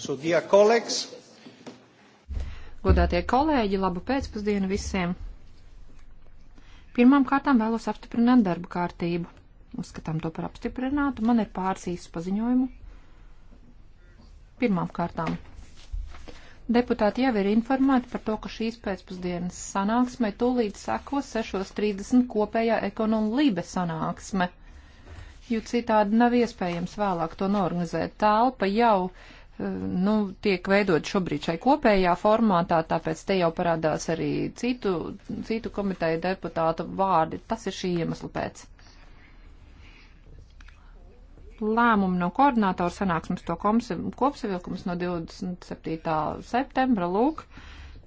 So, dear colleagues. Godātie kolēģi, labu pēcpusdienu visiem. Pirmām kārtām vēlos apstiprināt darbu kārtību. Uzskatām to par apstiprinātu. Man ir pāris īsu paziņojumu. Pirmām kārtām. Deputāti jau ir informēti par to, ka šīs pēcpusdienas sanāksmē tūlīt sekos 6.30 kopējā ekonomu lībe sanāksme, jo citādi nav iespējams vēlāk to norganizēt. Telpa jau nu, tiek veidot šobrīd šai kopējā formātā, tāpēc te jau parādās arī citu, citu komiteju deputātu vārdi. Tas ir šī iemesla pēc. Lēmumu no koordinātora sanāksmes to kopsavilkums no 27. septembra lūk.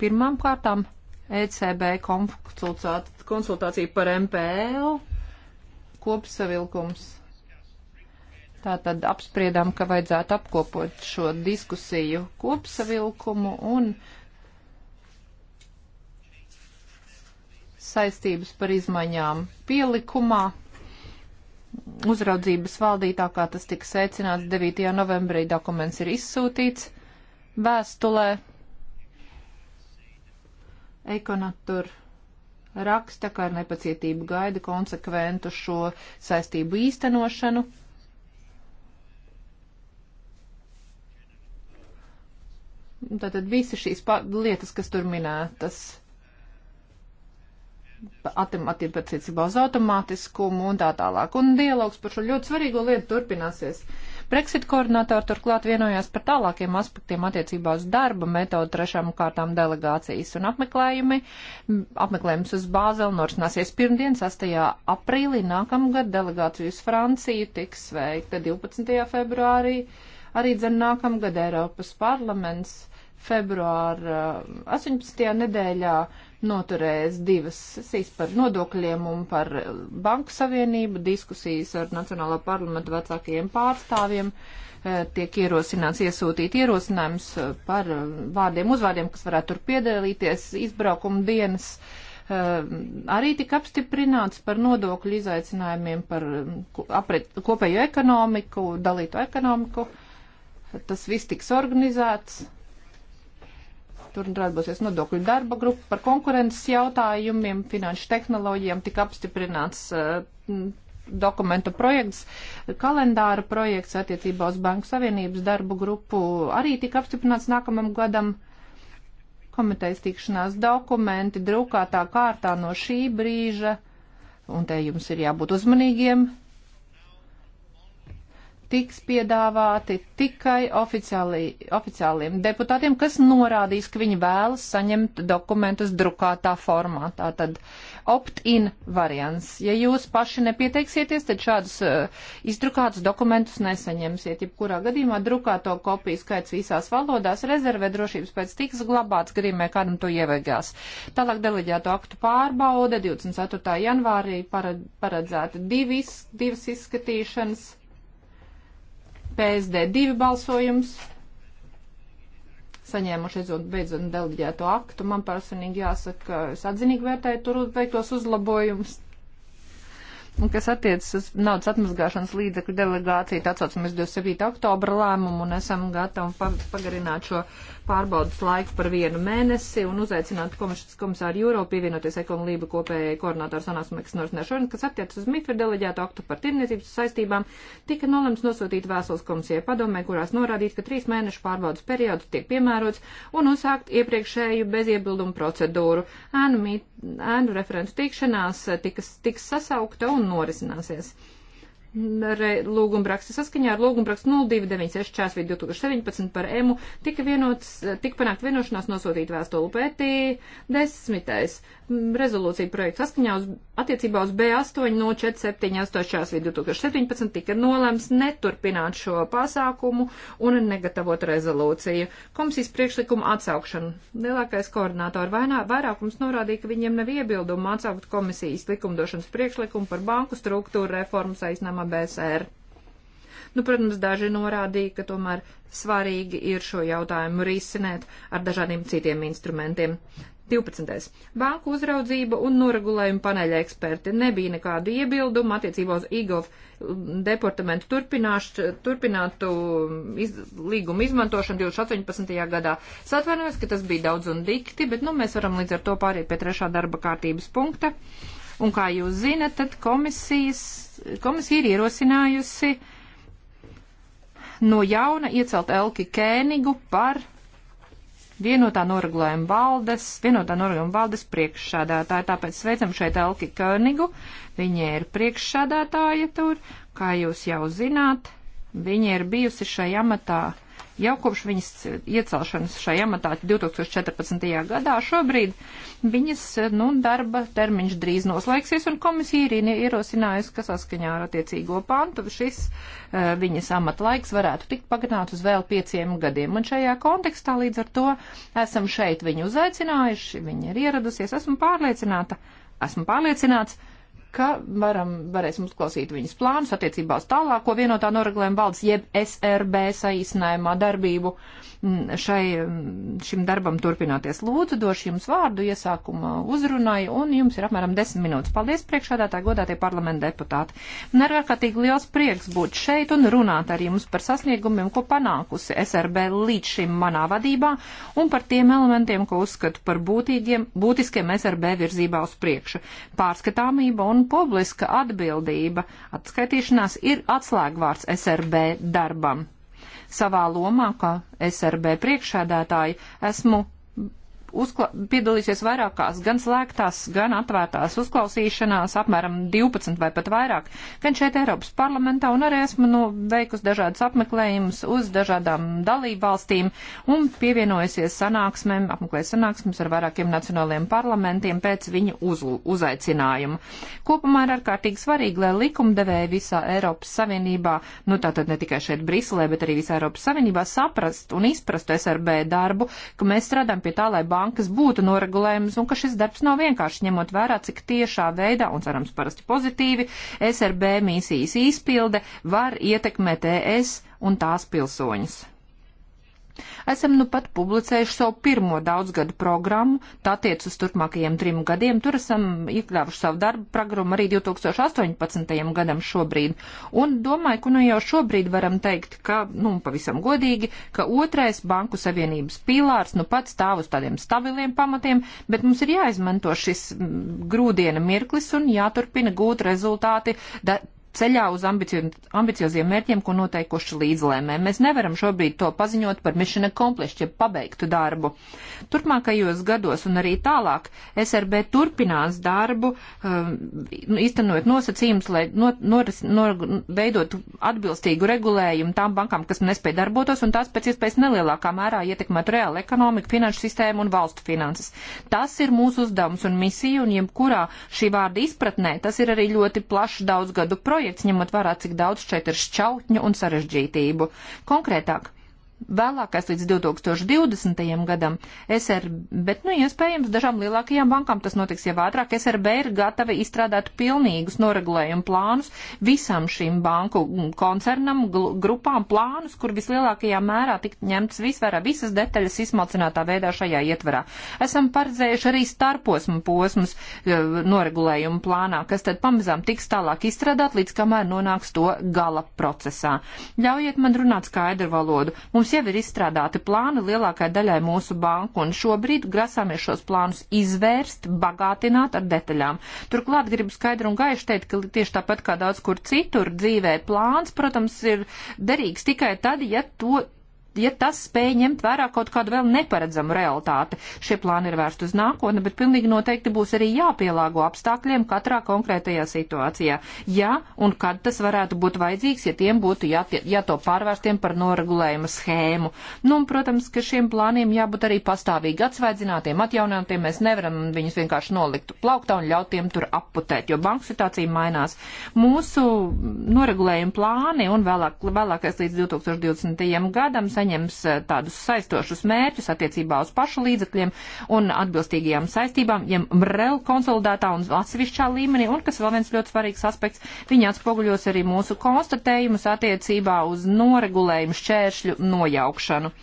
Pirmām kārtām ECB konsultācija par MPL kopsavilkums Tātad apspriedām, ka vajadzētu apkopot šo diskusiju kopsavilkumu un saistības par izmaiņām pielikumā uzraudzības valdītā, kā tas tika secināts 9. novembrī, dokuments ir izsūtīts vēstulē. Ekonatur raksta, ka ar nepacietību gaida konsekventu šo saistību īstenošanu. Tātad visi šīs lietas, kas tur minētas, attiecībā uz automātiskumu un tā tālāk. Un dialogs par šo ļoti svarīgo lietu turpināsies. Brexit koordinātori turklāt vienojās par tālākiem aspektiem attiecībā uz darba metodu trešām kārtām delegācijas un apmeklējumi. Apmeklējums uz Bāzeli norisināsies pirmdien, 6. aprīlī nākamgad. Delegācija uz Franciju tiks sveikta 12. februārī. Arī dzen nākamgad Eiropas parlaments februāra 18. Eh, nedēļā noturēs divas sesijas par nodokļiem un par eh, banku savienību, diskusijas ar Nacionālo parlamentu vecākajiem pārstāvjiem. Eh, tiek ierosināts iesūtīt ierosinājums par vārdiem, uzvārdiem, kas varētu tur piedalīties izbraukuma dienas. Arī tika apstiprināts par nodokļu izaicinājumiem, par kopējo ekonomiku, dalīto ekonomiku. Tas viss tiks organizēts tur darbosies nodokļu darba grupa par konkurences jautājumiem, finanšu tehnoloģijām, tika apstiprināts uh, dokumentu projekts, kalendāra projekts attiecībā uz Banku Savienības darbu grupu arī tika apstiprināts nākamam gadam. Komitejas tikšanās dokumenti drukātā kārtā no šī brīža, un te jums ir jābūt uzmanīgiem, tiks piedāvāti tikai oficiāli, oficiāliem deputātiem, kas norādīs, ka viņi vēlas saņemt dokumentus drukātā formā. Tātad opt-in variants. Ja jūs paši nepieteiksieties, tad šādus uh, izdrukātus dokumentus nesaņemsiet. Jebkurā gadījumā drukāto kopiju skaits visās valodās rezervē drošības pēc tiks glabāts, grīmē kādam to ievegās. Tālāk deleģēto aktu pārbaude 24. janvārī paredzēta divis, divas izskatīšanas. PSD2 balsojums. Saņēmuši aizot beidzot delģēto aktu. Man personīgi jāsaka, ka es atzinīgi vērtēju tur veiktos uzlabojumus. Un kas attiecas uz naudas atmazgāšanas līdzekļu delegāciju, tā atsaucamies 27. oktobra lēmumu un esam gatavi pagarināt šo pārbaudas laiku par vienu mēnesi un uzaicināt komisāru Jūro pievienoties ekonomību kopējai koordinātoru sanāksmē, kas norisinās šodien, kas attiecas uz MIFIR deleģētu aktu par tirniecības saistībām, tika nolemts nosūtīt vēstules komisijai padomē, kurās norādīt, ka trīs mēnešu pārbaudas periods tiek piemērots un uzsākt iepriekšēju beziebildumu procedūru. Ēnu, ēnu referentu tikšanās tiks, tiks sasaukta un norisināsies lūgumbraksta saskaņā ar lūgumbrakstu 02964 2017 par EMU tika, vienots, tika panākt vienošanās nosūtīt vēstuli pētī desmitais rezolūcija projekta saskaņā uz, attiecībā uz B8 no 4784 2017 tika nolēms neturpināt šo pasākumu un negatavot rezolūciju. Komisijas priekšlikumu atsaukšanu. Lielākais koordinātori vainā, vairākums norādīja, ka viņiem nav iebildumu atsaukt komisijas likumdošanas priekšlikumu par banku struktūru reformu saistībā BSR. Nu, protams, daži norādīja, ka tomēr svarīgi ir šo jautājumu risināt ar dažādiem citiem instrumentiem. 12. Banku uzraudzība un noregulējuma paneļa eksperti nebija nekādu iebildumu attiecībā uz IGOV departamentu turpinātu iz, līgumu izmantošanu 2018. gadā. Es atvainojos, ka tas bija daudz un dikti, bet nu, mēs varam līdz ar to pāriet pie trešā darba kārtības punkta. Un kā jūs zinat, tad komisijas komisija ir ierosinājusi no jauna iecelt Elki Kēnigu par vienotā noregulējuma valdes, vienotā noregulējuma valdes priekšsādātāju. Tāpēc sveicam šeit Elki Kēnigu. Viņa ir priekšsādātāja tur, kā jūs jau zināt. Viņa ir bijusi šai amatā jau kopš viņas iecelšanas šai amatā 2014. gadā. Šobrīd viņas nu, darba termiņš drīz noslēgsies, un komisija ir ierosinājusi, ka saskaņā ar attiecīgo pantu šis eh, viņas amatlaiks varētu tikt pagarināts uz vēl pieciem gadiem. Un šajā kontekstā līdz ar to esam šeit viņu uzaicinājuši, viņa ir ieradusies, esmu pārliecināta. Esmu pārliecināts, ka varam, varēsim uzklausīt viņas plānus attiecībā uz tālāko vienotā noregulējuma valdes, jeb SRB saīsinājumā darbību mm, šai, mm, šim darbam turpināties. Lūdzu, došu jums vārdu iesākuma uzrunai, un jums ir apmēram desmit minūtes. Paldies priekšādātāji, godātie parlamenta deputāti. Man ir ārkārtīgi liels prieks būt šeit un runāt ar jums par sasniegumiem, ko panākusi SRB līdz šim manā vadībā, un par tiem elementiem, ko uzskatu par būtīgiem, būtiskiem SRB virzībā uz priekšu. Pārskatāmība un un publiska atbildība atskaitīšanās ir atslēgvārds SRB darbam. Savā lomā, kā SRB priekšsēdētāji, esmu uzkla, piedalīsies vairākās gan slēgtās, gan atvērtās uzklausīšanās, apmēram 12 vai pat vairāk, gan šeit Eiropas parlamentā, un arī esmu nu, veikus dažādas apmeklējumus uz dažādām dalībvalstīm un pievienojusies sanāksmēm, apmeklēju sanāksmes ar vairākiem nacionāliem parlamentiem pēc viņa uz, uzaicinājumu. Kopumā ir ārkārtīgi svarīgi, lai likumdevēji visā Eiropas Savienībā, nu tātad ne tikai šeit Briselē, bet arī visā Eiropas Savienībā saprast un izprast SRB darbu, ka mēs strādājam pie tā, lai bāzi bankas būtu noregulējums un ka šis darbs nav vienkārši ņemot vērā, cik tiešā veidā, un cerams parasti pozitīvi, SRB misijas izpilde var ietekmēt ES un tās pilsoņus. Esam nu pat publicējuši savu pirmo daudzgadu programmu, tā tiec uz turpmākajiem trim gadiem. Tur esam iekļāvuši savu darbu programmu arī 2018. gadam šobrīd. Un domāju, ka nu jau šobrīd varam teikt, ka, nu, pavisam godīgi, ka otrais Banku Savienības pīlārs nu pat stāv uz tādiem stabiliem pamatiem, bet mums ir jāizmanto šis grūdiena mirklis un jāturpina gūt rezultāti ceļā uz ambicio, ambicioziem mērķiem, ko noteikuši līdzlēmē. Mēs nevaram šobrīd to paziņot par mišana komplešķi, ja pabeigtu darbu. Turpmākajos gados un arī tālāk SRB turpinās darbu, um, nu, īstenojot nosacījumus, lai no, noris, nor, veidot atbilstīgu regulējumu tām bankām, kas nespēja darbotos un tās pēc iespējas nelielākā mērā ietekmētu reāli ekonomiku, finanšu sistēmu un valstu finanses. Tas ir mūsu uzdevums un misija, un jebkurā šī vārda izpratnē tas ir arī ļoti plašs daudzgadu projekts projekts, ņemot vērā, cik daudz šeit ir šķautņu un sarežģītību. Konkrētāk, vēlākais līdz 2020. gadam SRB, bet, nu, iespējams, dažām lielākajām bankām tas notiks jau ātrāk. SRB ir gatava izstrādāt pilnīgus noregulējumu plānus visam šīm banku koncernam, grupām plānus, kur vislielākajā mērā tik ņemts visvērā visas detaļas izmalcinātā veidā šajā ietverā. Esam paredzējuši arī starposmu posmus e, noregulējumu plānā, kas tad pamazām tiks tālāk izstrādāt, līdz kamēr nonāks to gala procesā. Ļaujiet man runāt skaidru valodu. Mums Mums jau ir izstrādāti plāni lielākai daļai mūsu banku, un šobrīd grasāmies šos plānus izvērst, bagātināt ar detaļām. Turklāt gribu skaidru un gaišu teikt, ka tieši tāpat kā daudz kur citur dzīvē plāns, protams, ir derīgs tikai tad, ja to ja tas spēj ņemt vērā kaut kādu vēl neparedzamu realitāti. Šie plāni ir vērsti uz nākotni, bet pilnīgi noteikti būs arī jāpielāgo apstākļiem katrā konkrētajā situācijā. Ja un kad tas varētu būt vajadzīgs, ja tiem būtu jātie, ja to pārvērstiem par noregulējumu schēmu. Nu, un, protams, ka šiem plāniem jābūt arī pastāvīgi atsvaidzinātiem, atjaunotiem. Mēs nevaram viņus vienkārši nolikt plauktā un ļaut tiem tur apputēt, jo banka situācija mainās. Mūsu noregulējuma plāni un vēlāk, vēlākais līdz 2020. gadam saņems eh, tādus saistošus mērķus attiecībā uz pašu līdzekļiem un atbilstīgajām saistībām, ja MREL konsolidētā un atsevišķā līmenī, un kas vēl viens ļoti svarīgs aspekts, viņi atspoguļos arī mūsu konstatējumus attiecībā uz noregulējumu šķēršļu nojaukšanu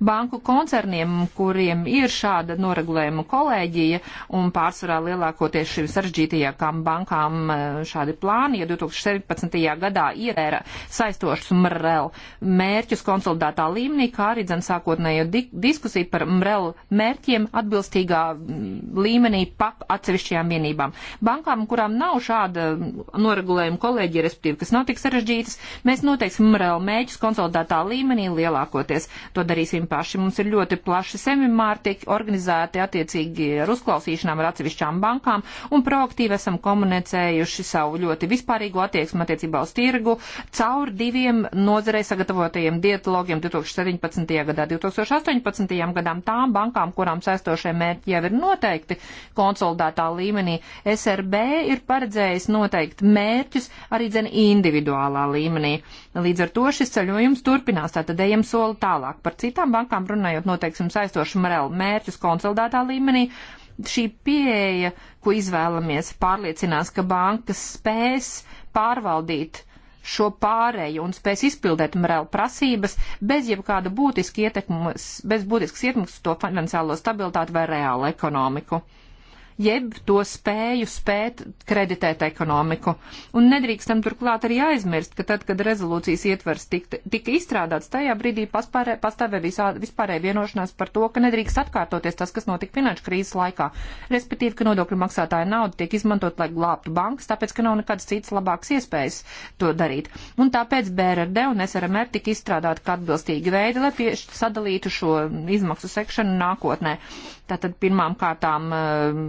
banku koncerniem, kuriem ir šāda noregulējuma kolēģija un pārsvarā lielākoties šīm sarežģītajākām bankām e, šādi plāni, ja 2017. gadā ievēra saistošus MRL mērķus konsolidētā līmenī, kā arī dzen sākotnējo di diskusiju par MRL mērķiem atbilstīgā līmenī pap atsevišķajām vienībām. Bankām, kurām nav šāda noregulējuma kolēģija, respektīvi, kas nav tik sarežģītas, mēs noteiksim MRL mērķus konsolidētā līmenī lielākoties. To darīs izskatīsim paši. Mums ir ļoti plaši semināri, tiek organizēti attiecīgi ar uzklausīšanām ar atsevišķām bankām un proaktīvi esam komunicējuši savu ļoti vispārīgo attieksmi attiecībā uz tirgu caur diviem nozarei sagatavotajiem dietologiem 2017. gadā, 2018. gadām tām bankām, kurām saistošie mērķi jau ir noteikti konsolidētā līmenī. SRB ir paredzējis noteikt mērķus arī dzen individuālā līmenī. Līdz ar to šis ceļojums turpinās, tātad ejam soli tālāk. Par citām bankām runājot noteiksim saistošu mērķus konsolidētā līmenī, šī pieeja, ko izvēlamies, pārliecinās, ka bankas spēs pārvaldīt šo pārēju un spēs izpildēt MRL prasības bez jebkāda būtiska ietekmes, bez būtiskas ietekmes uz to finansiālo stabilitāti vai reālu ekonomiku jeb to spēju spēt kreditēt ekonomiku. Un nedrīkstam turklāt arī aizmirst, ka tad, kad rezolūcijas ietvers tika, tika izstrādāts, tajā brīdī paspārē, pastāvē visā, vispārēja vienošanās par to, ka nedrīkst atkārtoties tas, kas notika finanšu krīzes laikā, respektīvi, ka nodokļu maksātāja nauda tiek izmantot, lai glābtu bankas, tāpēc, ka nav nekādas citas labākas iespējas to darīt. Un tāpēc BRD un SRMR tika izstrādāti kā atbilstīgi veidi, lai sadalītu šo izmaksu sekšanu nākotnē. Tātad pirmām kārtām ehm,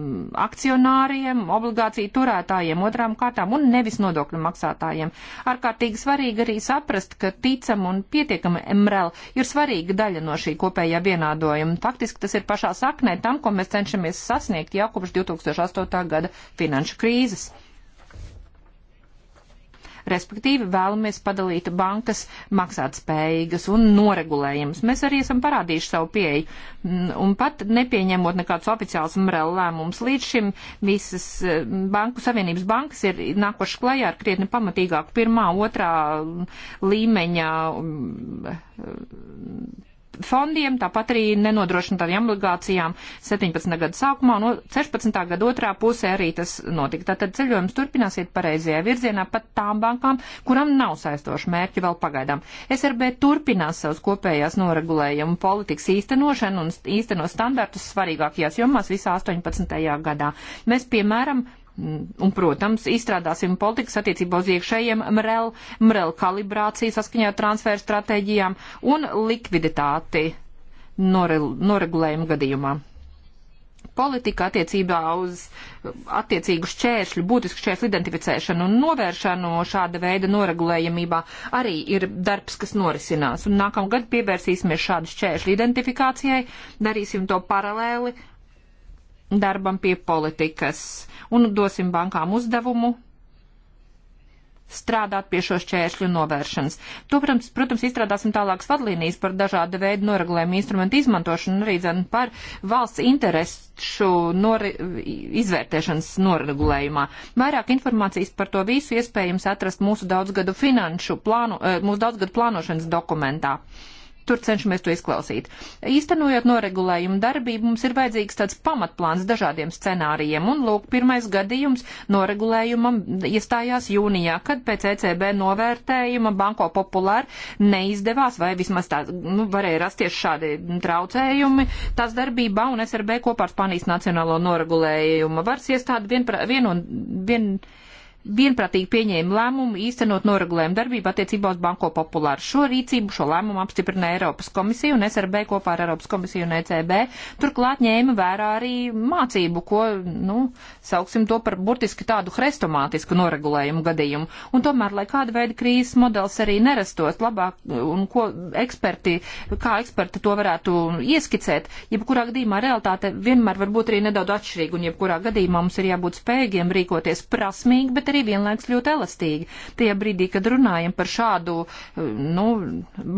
akcionāriem, obligāciju turētājiem, otrām kārtām un nevis nodokļu maksātājiem. Ārkārtīgi svarīgi arī saprast, ka ticam un pietiekama MRL ir svarīga daļa no šī kopējā vienādojuma. Faktiski tas ir pašā saknē tam, ko mēs cenšamies sasniegt jau kopš 2008. gada finanšu krīzes. Respektīvi vēlamies padalīt bankas maksātspējīgas un noregulējumus. Mēs arī esam parādījuši savu pieeju. Un pat nepieņemot nekādus oficiālus MRL lēmumus, līdz šim visas eh, Banku Savienības bankas ir nākuši klajā ar krietni pamatīgāku pirmā, otrā mm, līmeņa mm, eh, fondiem, tāpat arī nenodrošina tādām obligācijām 17. gada sākumā, no 16. gada otrā pusē arī tas notika. Tātad ceļojums turpināsiet pareizajā virzienā pat tām bankām, kuram nav saistošu mērķu vēl pagaidām. SRB turpinās savus kopējās noregulējumu politikas īstenošanu un īsteno standartus svarīgākajās jomās visā 18. gadā. Mēs, piemēram, Un, protams, izstrādāsim politikas attiecībā uz iekšējiem MREL, MREL kalibrāciju saskaņā ar transferu stratēģijām un likviditāti nore, noregulējumu gadījumā politika attiecībā uz attiecīgu šķēršļu, būtisku šķēršļu identificēšanu un novēršanu šāda veida noregulējumībā arī ir darbs, kas norisinās. Un nākamgad pievērsīsimies šādu šķēršļu identifikācijai, darīsim to paralēli darbam pie politikas un dosim bankām uzdevumu strādāt pie šo šķēršļu novēršanas. To, protams, protams, izstrādāsim tālākas vadlīnijas par dažāda veida noregulējumu instrumentu izmantošanu, arī zin, par valsts interesu nori, izvērtēšanas noregulējumā. Vairāk informācijas par to visu iespējams atrast mūsu daudzgadu finanšu plānu, eh, mūsu daudzgadu plānošanas dokumentā. Uh, tur cenšamies to izklausīt. Īstenojot noregulējumu darbību, mums ir vajadzīgs tāds pamatplāns dažādiem scenārijiem, un lūk, pirmais gadījums noregulējumam iestājās jūnijā, kad pēc ECB novērtējuma Banko Populāra neizdevās, vai vismaz tā, nu, varēja rasties šādi traucējumi tās darbībā, un SRB kopā ar Spānijas Nacionālo noregulējumu varas iestādi vien, vien un vien vienprātīgi pieņēma lēmumu īstenot noregulējumu darbību attiecībā uz banko populāru. Šo rīcību, šo lēmumu apstiprināja Eiropas komisija un SRB kopā ar Eiropas komisiju un ECB. Turklāt ņēma vērā arī mācību, ko, nu, sauksim to par burtiski tādu hrestomātisku noregulējumu gadījumu. Un tomēr, lai kāda veida krīzes modelis arī nerastos labāk un ko eksperti, kā eksperti to varētu ieskicēt, jebkurā gadījumā realitāte vienmēr var būt arī nedaudz atšķirīga un jebkurā gadījumā mums ir jābūt spējīgiem rīkoties prasmīgi, bet arī arī vienlaiks ļoti elastīgi. Tie brīdī, kad runājam par šādu, eh, nu,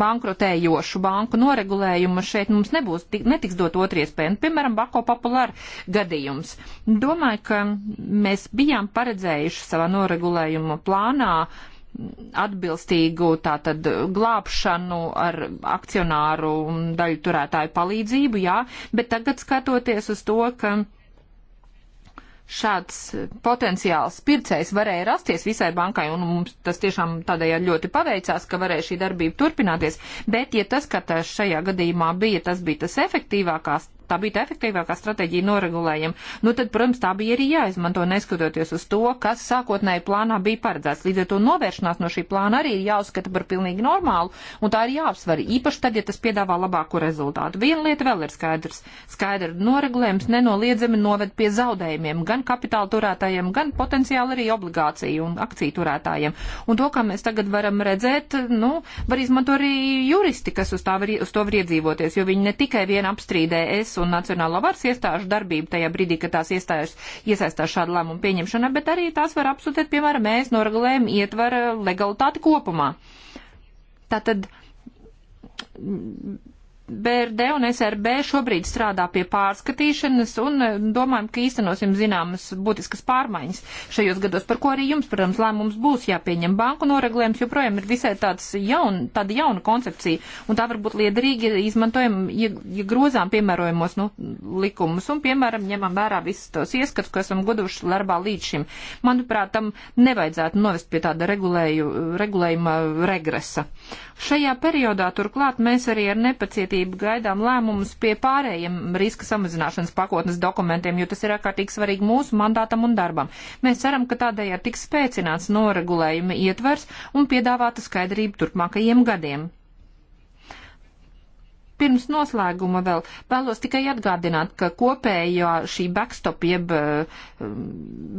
bankrotējošu banku noregulējumu, šeit mums nebūs, netiks dot otru iespēju. Nu, piemēram, Bako populāra gadījums. Domāju, ka mēs bijām paredzējuši savā noregulējuma plānā atbilstīgu tātad glābšanu ar akcionāru un daļu turētāju palīdzību, jā, bet tagad skatoties uz to, ka šāds eh, potenciāls pircējs varēja rasties visai bankai, un mums tas tiešām tādējādi ļoti paveicās, ka varēja šī darbība turpināties, bet ja tas, ka tas šajā gadījumā bija, tas bija tas efektīvākās tā bija tā efektīvākā stratēģija noregulējuma, nu tad, protams, tā bija arī jāizmanto, neskatoties uz to, kas sākotnēji plānā bija paredzēts. Līdz ar to novēršanās no šī plāna arī ir jāuzskata par pilnīgi normālu, un tā ir jāapsver, īpaši tad, ja tas piedāvā labāku rezultātu. Viena lieta vēl ir skaidrs. Skaidra noregulējums nenoliedzami noved pie zaudējumiem gan kapitāla turētājiem, gan potenciāli arī obligāciju un akciju turētājiem. Un to, kā mēs tagad varam redzēt, nu, var izmantot arī juristi, kas uz, var, uz to var iedzīvoties, jo viņi ne tikai vien apstrīdē es tiesas un nacionālo varas iestāžu darbību tajā brīdī, kad tās iestājas iesaistās šādu lēmumu pieņemšanā, bet arī tās var apsūtēt, piemēram, mēs noregulējam ietvara legalitāti kopumā. Tātad BRD un SRB šobrīd strādā pie pārskatīšanas un eh, domājam, ka īstenosim zināmas būtiskas pārmaiņas šajos gados, par ko arī jums, protams, lēmums būs jāpieņem. Banku noreglējums joprojām ir visai tāds jaun, tāda jauna koncepcija, un tā varbūt liederīgi izmantojam, ja, ja grozām piemērojamos nu, likumus un, piemēram, ņemam vērā visus tos ieskatus, ko esam guduši larbā līdz šim. Manuprāt, tam nevajadzētu novest pie tāda regulēju, regulējuma regresa. Šajā periodā turklāt mēs arī ar nepacietību nepacietību gaidām lēmumus pie pārējiem riska samazināšanas pakotnes dokumentiem, jo tas ir ārkārtīgi svarīgi mūsu mandātam un darbam. Mēs ceram, ka tādējādi tiks spēcināts noregulējuma ietvers un piedāvāta skaidrība turpmākajiem gadiem. Pirms noslēguma vēl vēlos tikai atgādināt, ka kopējā šī backstop jeb um,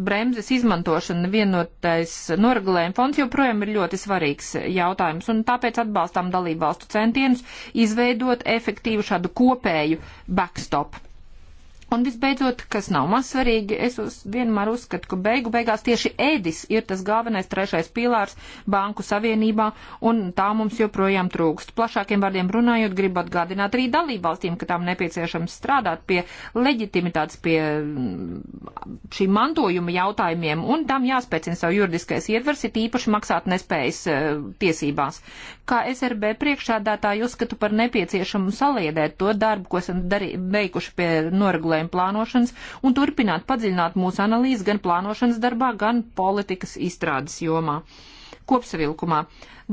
bremzes izmantošana vienotais noregulējuma fonds joprojām ir ļoti svarīgs jautājums, un tāpēc atbalstām dalībvalstu centienus izveidot efektīvu šādu kopēju backstop Un visbeidzot, kas nav maz svarīgi, es uz, vienmēr uzskatu, ka beigu beigās tieši ēdis ir tas galvenais trešais pīlārs banku savienībā, un tā mums joprojām trūkst. Plašākiem vārdiem runājot, gribu atgādināt arī dalībvalstīm, ka tām nepieciešams strādāt pie leģitimitātes, pie mm, šī mantojuma jautājumiem, un tam jāspēcina savu juridiskais ietvers, ir īpaši maksāt nespējas eh, tiesībās kā SRB priekšādātāju uzskatu par nepieciešamu saliedēt to darbu, ko esam darī, veikuši pie noregulējuma plānošanas un turpināt padziļināt mūsu analīzes gan plānošanas darbā, gan politikas izstrādes jomā kopsavilkumā.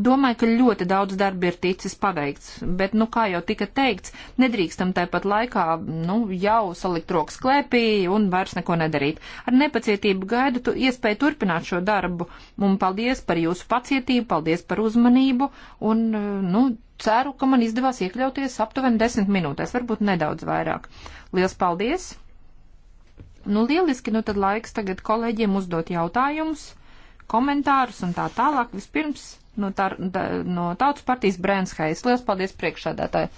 Domāju, ka ļoti daudz darba ir ticis paveikts, bet, nu, kā jau tika teikts, nedrīkstam tāpat laikā, nu, jau salikt rokas klēpī un vairs neko nedarīt. Ar nepacietību gaidu tu iespēju turpināt šo darbu, un paldies par jūsu pacietību, paldies par uzmanību, un, nu, ceru, ka man izdevās iekļauties aptuveni desmit minūtēs, varbūt nedaudz vairāk. Lielas paldies! Nu, lieliski, nu tad laiks tagad kolēģiem uzdot jautājumus komentārus un tā tālāk. Vispirms no, tā, no Tautas partijas Brēnshais. Lielas paldies priekšādātāji!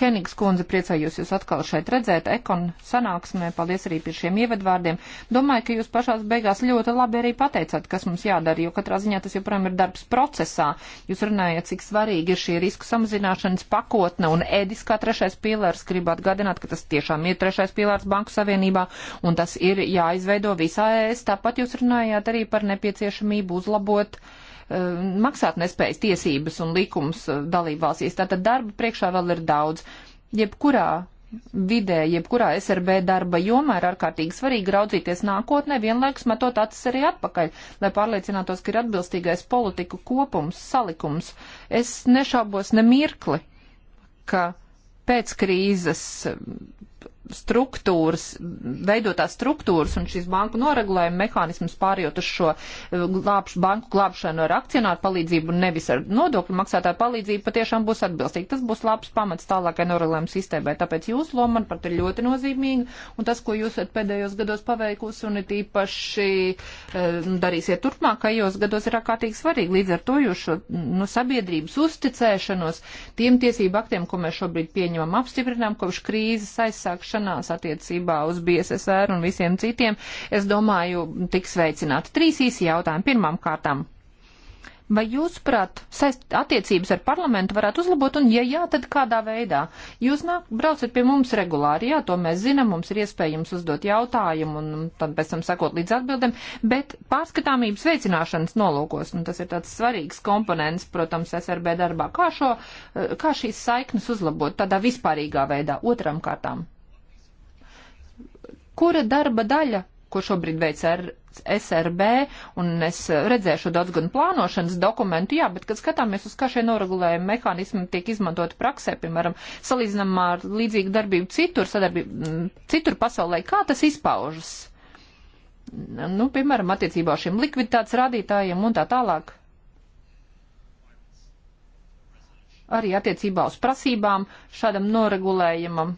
Kenigs kundze, priecājos jūs atkal šeit redzēt, ekon sanāksmē, paldies arī par šiem ievadvārdiem. Domāju, ka jūs pašās beigās ļoti labi arī pateicāt, kas mums jādara, jo katrā ziņā tas joprojām ir darbs procesā. Jūs runājat, cik svarīgi ir šī risku samazināšanas pakotne un ēdis kā trešais pīlārs. Gribu atgādināt, ka tas tiešām ir trešais pīlārs Banku Savienībā un tas ir jāizveido visā ēst. Tāpat jūs runājāt arī par nepieciešamību uzlabot uh, Eh, maksātnespējas tiesības un likums eh, dalībvalstīs. Tātad darba priekšā vēl ir daudz. Jebkurā vidē, jebkurā SRB darba jomā ir ārkārtīgi svarīgi raudzīties nākotnē, vienlaikus metot acis arī atpakaļ, lai pārliecinātos, ka ir atbilstīgais politiku kopums, salikums. Es nešaubos ne mirkli, ka pēc krīzes struktūras, veidotās struktūras un šīs banku noregulējuma mehānismas pārjot uz šo eh, glābš, banku glābšanu ar akcionāru palīdzību un nevis ar nodokļu maksātāju palīdzību patiešām būs atbilstīgi. Tas būs labs pamats tālākai noregulējuma sistēmai. Tāpēc jūsu loma, manuprāt, ir ļoti nozīmīga un tas, ko jūs esat pēdējos gados paveikusi un it īpaši eh, darīsiet turpmākajos gados, ir ārkārtīgi svarīgi. Līdz ar to jūs šo nu, sabiedrības uzticēšanos tiem tiesību aktiem, ko mēs šobrīd pieņemam, apstiprinām kopš krīzes aizsākšanas vienošanās attiecībā uz BSSR un visiem citiem, es domāju, tiks veicināti. Trīs īsi jautājumi. Pirmām kārtām. Vai jūsuprāt, attiecības ar parlamentu varētu uzlabot, un ja jā, tad kādā veidā? Jūs nāk, braucat pie mums regulāri, jā, to mēs zinām, mums ir iespēja jums uzdot jautājumu, un tad pēc tam sakot līdz atbildēm, bet pārskatāmības veicināšanas nolūkos, un tas ir tāds svarīgs komponents, protams, SRB darbā, kā, šo, kā šīs saiknes uzlabot tādā vispārīgā veidā, otram kārtām? kura darba daļa, ko šobrīd veic ar SRB, un es redzēšu daudz gan plānošanas dokumentu, jā, bet, kad skatāmies uz kā šie noregulējumi mehānismi tiek izmantot praksē, piemēram, salīdzinām ar līdzīgu darbību citur, sadarbību citur pasaulē, kā tas izpaužas? Nu, piemēram, attiecībā šiem likviditātes rādītājiem un tā tālāk. Arī attiecībā uz prasībām šādam noregulējumam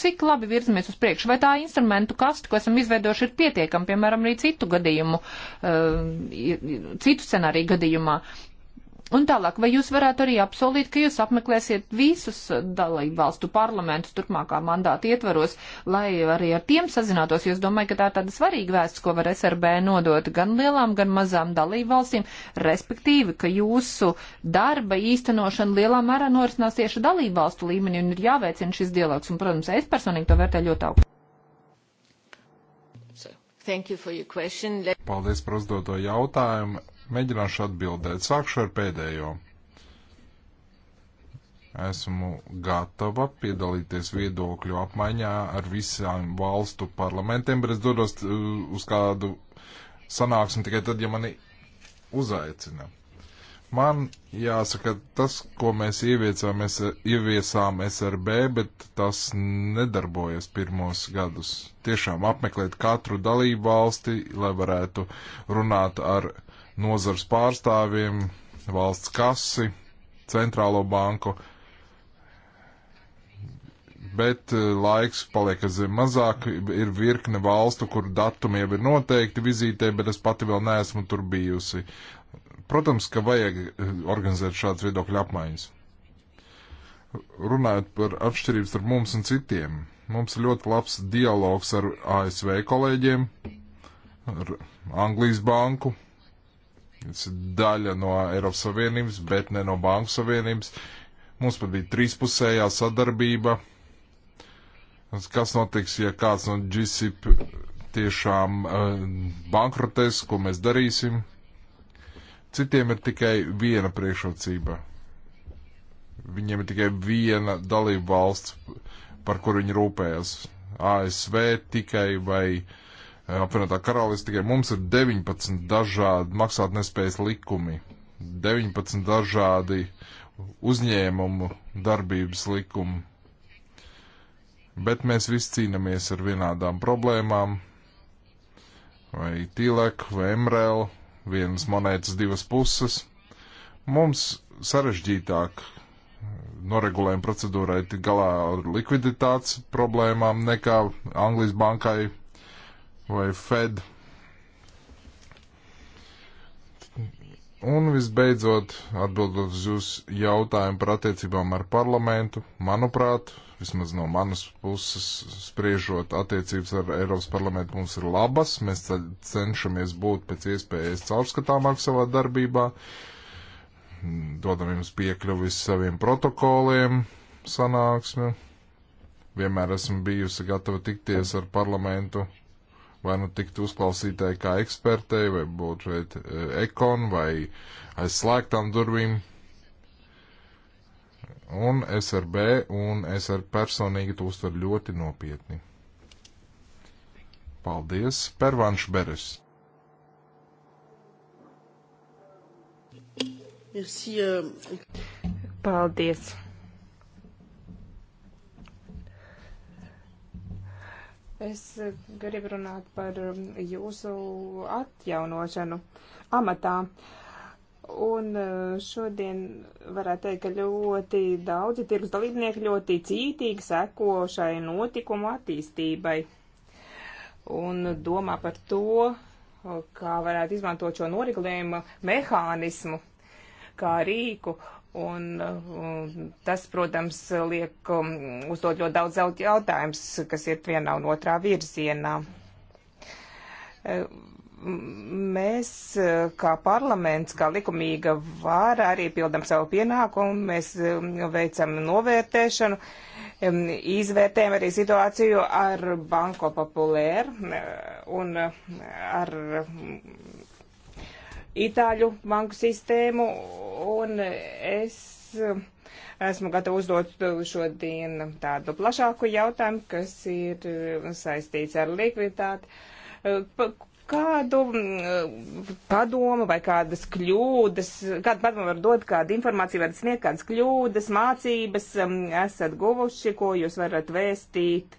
cik labi virzamies uz priekšu, vai tā instrumentu kasta, ko esam izveidojuši, ir pietiekama, piemēram, arī citu gadījumu, eh, citu scenāriju gadījumā. Un tālāk, vai jūs varētu arī apsolīt, ka jūs apmeklēsiet visus dalību valstu parlamentus turpmākā mandāta ietvaros, lai arī ar tiem sazinātos? Jūs domājat, ka tā ir tāda svarīga vēsts, ko var SRB nodot gan lielām, gan mazām dalību valstīm, respektīvi, ka jūsu darba īstenošana lielā mērā norisinās tieši dalību valstu līmenī un ir jāveicina šis dialogs. Un, protams, es personīgi to vērtēju ļoti augstu. Paldies par uzdoto jautājumu. Mēģināšu atbildēt. Sākšu ar pēdējo. Esmu gatava piedalīties viedokļu apmaiņā ar visām valstu parlamentiem, bet es dodos uh, uz kādu sanāksmi tikai tad, ja mani uzaicina. Man jāsaka, tas, ko mēs ieviecām, mēs ieviesām SRB, bet tas nedarbojas pirmos gadus. Tiešām apmeklēt katru dalību valsti, lai varētu runāt ar nozars pārstāvjiem, valsts kasi, centrālo banku, bet eh, laiks paliek aizvien mazāk. Ir virkne valstu, kur datumi jau ir noteikti vizītē, bet es pati vēl neesmu tur bijusi. Protams, ka vajag eh, organizēt šādas viedokļu apmaiņas. Runājot par atšķirības starp mums un citiem, mums ir ļoti labs dialogs ar ASV kolēģiem, ar Anglijas banku, Tas ir daļa no Eiropas Savienības, bet ne no Banku Savienības. Mums pat bija trīspusējā sadarbība. Kas notiks, ja kāds no GCP tiešām uh, bankrotēs, ko mēs darīsim? Citiem ir tikai viena priekšrocība. Viņiem ir tikai viena dalība valsts, par kuru viņi rūpējas. ASV tikai vai uh, Eh, apvienotā karalists, tikai mums ir 19 dažādi maksātnespējas likumi, 19 dažādi uzņēmumu darbības likumi. Bet mēs visi cīnāmies ar vienādām problēmām, vai tīlek, vai emrēl, vienas monētas divas puses. Mums sarežģītāk noregulējuma procedūrai tik galā ar likviditātes problēmām nekā Anglijas bankai vai Fed. Un visbeidzot, atbildot uz jūsu jautājumu par attiecībām ar parlamentu, manuprāt, vismaz no manas puses spriežot, attiecības ar Eiropas parlamentu mums ir labas. Mēs cenšamies būt pēc iespējas caurskatāmāk savā darbībā, dodam jums piekļuvis saviem protokoliem, sanāksmi. Vienmēr esmu bijusi gatava tikties ar parlamentu vai nu tiktu uzklausītai kā ekspertei, vai būtu šeit e, ekon, vai aiz slēgtām durvīm. Un SRB un SR personīgi to uztver ļoti nopietni. Paldies, Pervanš Beres. Euh, Paldies. Es gribu runāt par jūsu atjaunošanu amatā. Un e, šodien varētu teikt, ka ļoti daudzi tirgus dalībnieki ļoti cītīgi seko šai notikumu attīstībai un domā par to, kā varētu izmantot šo noregulējumu mehānismu kā rīku, Un, un uh, tas, protams, liek um, uzdot ļoti daudz jautājumus, kas iet vienā un otrā virzienā. Uh, mēs, uh, kā parlaments, kā likumīga vāra, arī pildam savu pienākumu, mēs um, veicam novērtēšanu, um, izvērtējam arī situāciju ar Banko Populēru un ar Itāļu banku sistēmu, un es eh, esmu gatava uzdot šodien tādu plašāku jautājumu, kas ir eh, saistīts ar likviditāti. Eh, kādu padomu vai kādas kļūdas, kādu padomu var dot, kādu informāciju varat sniegt, kādas kļūdas, mācības esat guvuši, ko jūs varat vēstīt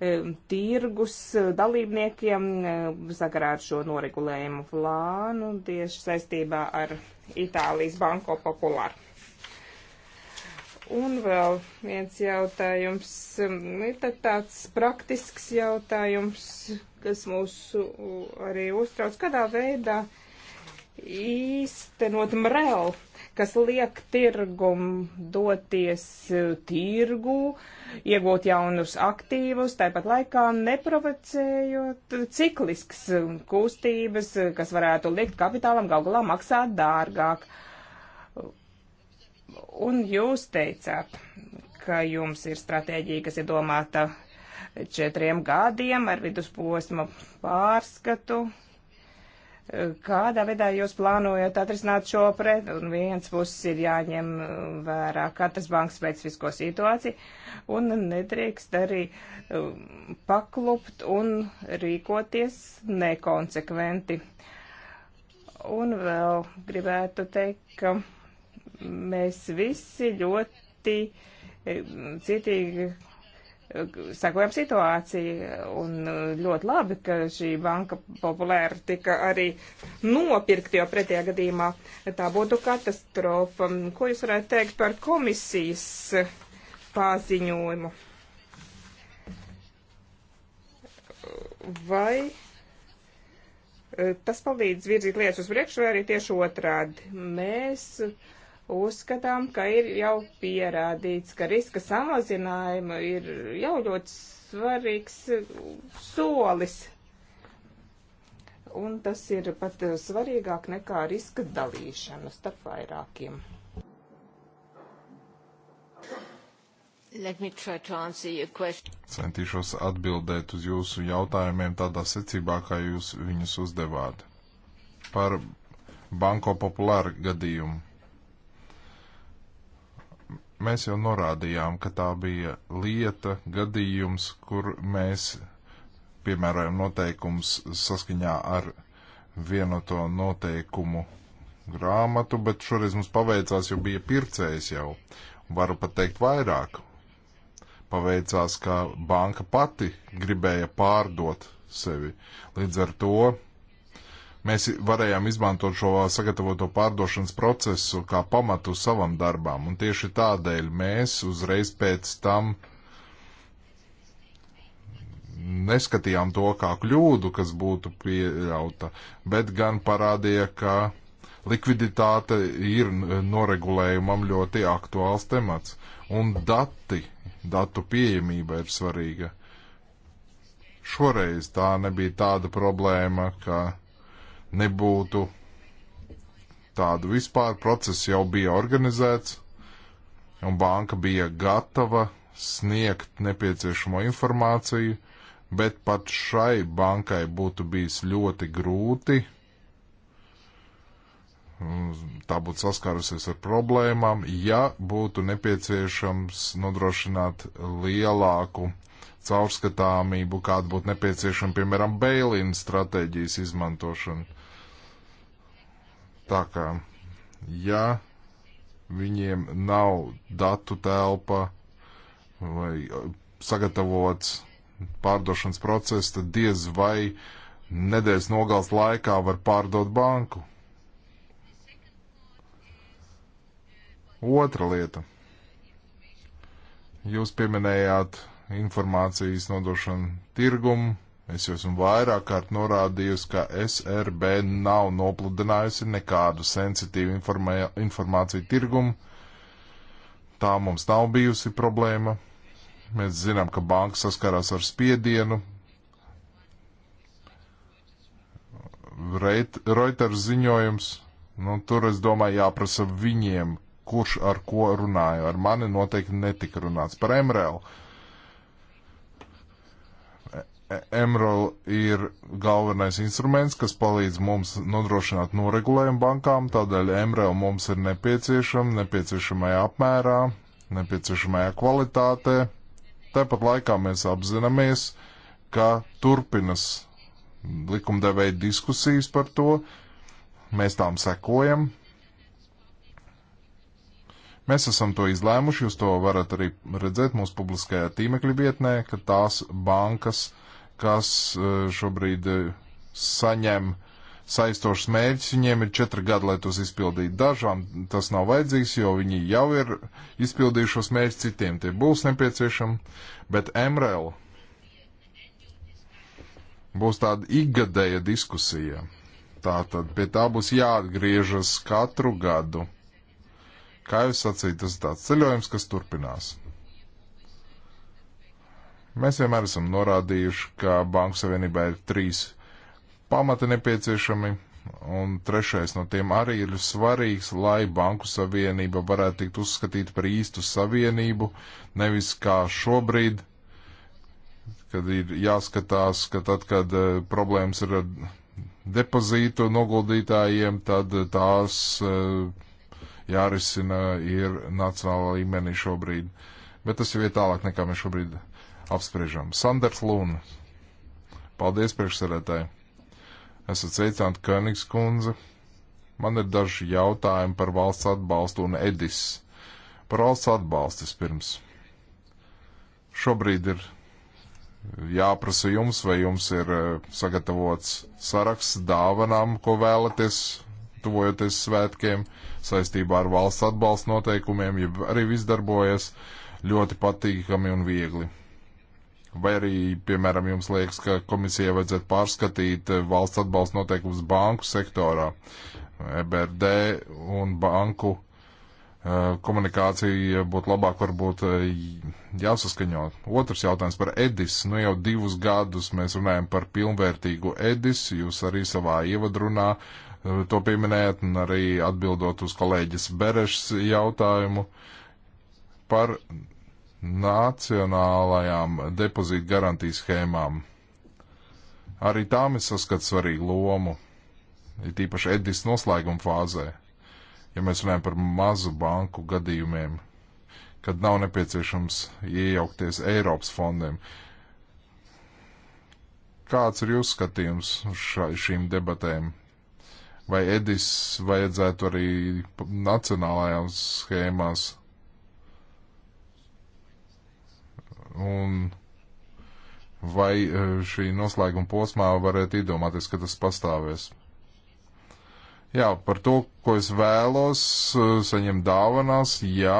Um, tirgus dalībniekiem um, sakarā ar šo noregulējumu plānu tieši saistībā ar Itālijas Banko Populāru. Un vēl viens jautājums, um, ir tāds praktisks jautājums, kas mūs uh, arī uztrauc, kādā veidā īstenot MREL kas liek tirgum doties eh, tirgu, iegūt jaunus aktīvus, tāpat laikā neprovocējot ciklisks kustības, kas varētu likt kapitālam gal galā maksāt dārgāk. Un jūs teicāt, ka jums ir stratēģija, kas ir domāta četriem gadiem ar vidusposma pārskatu Kādā veidā jūs plānojat atrisināt šo pretu? Un viens puses ir jāņem vērā katras bankas specifisko situāciju, un nedrīkst arī um, paklupt un rīkoties nekonsekventi. Un vēl gribētu teikt, ka mēs visi ļoti um, citīgi sekojam situāciju. Un eh, ļoti labi, ka šī banka populēra tika arī nopirkt, jo pretējā gadījumā tā būtu katastrofa. Ko jūs varētu teikt par komisijas paziņojumu? Vai eh, tas palīdz virzīt lietas uz priekšu, vai arī tieši otrādi? Mēs uh, uzskatām, ka ir jau pierādīts, ka riska samazinājuma ir jau ļoti svarīgs solis. Un tas ir pat svarīgāk nekā riska dalīšana starp vairākiem. Centīšos atbildēt uz jūsu jautājumiem tādā secībā, kā jūs viņus uzdevāt. Par banko populāru gadījumu Mēs jau norādījām, ka tā bija lieta, gadījums, kur mēs piemērojam noteikums saskaņā ar vienoto noteikumu grāmatu, bet šoreiz mums paveicās, jo bija pircējs jau. Varu pat teikt vairāk. Paveicās, ka banka pati gribēja pārdot sevi. Līdz ar to mēs varējām izmantot šo sagatavoto pārdošanas procesu kā pamatu savam darbām. Un tieši tādēļ mēs uzreiz pēc tam neskatījām to kā kļūdu, kas būtu pieļauta, bet gan parādīja, ka likviditāte ir noregulējumam ļoti aktuāls temats. Un dati, datu pieejamība ir svarīga. Šoreiz tā nebija tāda problēma, ka nebūtu tādu vispār. Process jau bija organizēts, un banka bija gatava sniegt nepieciešamo informāciju, bet pat šai bankai būtu bijis ļoti grūti. Tā būtu saskārusies ar problēmām, ja būtu nepieciešams nodrošināt lielāku caurskatāmību, kāda būtu nepieciešama, piemēram, bailīna stratēģijas izmantošana Tā kā, ja viņiem nav datu telpa vai uh, sagatavots pārdošanas process, tad diez vai nedēļas nogals laikā var pārdot banku. Otra lieta. Jūs pieminējāt informācijas nodošanu tirgumu, Es jau esmu vairāk kārt norādījusi, ka SRB nav nopludinājusi nekādu sensitīvu informā informāciju tirgumu. Tā mums nav bijusi problēma. Mēs zinām, ka banka saskarās ar spiedienu. Reit, Reuters ziņojums, nu tur es domāju jāprasa viņiem, kurš ar ko runāja. Ar mani noteikti netika runāts par MRL. Uh, MRL ir galvenais instruments, kas palīdz mums nodrošināt noregulējumu bankām, tādēļ MRL mums ir nepieciešama, nepieciešamajā apmērā, nepieciešamajā kvalitātē. Tāpat laikā mēs apzināmies, ka turpinas likumdevēja diskusijas par to, mēs tām sekojam. Mēs esam to izlēmuši, jūs to varat arī redzēt mūsu publiskajā tīmekļa vietnē, ka tās bankas, kas e, šobrīd e, saņem saistošs mērķis, viņiem ir četri gadi, lai tos izpildītu. Dažām tas nav vajadzīgs, jo viņi jau ir izpildījušos mērķus, citiem tie būs nepieciešami, bet MRL būs tāda ikgadēja diskusija. Tātad pie tā būs jāatgriežas katru gadu. Kā jūs sacījat, tas ir tāds ceļojums, kas turpinās. Mēs vienmēr esam norādījuši, ka Banku Savienībā ir trīs pamati nepieciešami, un trešais no tiem arī ir svarīgs, lai Banku Savienība varētu tikt uzskatīta par īstu savienību, nevis kā šobrīd, kad ir jāskatās, ka tad, kad eh, problēmas ir ar depozītu noguldītājiem, tad eh, tās eh, jārisina ir nacionālā līmenī šobrīd. Bet tas jau ir tālāk nekā mēs šobrīd apspriežam. Sanders Lūna. Paldies priekšsarētāji. Esat sveicināti, Königs kundze. Man ir daži jautājumi par valsts atbalstu un Edis. Par valsts atbalstu vispirms. Šobrīd ir jāprasa jums, vai jums ir eh, sagatavots saraksts dāvanām, ko vēlaties tuvojoties svētkiem, saistībā ar valsts atbalsta noteikumiem, ja arī viss darbojas ļoti patīkami un viegli. Vai arī, piemēram, jums liekas, ka komisija vajadzētu pārskatīt valsts atbalsta noteikumus banku sektorā, EBRD un banku e, komunikācija būtu labāk varbūt e, jāsaskaņot. Otrs jautājums par Edis. Nu jau divus gadus mēs runājam par pilnvērtīgu Edis. Jūs arī savā ievadrunā e, to pieminējat un arī atbildot uz kolēģis Berešs jautājumu par nacionālajām depozītu garantijas schēmām. Arī tām es saskatu svarīgu lomu, ir tīpaši Edis noslēguma fāzē, ja mēs runājam par mazu banku gadījumiem, kad nav nepieciešams iejaukties Eiropas fondiem. Kāds ir jūsu skatījums šai, šīm debatēm? Vai Edis vajadzētu arī nacionālajām schēmās un vai e, šī noslēguma posmā varētu iedomāties, ka tas pastāvēs. Jā, par to, ko es vēlos e, saņemt dāvanās, jā,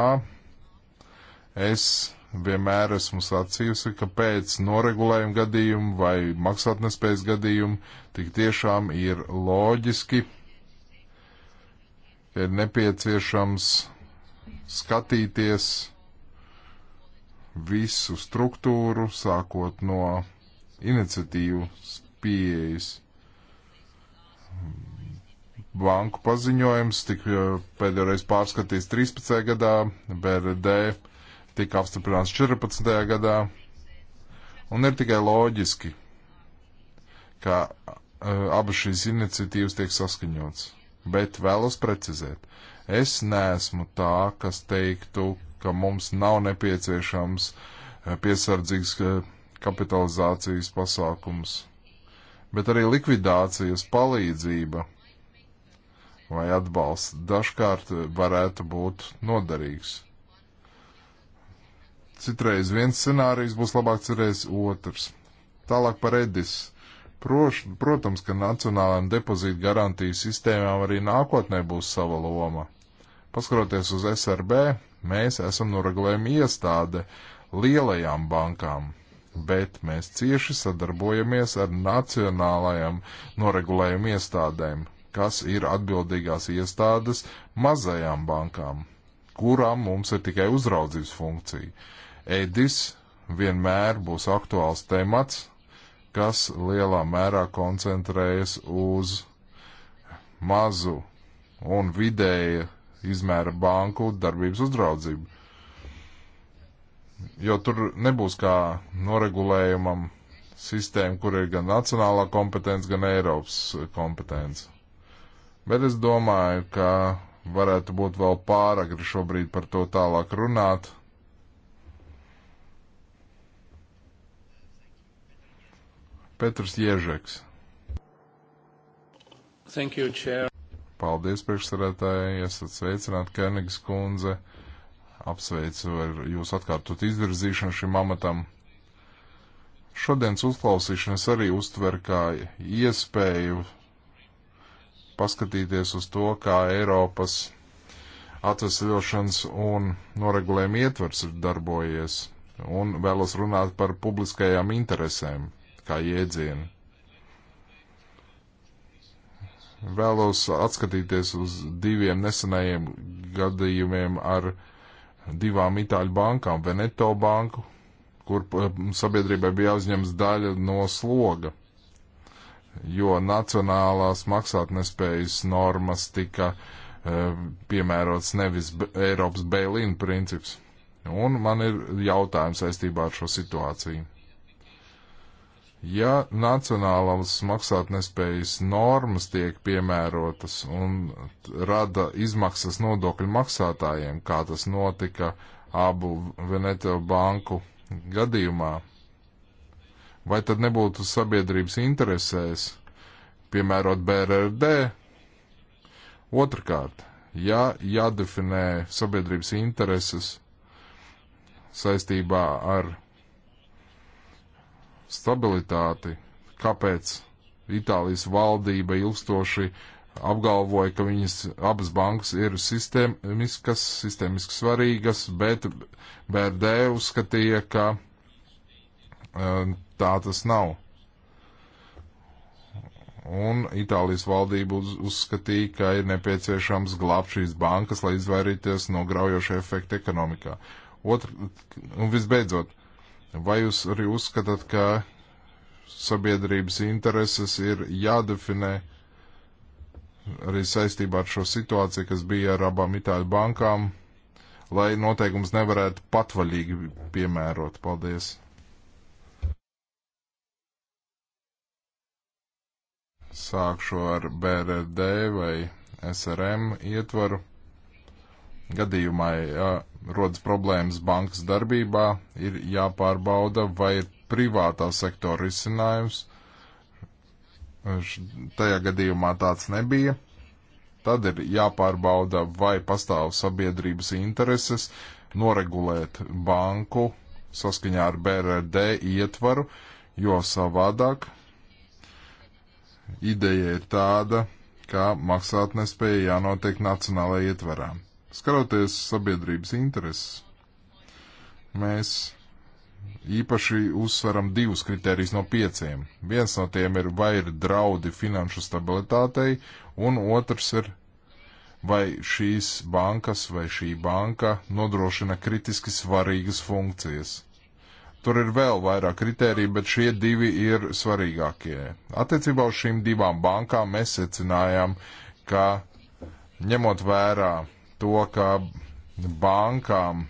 es vienmēr esmu sacījusi, ka pēc noregulējuma gadījuma vai maksātnespējas gadījuma tik tiešām ir loģiski, ka ir nepieciešams skatīties visu struktūru, sākot no iniciatīvas pieejas. Banku paziņojums tika eh, pēdējoreiz pārskatīts 13. gadā, BRD tika apstiprināts 14. gadā, un ir tikai loģiski, ka uh, abas šīs iniciatīvas tiek saskaņots. Bet vēlos precizēt, es neesmu tā, kas teiktu, ka mums nav nepieciešams eh, piesardzīgs eh, kapitalizācijas pasākums, bet arī likvidācijas palīdzība vai atbalsts dažkārt eh, varētu būt noderīgs. Citreiz viens scenārijs būs labāk, citreiz otrs. Tālāk par Edis. Proš, protams, ka nacionālajām depozītu garantiju sistēmām arī nākotnē būs sava loma. Paskaroties uz SRB, Mēs esam noregulējumi iestāde lielajām bankām, bet mēs cieši sadarbojamies ar nacionālajām noregulējumu iestādēm, kas ir atbildīgās iestādes mazajām bankām, kurām mums ir tikai uzraudzības funkcija. Edis vienmēr būs aktuāls temats, kas lielā mērā koncentrējas uz mazu un vidēja izmēra banku darbības uzraudzību. Jo tur nebūs kā noregulējumam sistēma, kur ir gan nacionālā kompetence, gan Eiropas kompetence. Bet es domāju, ka varētu būt vēl pāragri šobrīd par to tālāk runāt. Petrs Ježeks. Thank you, Chair. Paldies, priekšsarētāji, esat sveicināti, Kernigs kundze. Apsveicu ar jūsu atkārtot izvirzīšanu šim amatam. Šodienas uzklausīšanas arī uztver kā iespēju paskatīties uz to, kā Eiropas atvesļošanas un noregulējuma ietvers ir darbojies, un vēlos runāt par publiskajām interesēm kā jēdzienu vēlos atskatīties uz diviem nesenajiem gadījumiem ar divām itāļu bankām, Veneto banku, kur eh, sabiedrībai bija jāuzņems daļa no sloga, jo nacionālās maksātnespējas normas tika eh, piemērots nevis Eiropas bail-in princips. Un man ir jautājums saistībā ar šo situāciju. Ja nacionālās maksātnespējas normas tiek piemērotas un rada izmaksas nodokļu maksātājiem, kā tas notika abu Veneto banku gadījumā, vai tad nebūtu sabiedrības interesēs piemērot BRRD? Otrakārt, ja jādefinē sabiedrības intereses saistībā ar stabilitāti, kāpēc Itālijas valdība ilgstoši apgalvoja, ka viņas abas bankas ir sistēmiskas, sistēmiski svarīgas, bet BRD uzskatīja, ka uh, tā tas nav. Un Itālijas valdība uz, uzskatīja, ka ir nepieciešams glābt šīs bankas, lai izvairīties no graujoša efekta ekonomikā. Otra, un visbeidzot, Vai jūs arī uzskatāt, ka sabiedrības intereses ir jādefinē arī saistībā ar šo situāciju, kas bija ar abām itāļu bankām, lai noteikums nevarētu patvaļīgi piemērot? Paldies! Sākšu ar BRD vai SRM ietvaru. Gadījumā, ja rodas problēmas bankas darbībā, ir jāpārbauda, vai ir privātā sektora risinājums. Tajā gadījumā tāds nebija. Tad ir jāpārbauda, vai pastāv sabiedrības intereses noregulēt banku saskaņā ar BRD ietvaru, jo savādāk ideja ir tāda, ka maksātnespēja jānotiek nacionālajā ietvarā. Skatoties sabiedrības intereses, mēs īpaši uzsveram divus kritērijus no pieciem. Viens no tiem ir, vai ir draudi finanšu stabilitātei, un otrs ir, vai šīs bankas vai šī banka nodrošina kritiski svarīgas funkcijas. Tur ir vēl vairāk kritēriju, bet šie divi ir svarīgākie. Attiecībā uz šīm divām bankām mēs secinājām, ka ņemot vērā to, ka bankām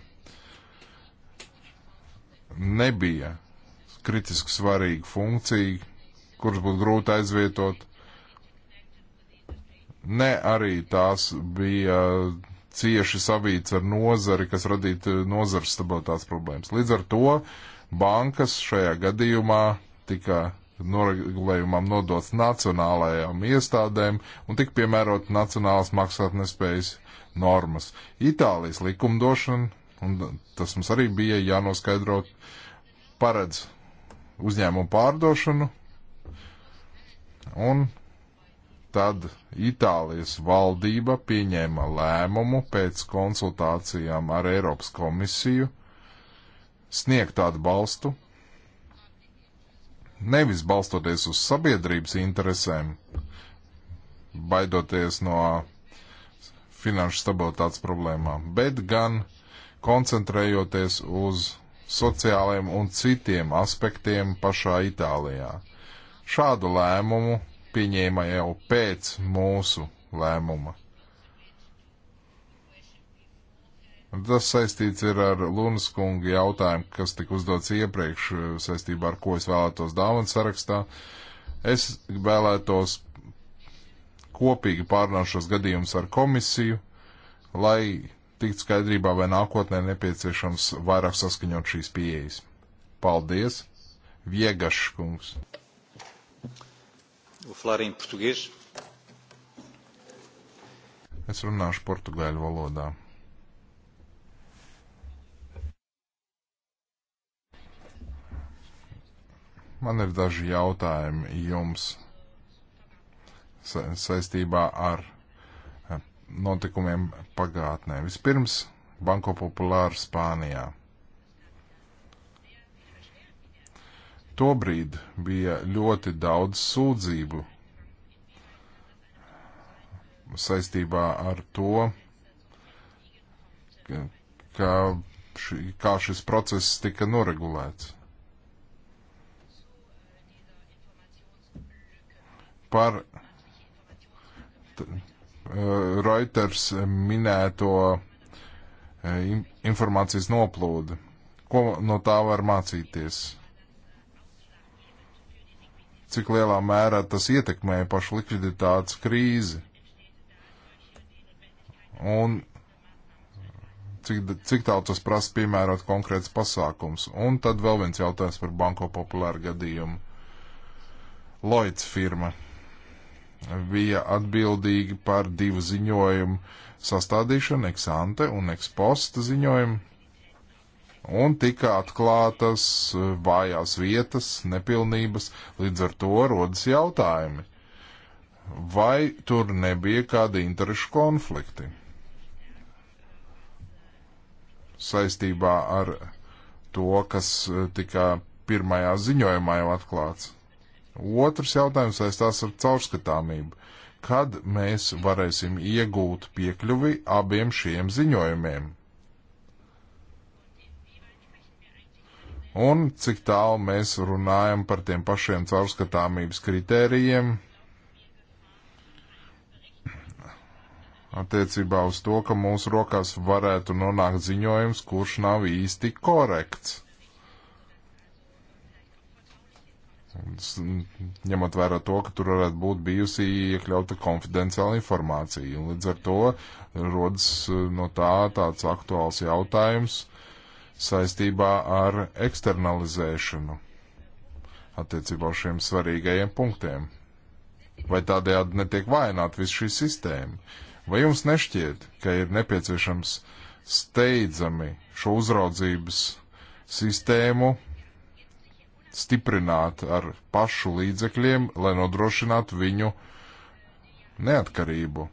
nebija kritiski svarīga funkcija, kuras būtu grūti aizvietot. Ne arī tās bija cieši savīts ar nozari, kas radītu nozares stabilitātes problēmas. Līdz ar to bankas šajā gadījumā tika noregulējumam nodots nacionālajām iestādēm un tik piemērot nacionālas maksātnespējas uh, normas. Itālijas likumdošana, un tas mums arī bija jānoskaidro, paredz uzņēmumu pārdošanu, un tad Itālijas valdība pieņēma lēmumu pēc konsultācijām ar Eiropas komisiju sniegt atbalstu, nevis balstoties uz sabiedrības interesēm, baidoties no finanšu stabilitātes problēmām, bet gan koncentrējoties uz sociālajiem un citiem aspektiem pašā Itālijā. Šādu lēmumu pieņēma jau pēc mūsu lēmuma. Tas saistīts ir ar Lunas kunga jautājumu, kas tika uzdots iepriekš saistībā ar ko es vēlētos dāvanu sarakstā. Es vēlētos kopīgi pārnāšu šos gadījumus ar komisiju, lai tikt skaidrībā, vai nākotnē nepieciešams vairāk saskaņot šīs pieejas. Paldies! Viegašs kungs! Vou falar em português. Es runāšu portugāļu valodā. Man ir daži jautājumi jums sa saistībā ar eh, notikumiem pagātnē. Vispirms Banko Populāru Spānijā. Tobrīd bija ļoti daudz sūdzību saistībā ar to, ka ši, kā šis process tika noregulēts. Par Uh, Reuters minēto uh, informācijas noplūdi. Ko no tā var mācīties? Cik lielā mērā tas ietekmē pašu likviditātes krīzi? Un cik, cik tālu tas prasa piemērot konkrēts pasākums? Un tad vēl viens jautājums par banko populāru gadījumu. Lloyds firma bija atbildīgi par divu ziņojumu sastādīšanu, eksante un eksposta ziņojumu, un tika atklātas eh, vājās vietas, nepilnības, līdz ar to rodas jautājumi, vai tur nebija kādi interešu konflikti saistībā ar to, kas eh, tika pirmajā ziņojumā jau atklāts. Otrs jautājums saistās ar caurskatāmību. Kad mēs varēsim iegūt piekļuvi abiem šiem ziņojumiem? Un cik tālu mēs runājam par tiem pašiem caurskatāmības kritērijiem attiecībā uz to, ka mūsu rokās varētu nonākt ziņojums, kurš nav īsti korekts ņemot vērā to, ka tur varētu būt bijusi iekļauta konfidenciāla informācija. Un līdz ar to rodas e, no tā tāds aktuāls jautājums saistībā ar eksternalizēšanu attiecībā uz šiem svarīgajiem punktiem. Vai tādējādi netiek vainot visu šī sistēma? Vai jums nešķiet, ka ir nepieciešams steidzami šo uzraudzības sistēmu stiprināt ar pašu līdzekļiem, lai nodrošinātu viņu neatkarību.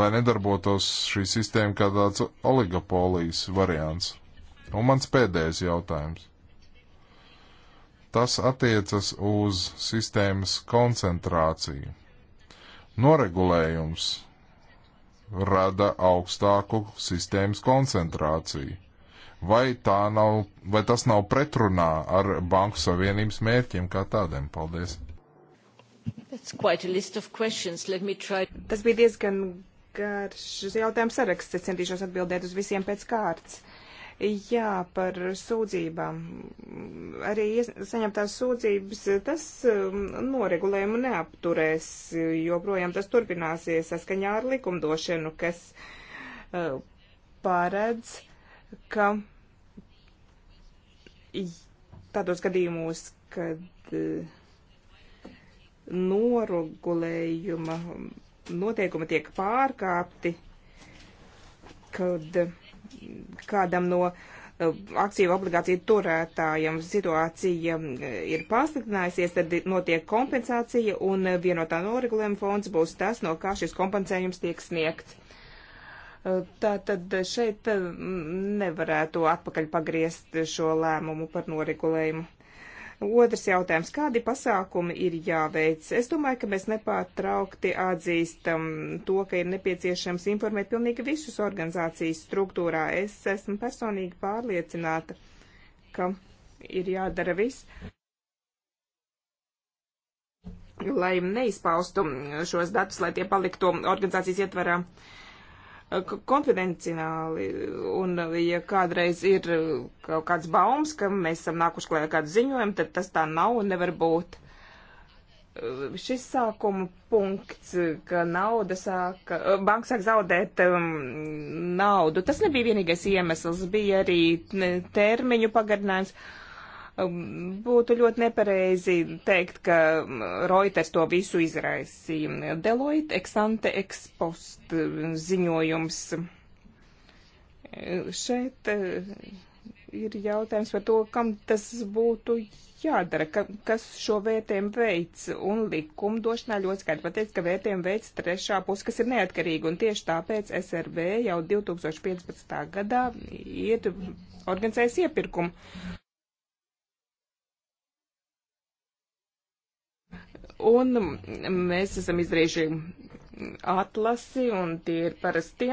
Lai nedarbotos šī sistēma kā tāds oligopolijas variants. Un mans pēdējais jautājums. Tas attiecas uz sistēmas koncentrāciju. Noregulējums rada augstāku sistēmas koncentrāciju vai, tā nav, vai tas nav pretrunā ar Banku Savienības mērķiem kā tādiem? Paldies! Try... Tas bija diezgan garš jautājums saraksts. Es centīšos atbildēt uz visiem pēc kārtas. Jā, par sūdzībām. Arī saņemtās sūdzības tas um, noregulējumu neapturēs, joprojām tas turpināsies saskaņā ar likumdošanu, kas uh, paredz, ka tādos gadījumos, kad eh, norogulējuma noteikumi tiek pārkāpti, kad mm, kādam no eh, akciju obligāciju turētājiem situācija eh, ir pasliktinājusies, tad notiek kompensācija un vienotā noregulējuma fonds būs tas, no kā šis kompensējums tiek sniegts. Tā tad šeit nevarētu atpakaļ pagriezt šo lēmumu par noregulējumu. Otrs jautājums, kādi pasākumi ir jāveic? Es domāju, ka mēs nepārtraukti atzīstam to, ka ir nepieciešams informēt pilnīgi visus organizācijas struktūrā. Es esmu personīgi pārliecināta, ka ir jādara viss lai neizpaustu šos datus, lai tie paliktu organizācijas ietvarā. Uh, konfidenciāli. Un, ja kādreiz ir uh, kaut kāds baums, ka mēs esam nākuši klajā kādu ziņojumu, tad tas tā nav un nevar būt. Uh, šis sākuma punkts, uh, ka nauda sāka, banka sāk zaudēt um, naudu, tas nebija vienīgais iemesls, bija arī termiņu pagarinājums. Uh, Um, būtu ļoti nepareizi teikt, ka um, Reuters to visu izraisīja. Deloitte eksante ekspost um, ziņojums. Uh, šeit uh, ir jautājums par to, kam tas būtu jādara, ka, kas šo vērtējumu veids. Un likumdošanā ļoti skaidri pateicis, ka vērtējumu veids trešā puse, kas ir neatkarīga. Un tieši tāpēc SRB jau 2015. gadā ir organizējis iepirkumu. Un mēs esam izdarījuši atlasi, un tie ir parastie.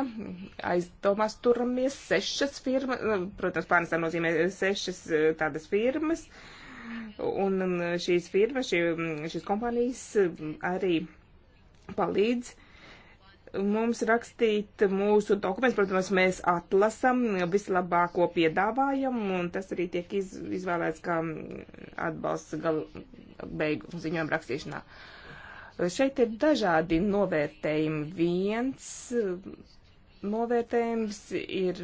Aizdomās turamies sešas firmas, protams, pārnesā nozīmē sešas eh, tādas firmas. Un mm, šīs firmas, šī, mm, šīs kompānijas mm, arī palīdz uh, mums rakstīt mūsu dokumentus. Protams, mēs atlasam, vislabāko piedāvājam, un tas arī tiek iz, izvēlēts kā atbalsts gal, beigu ziņojuma rakstīšanā. Šeit ir dažādi novērtējumi. Viens eh, novērtējums ir,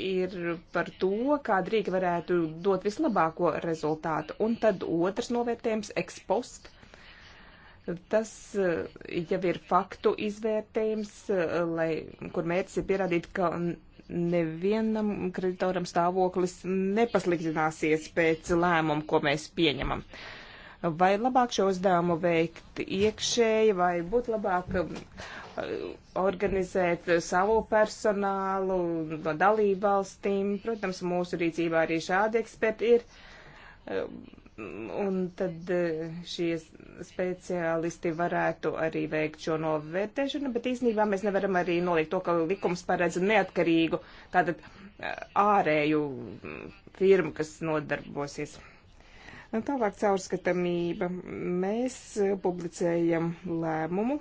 ir par to, kā drīk varētu dot vislabāko rezultātu, un tad otrs novērtējums ekspost Tas eh, jau ir faktu izvērtējums, eh, lai, kur mērķis ir pierādīt, ka nevienam kreditoram stāvoklis nepasliktināsies pēc lēmumu, ko mēs pieņemam. Vai labāk šo uzdevumu veikt iekšēji, vai būtu labāk eh, organizēt savu personālu no dalībvalstīm? Protams, mūsu rīcībā arī šādi eksperti ir Un tad eh, šie speciālisti varētu arī veikt šo novērtēšanu, bet īstenībā mēs nevaram arī nolikt to, ka likums paredz neatkarīgu tātad eh, ārēju mm, firmu, kas nodarbosies. Tālāk caurskatamība. Mēs eh, publicējam lēmumu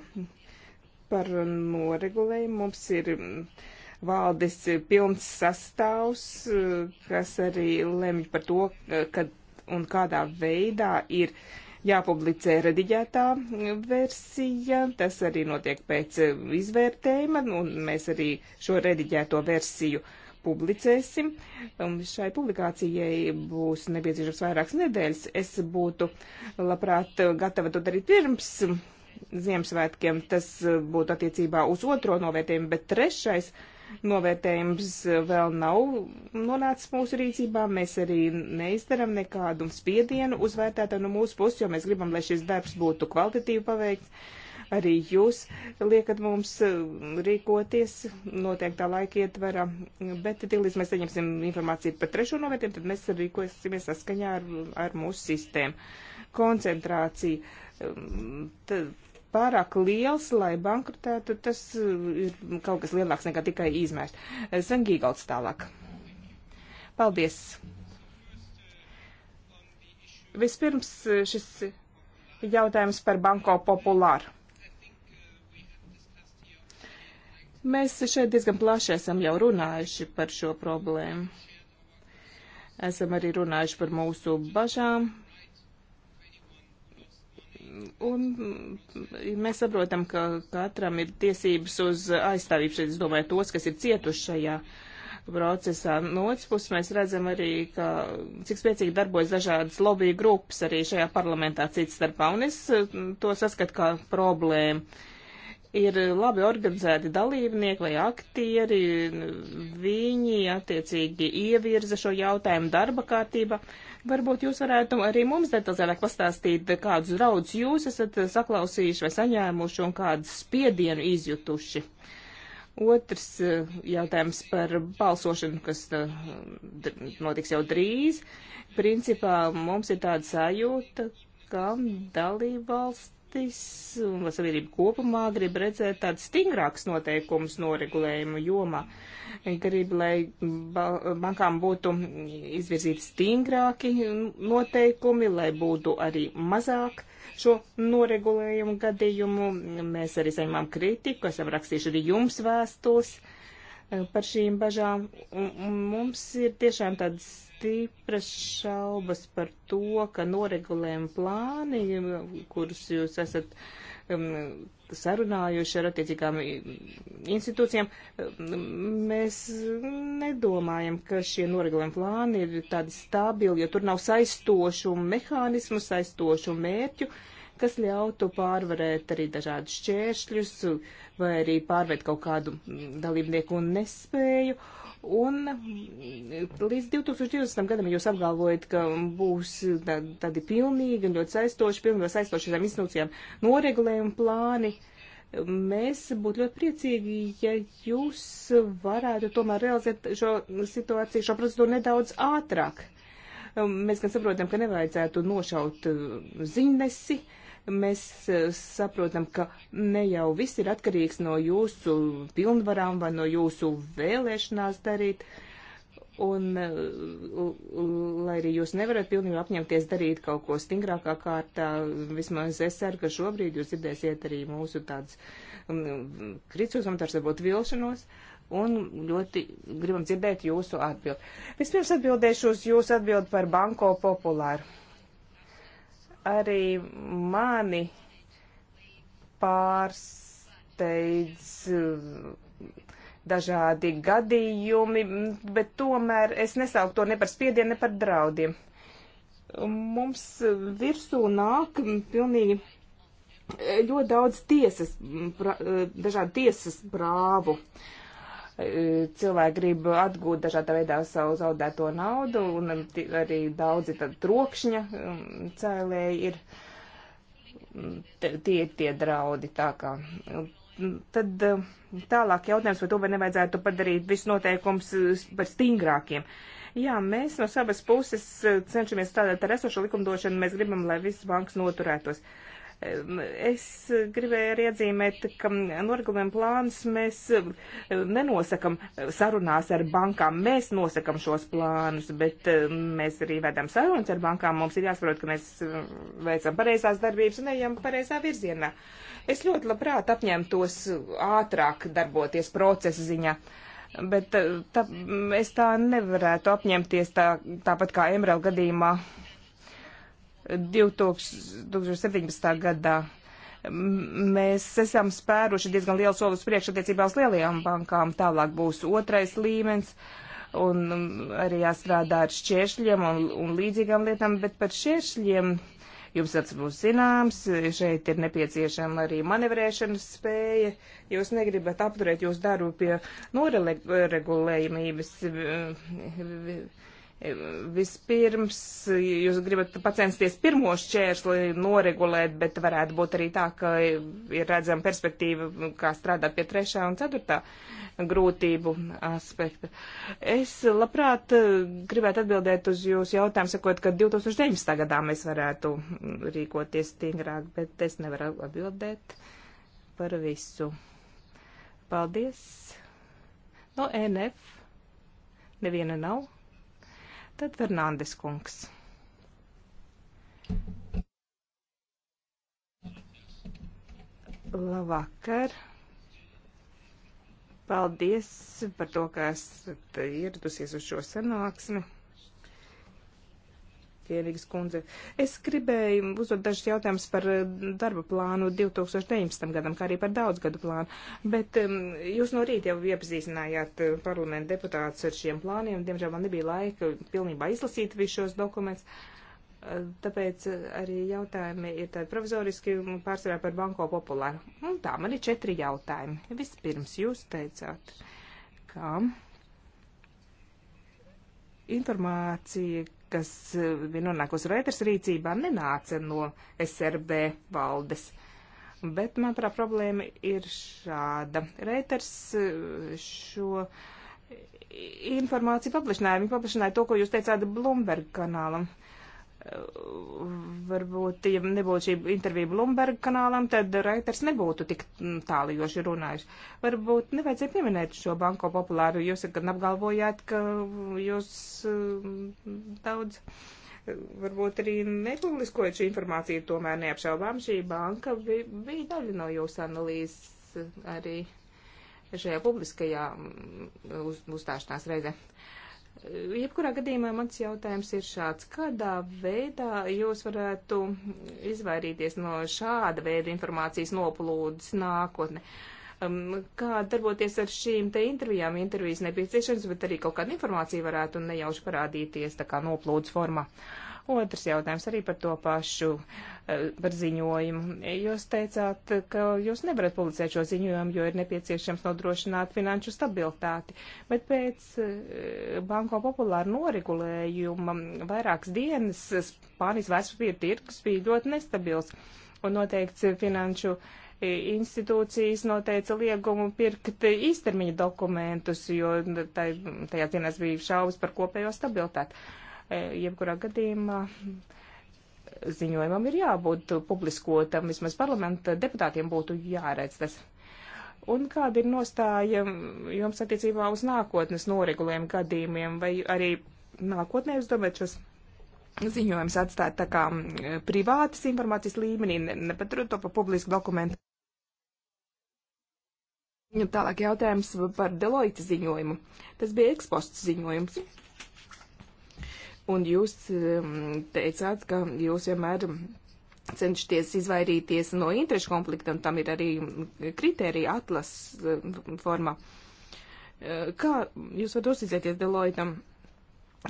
par noregulējumu. Mums ir mm, valdes pilns sastāvs, kas arī lemj par to, kad un kādā veidā ir jāpublicē rediģētā versija. Tas arī notiek pēc izvērtējuma, un mēs arī šo rediģēto versiju publicēsim. Un šai publikācijai būs nepieciešams vairākas nedēļas. Es būtu labprāt gatava to darīt pirms Ziemassvētkiem. Tas būtu attiecībā uz otro novērtējumu, bet trešais novērtējums vēl nav nonācis mūsu rīcībā. Mēs arī neizdaram nekādu spiedienu uz vērtētāju no mūsu puses, jo mēs gribam, lai šis darbs būtu kvalitatīvi paveikts. Arī jūs liekat mums eh, rīkoties noteiktā laika ietverā, bet tad, līdz mēs saņemsim informāciju par trešo novērtējumu, tad mēs rīkosimies saskaņā ar, ar mūsu sistēmu. Koncentrācija. Tad, pārāk liels, lai bankrutētu, tas uh, ir kaut kas lielāks nekā tikai izmērs. Uh, Sengīgalds tālāk. Paldies. Vispirms uh, šis jautājums par Banko Populāru. Mēs šeit diezgan plaši esam jau runājuši par šo problēmu. Esam arī runājuši par mūsu bažām, Un mēs saprotam, ka katram ir tiesības uz aizstāvību šeit, es domāju, tos, kas ir cietuši šajā procesā. No otras puses mēs redzam arī, ka cik spēcīgi darbojas dažādas lobby grupas arī šajā parlamentā cits starpā, un es eh, to saskatu kā problēmu ir labi organizēti dalībnieki vai aktieri, viņi attiecīgi ievirza šo jautājumu darba kārtībā. Varbūt jūs varētu arī mums detalizētāk pastāstīt, kādus draudus jūs esat saklausījuši vai saņēmuši un kādu spiedienu izjutuši. Otrs eh, jautājums par balsošanu, kas eh, notiks jau drīz. Principā mums ir tāda sajūta, ka dalībvalsts valstis un sabiedrība kopumā grib redzēt tādas stingrākas noteikumus noregulējumu jomā. Grib, lai bankām būtu izvirzīti stingrāki noteikumi, lai būtu arī mazāk šo noregulējumu gadījumu. Mēs arī saņemām kritiku, esam rakstījuši arī jums vēstules eh, par šīm bažām. Mums ir tiešām tādas stipras šaubas par to, ka noregulējuma plāni, kurus jūs esat um, sarunājuši ar attiecīgām institūcijām, um, mēs nedomājam, ka šie noregulējuma plāni ir tādi stabili, jo tur nav saistošu mehānismu, saistošu mērķu kas ļautu pārvarēt arī dažādus šķēršļus vai arī pārvērt kaut kādu dalībnieku nespēju. Uh, Un līdz 2020. gadam jūs apgalvojat, ka būs tādi pilnīgi un ļoti saistoši, pilnībā saistoši šādām institūcijām noregulējumi plāni. Mēs būtu ļoti priecīgi, ja jūs varētu tomēr realizēt šo situāciju, šo procedūru nedaudz ātrāk. Mēs gan saprotam, ka nevajadzētu nošaut uh, ziņnesi, uh, Mēs eh, saprotam, ka ne jau viss ir atkarīgs no jūsu pilnvarām vai no jūsu vēlēšanās darīt. Un, eh, lai arī jūs nevarat pilnībā apņemties darīt kaut ko stingrākā kārtā, vismaz es ceru, ka šobrīd jūs dzirdēsiet arī mūsu tādas kricus, un tas varbūt vilšanos, un ļoti gribam dzirdēt jūsu atbildi. Vispirms atbildēšu uz jūsu atbildi par banko populāru arī mani pārsteidz uh, dažādi gadījumi, bet tomēr es nesauku to ne par spiedienu, ne par draudiem. Mums virsū nāk pilnīgi eh, ļoti daudz tiesas, eh, dažādu tiesas prāvu. Uh, cilvēki grib atgūt dažādā veidā savu zaudēto naudu, un arī daudzi tad trokšņa um, cēlēji ir mm, tie, tie draudi tā kā. Tad um, tālāk jautājums par to, vai nevajadzētu padarīt visu noteikums par stingrākiem. Jā, mēs no savas puses uh, cenšamies strādāt ar esošo likumdošanu, mēs gribam, lai viss banks noturētos. Uh, Es gribēju arī atzīmēt, ka noregulējuma plāns mēs nenosakam sarunās ar bankām. Mēs nosakam šos plānus, bet mēs arī vedam sarunas ar bankām. Mums ir jāsaprot, ka mēs veicam pareizās darbības un ejam pareizā virzienā. Es ļoti labprāt apņemtos ātrāk darboties procesa ziņā. Bet tā, es tā nevarētu apņemties tā, tāpat kā Emerald gadījumā 2017. gadā. Mēs esam spēruši diezgan lielu soli uz priekšu attiecībā uz lielajām bankām. Tālāk būs otrais līmenis un um, arī jāstrādā ar šķēršļiem un, un līdzīgām lietām, bet par šķēršļiem jums tas būs zināms, šeit ir nepieciešama arī manevrēšanas spēja. Jūs negribat apturēt jūsu darbu pie noregulējumības. Uh, Vispirms jūs gribat pacensties pirmo šķērsli noregulēt, bet varētu būt arī tā, ka ir redzama perspektīva, kā strādāt pie trešā un ceturtā grūtību aspekta. Es labprāt eh, gribētu atbildēt uz jūsu jautājumu, sakot, ka 2019. gadā mēs varētu rīkoties stingrāk, bet es nevaru atbildēt par visu. Paldies! No NF neviena nav. Tad Fernandes kungs. Labvakar. Paldies par to, ka esat ieradusies uz šo sanāksmi. Fierīgas kundze. Es gribēju uzdot dažus jautājumus par eh, darba plānu 2019. gadam, kā arī par daudzgadu plānu, bet um, jūs no rīta jau iepazīstinājāt eh, parlamentu deputātus ar šiem plāniem. Diemžēl man nebija laika pilnībā izlasīt visus šos dokumentus. Eh, tāpēc arī jautājumi ir tādi provizoriski pārsvarā par banko populāru. Un tā, man ir četri jautājumi. Vispirms jūs teicāt, ka informācija, kas eh, bija nonākusi Reuters rīcībā, nenāca no SRB valdes. Bet, manuprāt, problēma ir šāda. Reuters eh, šo informāciju paplašināja. Viņi paplašināja to, ko jūs teicāt Bloomberg kanālam varbūt, ja nebūtu šī intervija Blumberga kanālam, tad Reuters nebūtu tik tālijoši runājuši. Varbūt nevajadzēja pieminēt šo banko populāru. Jūs gan apgalvojāt, ka jūs mm, daudz varbūt arī nepubliskojat šī informācija, tomēr neapšaubām šī banka bija daļa no jūsu analīzes arī šajā publiskajā mm, uzstāšanās reizē. Uh, Jebkurā gadījumā mans jautājums ir šāds. Kādā veidā jūs varētu izvairīties no šāda veida informācijas noplūdes nākotne? Um, kā darboties ar šīm te intervijām, intervijas nepieciešams, bet arī kaut kāda informācija varētu nejauši parādīties tā kā noplūdes formā? Uh, Otrs jautājums arī par to pašu, eh, par ziņojumu. Jūs teicāt, ka jūs nevarat publicēt šo ziņojumu, jo ir nepieciešams nodrošināt finanšu stabilitāti, bet pēc eh, banko populāra noregulējuma vairākas dienas Spānijas vēstpapīra tirgus bija ļoti nestabils un noteikts finanšu eh, institūcijas noteica liegumu pirkt īstermiņa dokumentus, jo tajā dienās bija šaubas par kopējo stabilitāti. E, jebkurā gadījumā ziņojumam ir jābūt publiskotam, vismaz parlamenta deputātiem būtu jāredz tas. Un kāda ir nostāja jums attiecībā uz nākotnes noregulējumu gadījumiem, vai arī nākotnē jūs domājat šos ziņojumus atstāt tā kā privātas informācijas līmenī, nepaturot ne to pa publisku dokumentu? Nu, tālāk jautājums par Deloitte ziņojumu. Tas bija eksposts ziņojums. Un jūs um, teicāt, ka jūs vienmēr cenšaties izvairīties no interešu konflikta, un tam ir arī kritērija atlas uh, formā. Uh, kā jūs varat uzticēties Deloitam?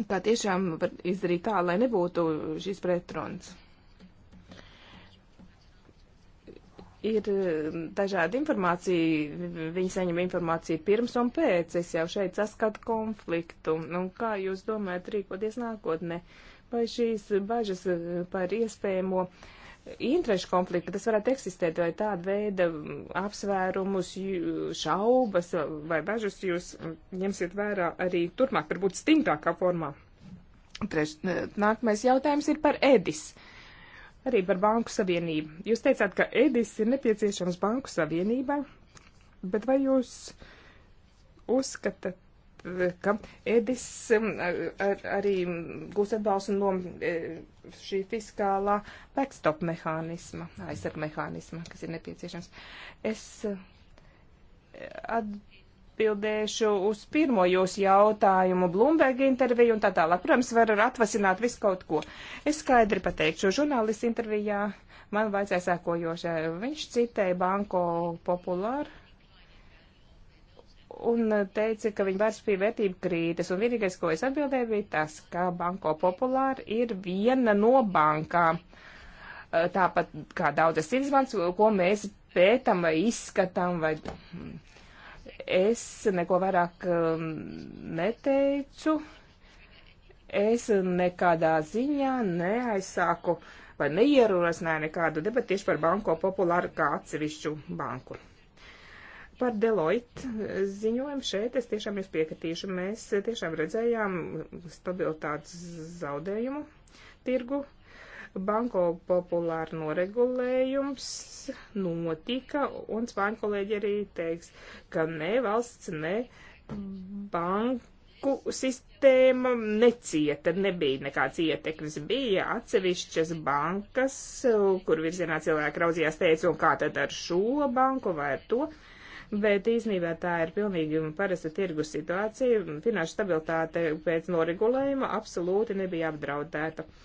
Kā tiešām var izdarīt tā, lai nebūtu šis pretruns? ir um, dažāda informācija, viņi saņem informāciju pirms un pēc, es jau šeit saskatu konfliktu, un kā jūs domājat rīkoties nākotnē, vai šīs bažas uh, par iespējamo interešu konfliktu, kas varētu eksistēt, vai tāda veida um, apsvērumus, šaubas vai bažas jūs um, ņemsiet vērā arī turpmāk, varbūt stingrākā formā. Treš, uh, nākamais jautājums ir par Edis. Uh, arī par banku savienību. Jūs teicāt, ka EDIS ir nepieciešams banku savienībai, bet vai jūs uzskatat, ka EDIS um, ar, arī gūs atbalstu no e, šī fiskālā backstop mehānisma, aizsarg mehānisma, kas ir nepieciešams? Es e, atbildēju atbildēšu uz pirmo jūsu jautājumu, Bloomberg interviju un tā tālāk. Protams, var atvasināt visu kaut ko. Es skaidri pateikšu, žurnālisti intervijā man vajadzēja sēkojošai. Viņš citēja Banko Populāru un teica, ka viņa vairs pie vērtību krītas. Un vienīgais, ko es atbildēju, bija tas, ka Banko Populāra ir viena no bankām. Tāpat kā daudzas citas bankas, ko mēs pētam vai izskatām vai hmm, Es neko vairāk um, neteicu. Es nekādā ziņā neaizsāku vai neierosināju nekādu debatu tieši par banko populāru kā atsevišķu banku. Par Deloitte ziņojumu šeit es tiešām jūs piekatīšu. Mēs tiešām redzējām stabilitātes zaudējumu tirgu Banko populāra noregulējums notika, un spāņu kolēģi arī teiks, ka ne valsts, ne banku sistēma necieta, nebija nekāds ietekmes. Bija atsevišķas bankas, kur virzienā cilvēki raudzījās teica, un kā tad ar šo banku vai ar to bet īsnībā tā ir pilnīgi parasta tirgus situācija. Finanšu stabilitāte pēc noregulējuma absolūti nebija apdraudēta. Uh,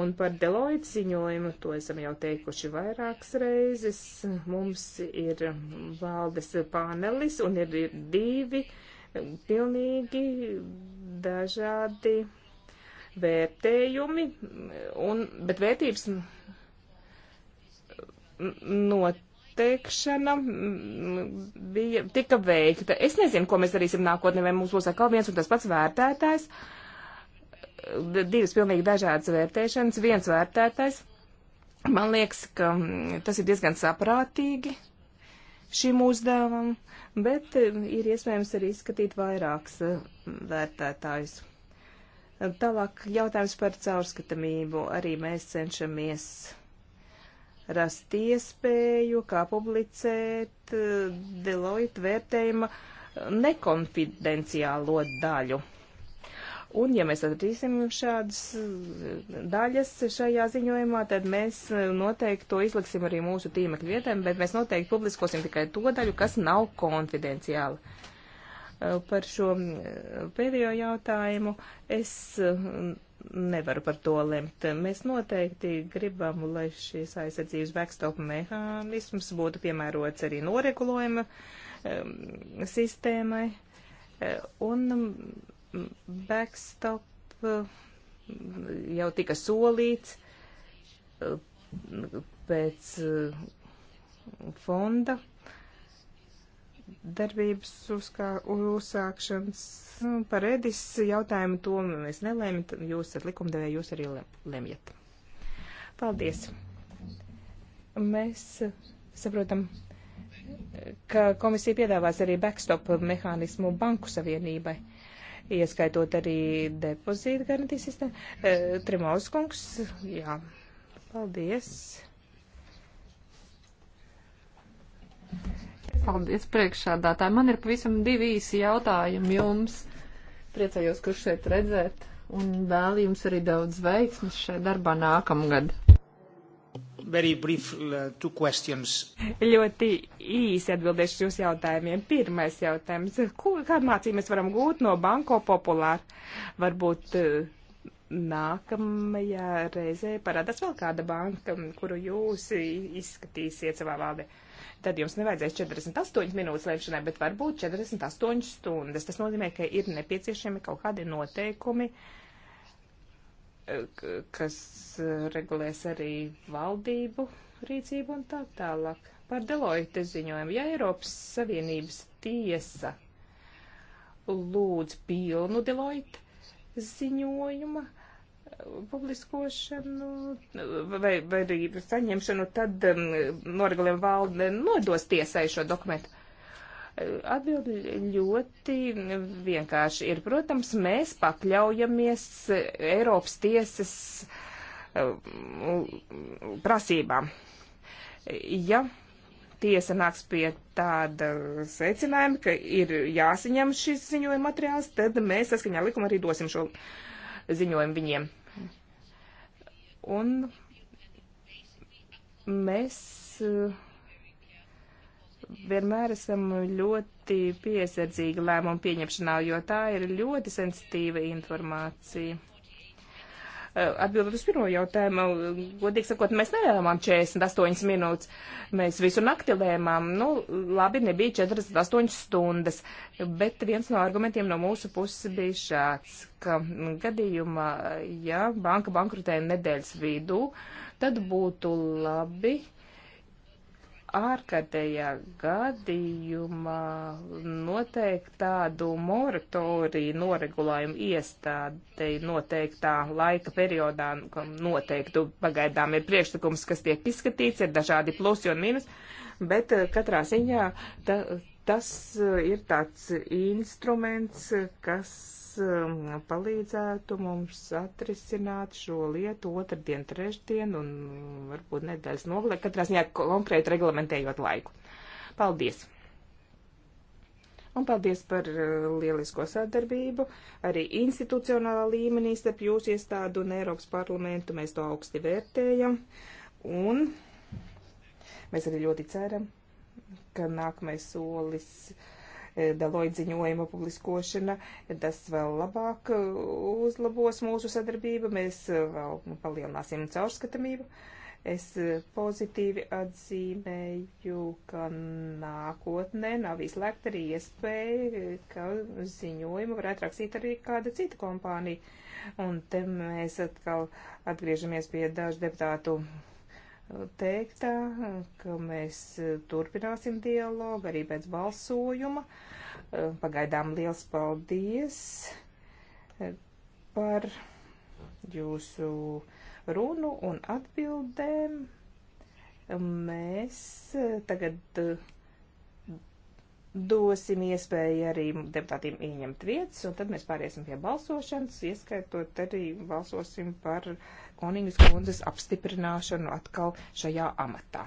Un par Deloitte ziņojumu, to esam jau teikuši vairākas reizes, mums ir valdes panelis un ir divi pilnīgi dažādi vērtējumi, un, bet vērtības noteikšana bija, tika veikta. Es nezinu, ko mēs darīsim nākotnē, vai mums būs atkal viens un tas pats vērtētājs. Uh, divas pilnīgi dažādas vērtēšanas. Viens vērtētais, man liekas, ka mm, tas ir diezgan saprātīgi šim uzdevam, bet mm, ir iespējams arī izskatīt vairākus mm, vērtētājus. Tālāk jautājums par caurskatamību. Arī mēs cenšamies rast iespēju, kā publicēt Deloitte vērtējuma nekonfidenciālo daļu. Un, ja mēs atradīsim šādas eh, daļas šajā ziņojumā, tad mēs eh, noteikti to izliksim arī mūsu tīmekļu vietēm, bet mēs noteikti publiskosim tikai to daļu, kas nav konfidenciāla. Eh, par šo pēdējo jautājumu es nevaru par to lemt. Mēs noteikti gribam, lai šīs aizsardzības backstop mehānisms būtu piemērots arī noregulējuma um, sistēmai. Un backstop jau tika solīts pēc uh, fonda darbības uzkā, uzsākšanas. Nu, par Edis jautājumu to mēs nelēmjam, jūs esat likumdevēji, jūs arī lemjat. Paldies. Mēs saprotam, ka komisija piedāvās arī backstop mehānismu banku savienībai. Uh, ieskaitot arī depozītu garantijas sistēmu. E, Tremaus kungs, jā, paldies. Paldies priekšādātāji. Man ir pavisam divi īsi jautājumi jums. Priecājos, kurš šeit redzēt un vēl jums arī daudz veiksmes šai darbā nākamgad very brief uh, two questions. Ļoti īsi atbildēšu jūs jautājumiem. Pirmais jautājums. Ko, kādu mācību mēs varam gūt no Banko Populāra? Varbūt uh, nākamajā reizē parādās vēl kāda banka, kuru jūs izskatīsiet savā valdē. Tad jums nevajadzēs 48 minūtes lēmšanai, bet varbūt 48 stundas. Tas nozīmē, ka ir nepieciešami kaut kādi noteikumi. Uh, kas eh, regulēs arī valdību rīcību un tā tālāk. Par Deloitte ziņojumu, ja Eiropas Savienības tiesa lūdz pilnu Deloitte ziņojuma eh, publiskošanu eh, vai, vai arī saņemšanu, tad um, noregulējuma valde nodos tiesai šo dokumentu. Atbildi ļoti vienkārši ir, protams, mēs pakļaujamies Eiropas tiesas um, prasībām. Ja tiesa nāks pie tāda secinājuma, ka ir jāsaņem šis ziņojuma materiāls, tad mēs saskaņā likuma arī dosim šo ziņojumu viņiem. Un mēs uh, vienmēr esam ļoti piesardzīgi lēmumu pieņemšanā, jo tā ir ļoti sensitīva informācija. Atbildot uz pirmo jautājumu, godīgi sakot, mēs nelēmām 48 minūtes. Mēs visu nakti lēmām, nu, labi, nebija 48 stundas, bet viens no argumentiem no mūsu puses bija šāds, ka gadījumā, ja banka bankrutē nedēļas vidū, tad būtu labi, uh, ārkārtējā gadījumā noteikti tādu moratoriju noregulējumu iestādei noteiktā laika periodā noteiktu. Pagaidām ir priekšlikums, kas tiek izskatīts, ir dažādi plusi un mīnus, bet eh, katrā ziņā ta, tas eh, ir tāds instruments, kas Um, palīdzētu mums atrisināt šo lietu otrdien, trešdien un varbūt nedēļas nogalē, katrā ziņā konkrēti reglamentējot laiku. Paldies! Un paldies par uh, lielisko sadarbību arī institucionālā līmenī starp jūsu iestādu un Eiropas parlamentu. Mēs to augsti vērtējam un mēs arī ļoti ceram, ka nākamais solis. Uh, E, Deloitte ziņojuma publiskošana, tas vēl labāk e, uzlabos mūsu sadarbību, mēs e, vēl palielināsim caurskatamību. Es pozitīvi atzīmēju, ka nākotnē nav izslēgta arī iespēja, ka ziņojumu varētu rakstīt arī kāda cita kompānija. Un te mēs atkal atgriežamies pie dažu deputātu teiktā, ka mēs turpināsim dialogu arī pēc balsojuma. Pagaidām liels paldies par jūsu runu un atbildēm. Mēs tagad dosim iespēju arī deputātiem ieņemt vietas, un tad mēs pāriesim pie balsošanas, ieskaitot arī balsosim par uh, Oningas kundzes apstiprināšanu atkal šajā amatā.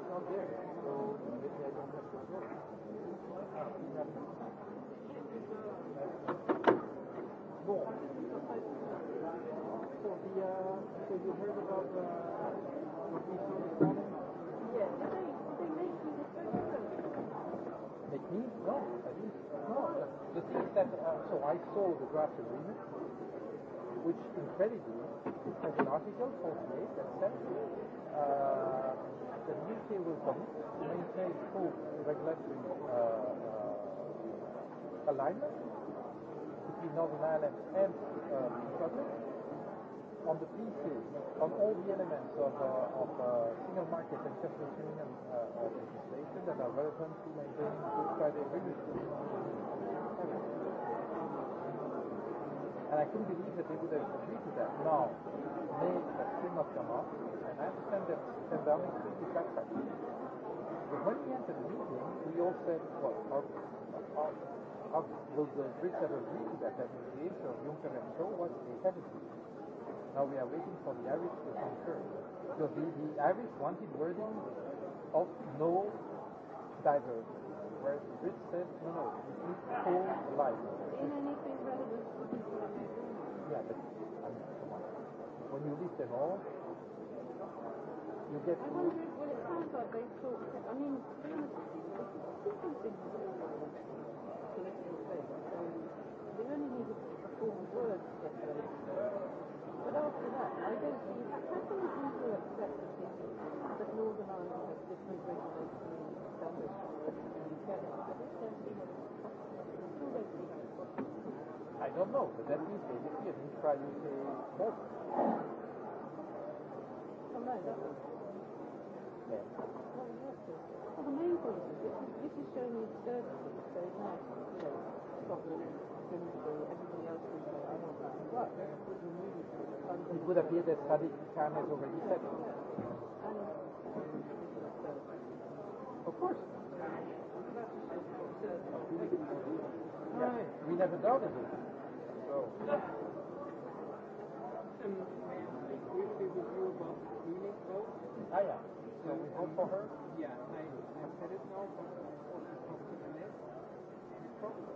he's not there. So maybe I don't have to go. Bon. So the uh, so you heard about uh, what we saw this morning? Yeah, did they did they make you the first person? Make me? No, I didn't. No. The thing is that uh, so I saw the draft agreement which incredibly has an article 48 that says uh, that UK will commit to maintain full regulatory uh, uh, alignment between Northern Ireland and uh, the Republic on the pieces, on all the elements of, uh, of uh, single market and customs union uh, uh, legislation that are relevant to maintaining good Friday agreements. And I couldn't believe that they would have agreed to that. Now, May that still not come up. I understand that Sam Downing took his backpack. But when we entered the meeting, we all said, well, our, our, our, well the bridge that was reached at that mediation of Juncker and Shaw was a heresy. Now we are waiting for the Irish to concur. So the, the Irish wanted wording of no divergence, whereas the Brits said, no, no, we need full alignment. In any case, rather than Yeah, but I um, mean, come on. When you leave them all, you get. I wonder what it sounds like they talk. I mean, we only need a form of words to get those. But after that, I don't think how can we do accept the thing that Northern Ireland has different regulatory standards and standards? I don't see what it's until they see how it's possible. I don't know, but at least they appear in try to say more. Oh no, that was it. Oh, yes, well, the main thing is that this is showing you the services, so it's not, you know, problem, industry, everything else is like, I want that to work. It would appear that study time has already set. And of course. Right. We never doubted it. So. Um, briefly with you about Munich, though. Ah, yeah. So we hope for her. Yeah, I, I said it now, but I also talked to Annette. Probably.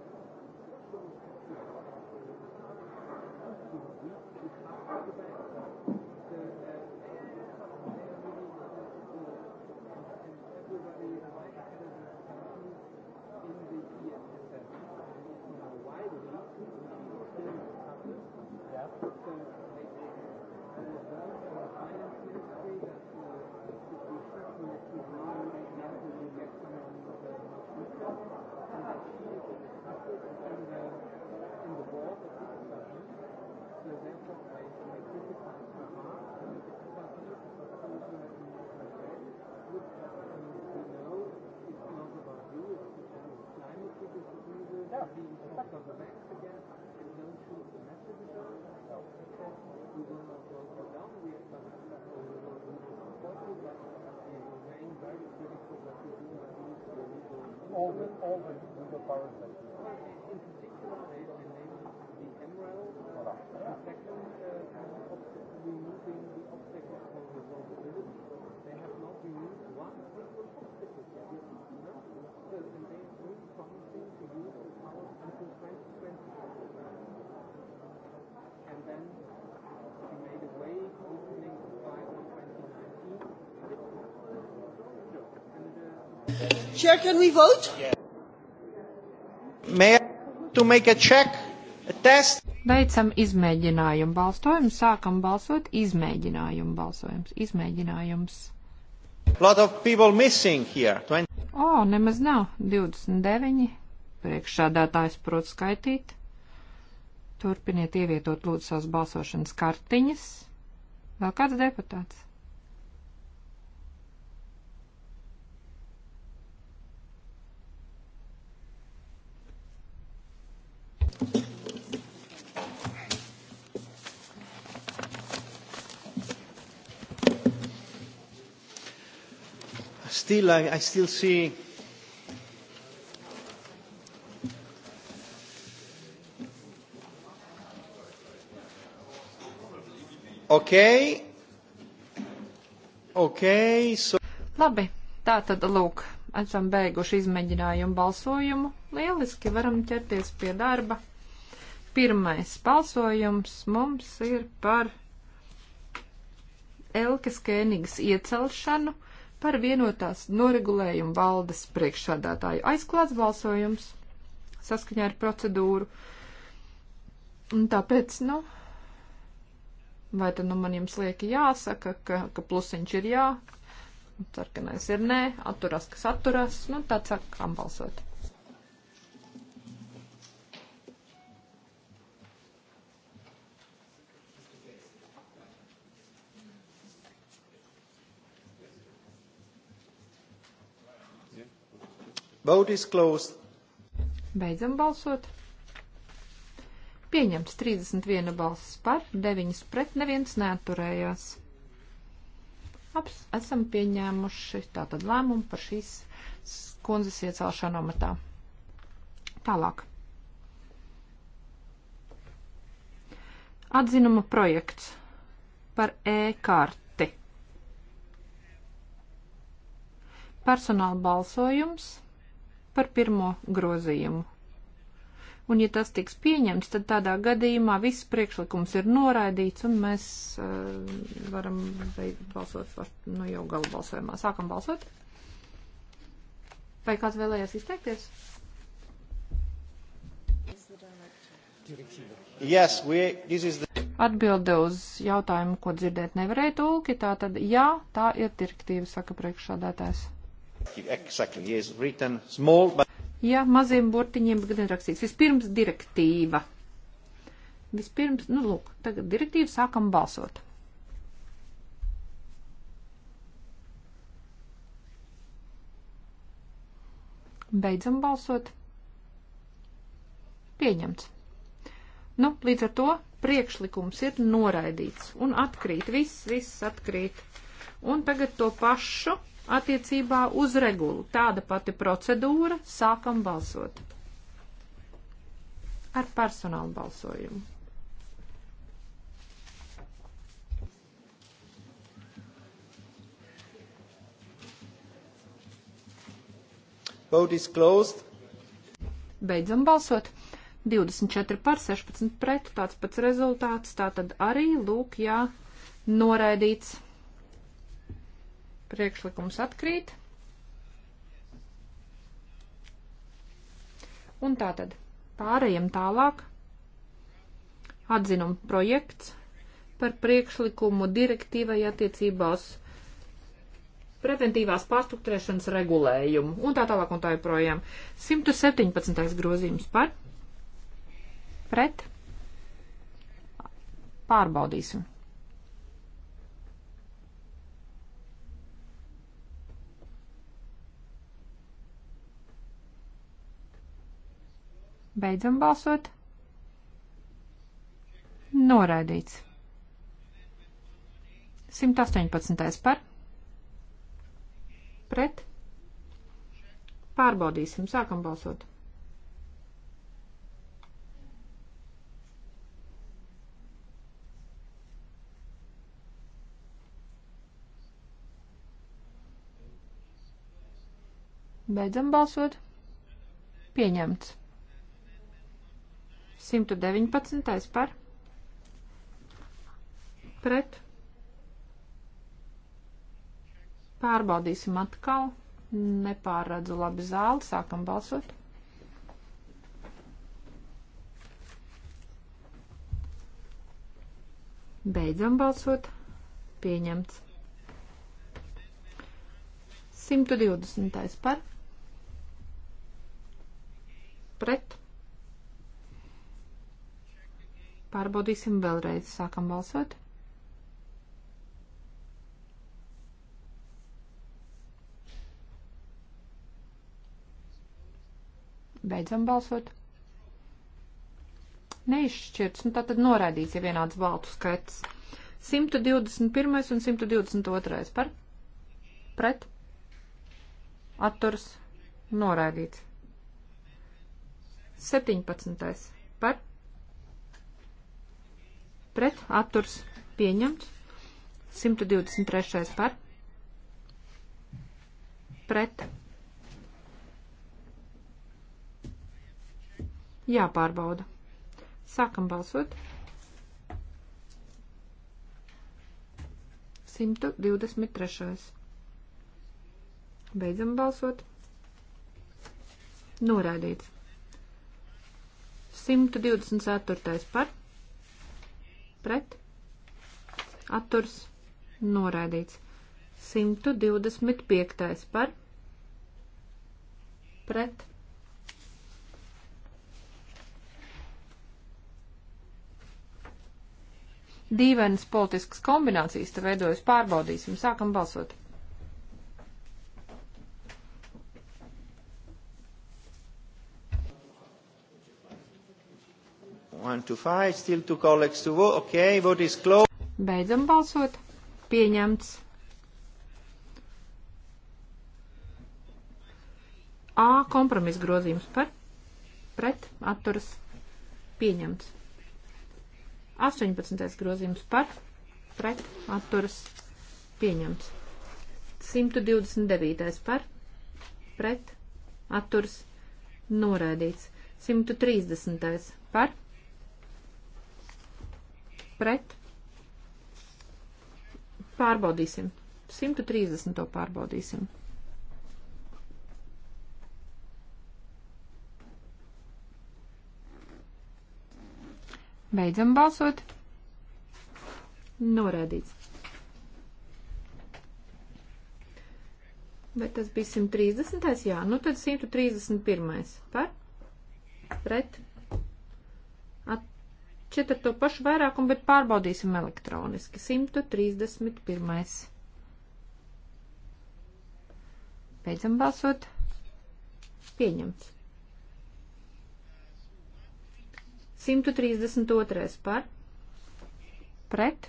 always, always requirements like this. In particular, they enabled the MREL. Uh, the second, uh, removing the obstacle for resolvability. They have not removed one single obstacle yet. Chair, can we vote? May I to make a check, a test? Beidzam izmēģinājumu balsojumu, sākam balsot izmēģinājumu balsojums, izmēģinājums. Lot of people missing here. 20. O, oh, nemaz nav. 29. Priekšsādātājs prot skaitīt. Turpiniet ievietot lūdzu savas balsošanas kartiņas. Vēl kāds deputāts? Still, I, I still see Okay. Okay, so... Labi, tā tad lūk, esam beiguši izmēģinājumu balsojumu. Lieliski varam ķerties pie darba. Pirmais balsojums mums ir par Elkas Kēnigas iecelšanu par vienotās noregulējuma valdes priekšsādātāju. Aizklāts balsojums saskaņā ar procedūru. Un tāpēc, nu, vai tad nu man jums lieki jāsaka, ka, ka plusiņš ir jā, sarkanais ir nē, atturās, kas atturās, nu, tā sākam balsot. Vote is closed. Beidzam balsot. Pieņemts 31 balsis par, 9 pret, neviens neaturējās. Aps, esam pieņēmuši tātad lēmumu par šīs kundzes iecelšanu amatā. Tālāk. Atzinuma projekts par e-karti. Personāla balsojums par pirmo grozījumu. Un ja tas tiks pieņemts, tad tādā gadījumā viss priekšlikums ir noraidīts un mēs uh, varam balsot var, nu, jau galu balsojumā. Sākam balsot. Vai kāds vēlējās izteikties? Yes, we, the... Atbilde uz jautājumu, ko dzirdēt nevarēja tulki, tā tad jā, tā ir direktīva, saka priekšsādātājs. Exactly. Yes, small, but... Jā, maziem burtiņiem gan rakstīts. Vispirms direktīva. Vispirms, nu lūk, tagad direktīvu sākam balsot. Beidzam balsot. Pieņemts. Nu, līdz ar to priekšlikums ir noraidīts un atkrīt. Viss, viss atkrīt. Un tagad to pašu attiecībā uz regulu. Tāda pati procedūra. Sākam balsot. Ar personālu balsojumu. Vote is closed. Beidzam balsot. 24 par 16 pret, tāds pats rezultāts, tātad arī, lūk, jā, noraidīts priekšlikums atkrīt. Un tātad pārējiem tālāk atzinuma projekts par priekšlikumu direktīvai attiecībās preventīvās pārstruktūrēšanas regulējumu un tā tālāk un tā joprojām. 117. grozījums par pret pārbaudīsim. Beidzam balsot. Noraidīts. 118. par. Pret. Pārbaudīsim. Sākam balsot. Beidzam balsot. Pieņemts. 119. par pret. Pārbaudīsim atkal. Nepārredzu labi zāli. Sākam balsot. Beidzam balsot. Pieņemts. 120. par pret Pārbaudīsim vēlreiz. Sākam balsot. Beidzam balsot. Neizšķirts, nu tā tad norādīts, ja vienāds baltu skaits. 121 un 122 par pret atturs norādīts. 17 par pret pret atturs pieņemts. 123. par pret. Jāpārbauda. Sākam balsot. 123. Beidzam balsot. Noraidīts. 124. par pret atturs noraidīts. 125. par pret Dīvainas politiskas kombinācijas te veidojas pārbaudīsim. Sākam balsot. One to five, still two colleagues to vote. Okay, vote is closed. Beidzam balsot. Pieņemts. A kompromisa grozījums par pret atturas pieņemts. 18. grozījums par pret atturas pieņemts. 129. par pret atturas noraidīts. 130. par pret. Pārbaudīsim. 130. pārbaudīsim. Beidzam balsot. Norēdīts. Vai tas bija 130? Jā, nu tad 131. par pret at, šķiet ar to pašu vairākumu, bet pārbaudīsim elektroniski. 131. Beidzam balsot. Pieņemts. 132. par. Pret.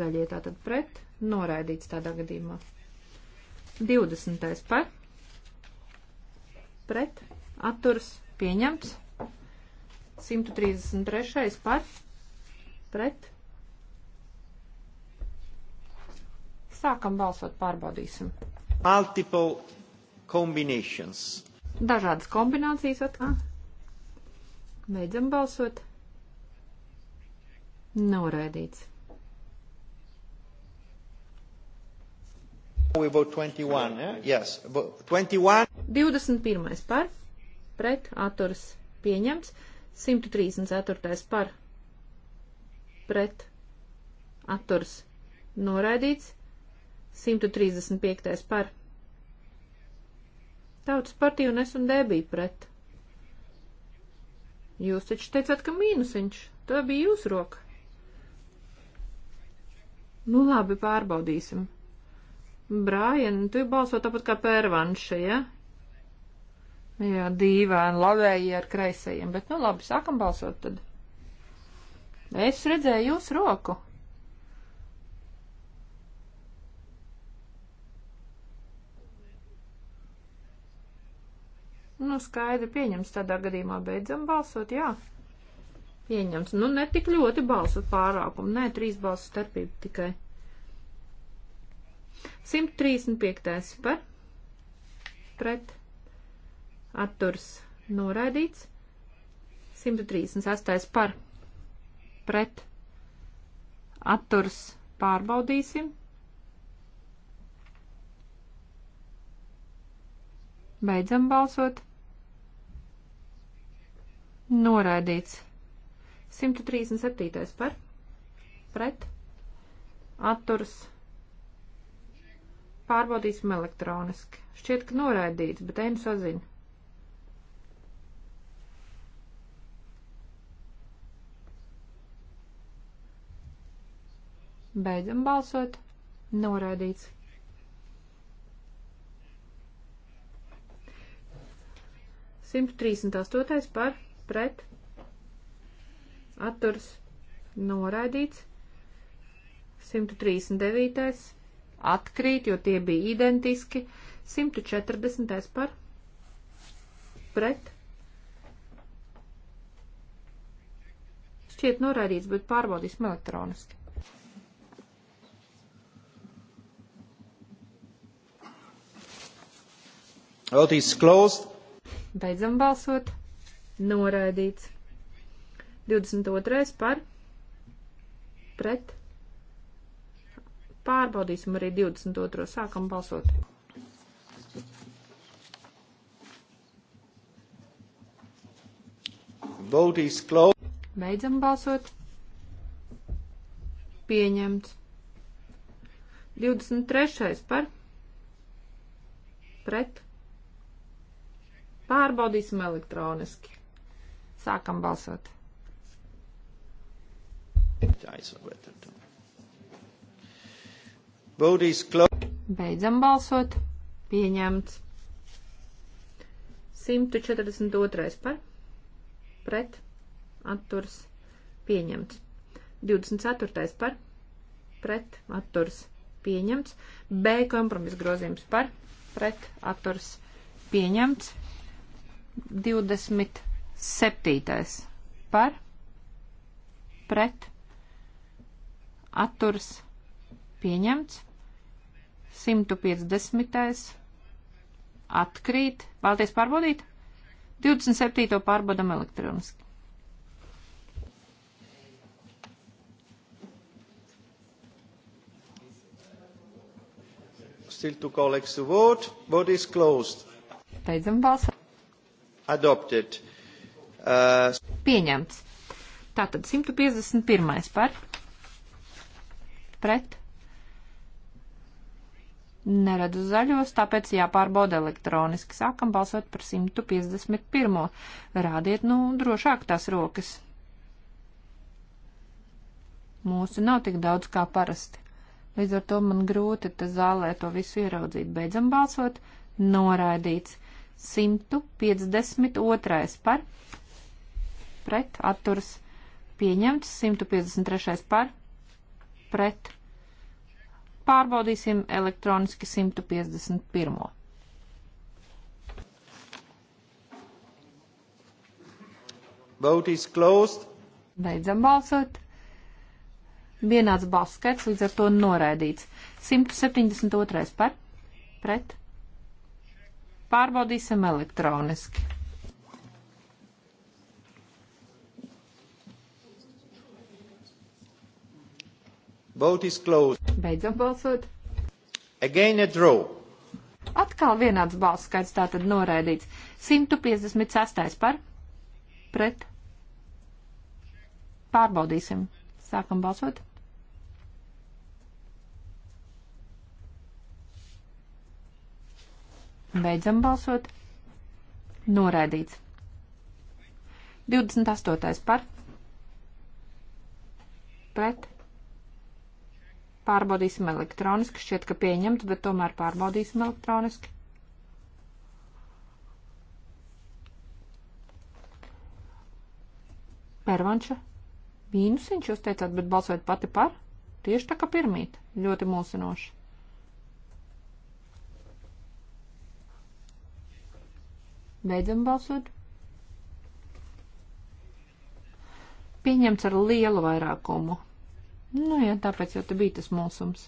Zaļie tātad pret. Noraidīts tādā gadījumā. 20. par. Pret. Atturs. Pieņemts. 133. par pret. Sākam balsot, pārbaudīsim. Multiple combinations. Dažādas kombinācijas atkal. Beidzam balsot. Noraidīts. We vote 21, eh? yes. 21. 21. par, pret, atturs pieņems. 134. par pret atturs noraidīts, 135. par tautas partiju un es un D bija pret. Jūs taču teicāt, ka mīnusiņš, tā bija jūsu roka. Nu labi, pārbaudīsim. Brājen, tu balso tāpat kā pērvanša, ja? Jā, dīvaini, labējie ar kreisajiem, bet nu labi, sākam balsot tad. Es redzēju jūsu roku. Nu, skaidri pieņems tādā gadījumā. Beidzam balsot, jā. Pieņems. Nu, ne tik ļoti balsu pārākumu. Nē, trīs balsu starpība tikai. 135. par. Pret atturs noraidīts. 138 par pret atturs pārbaudīsim. Beidzam balsot. Noraidīts. 137. par. Pret. Atturs. Pārbaudīsim elektroniski. Šķiet, ka noraidīts, bet ejam saziņu. Beidzam balsot. Noraidīts. Simt trīsdesmit astotais par pret. Atturs noraidīts. 139. atkrīt, jo tie bija identiski. 140. par pret. Šķiet noraidīts, bet pārbaudīsim elektroniski. Vote is closed. Beidzam balsot. Noraidīts. 22. par pret. Pārbaudīsim arī 22. sākam balsot. Vote is closed. Beidzam balsot. Pieņemts. 23. par pret Pārbaudīsim elektroniski. Sākam balsot. Beidzam balsot. Pieņemts. 142. par. Pret. Atturs. Pieņemts. 24. par. Pret. Atturs. Pieņemts. B kompromis grozījums par. Pret. Atturs. Pieņemts. 27. par pret atturs pieņemts. 150. atkrīt. Vēlties pārbaudīt? 27. pārbaudam elektroniski. Still to colleagues to vote. Vote is closed. Beidzam balsot. Adopted. Uh... Pieņemts. Tātad 151. par. Pret. Neredzu zaļos, tāpēc jāpārbauda elektroniski. Sākam balsot par 151. Rādiet, nu, drošāk tās rokas. Mūsu nav tik daudz kā parasti. Līdz ar to man grūti te zālē to visu ieraudzīt. Beidzam balsot. Noraidīts. 152. par pret atturas pieņemts, 153. par pret. Pārbaudīsim elektroniski 151. Vote is closed. Beidzam balsot. Vienāds balss skaits, līdz ar to noraidīts. 172. par pret Pārbaudīsim elektroniski. Vote is closed. Beidzam balsot. Again a draw. Atkal vienāds balss skaits tātad noraidīts. 156 par. Pret. Pārbaudīsim. Sākam balsot. Beidzam balsot. Noraidīts. 28. par. Pret. Pārbaudīsim elektroniski. Šķiet, ka pieņemts, bet tomēr pārbaudīsim elektroniski. Pervanša. Mīnusiņš jūs teicāt, bet balsojat pati par. Tieši tā kā pirmīt. Ļoti mulsinoši. Beidzam balsot. Pieņemts ar lielu vairākumu. Nu jā, tāpēc jau te bija tas mulsums.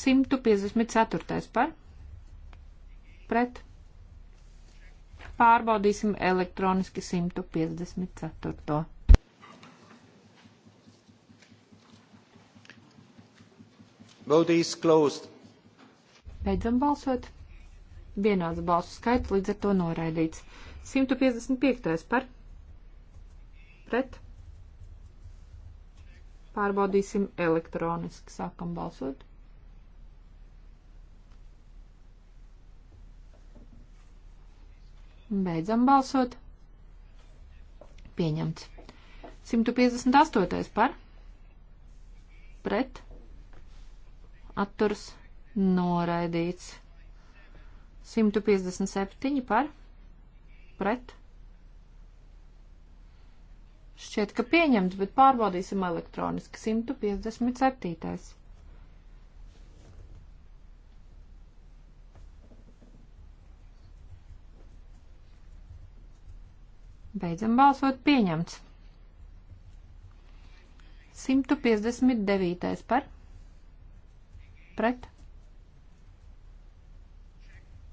154. par. Pret. Pārbaudīsim elektroniski 154. Vote is closed. Beidzam balsot vienāds balsu skaits, līdz ar to noraidīts. 155. par pret. Pārbaudīsim elektroniski. Sākam balsot. Beidzam balsot. Pieņemts. 158. par pret. Atturs noraidīts. 157 par pret. Šķiet, ka pieņemts, bet pārbaudīsim elektroniski. 157. Beidzam balsot pieņemts. 159. par pret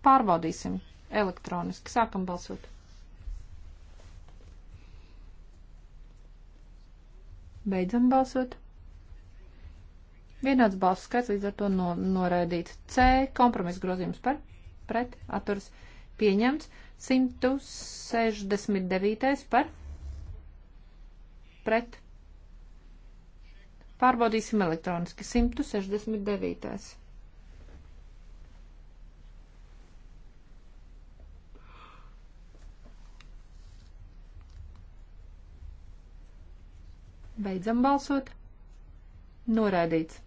Pārbaudīsim elektroniski. Sākam balsot. Beidzam balsot. Vienāds balsu skaits līdz ar to no, noraidīts. C. Kompromisa grozījums par pret atturas pieņemts. 169. par pret. Pārbaudīsim elektroniski. 169. Beidzam balsot. Noraidīts.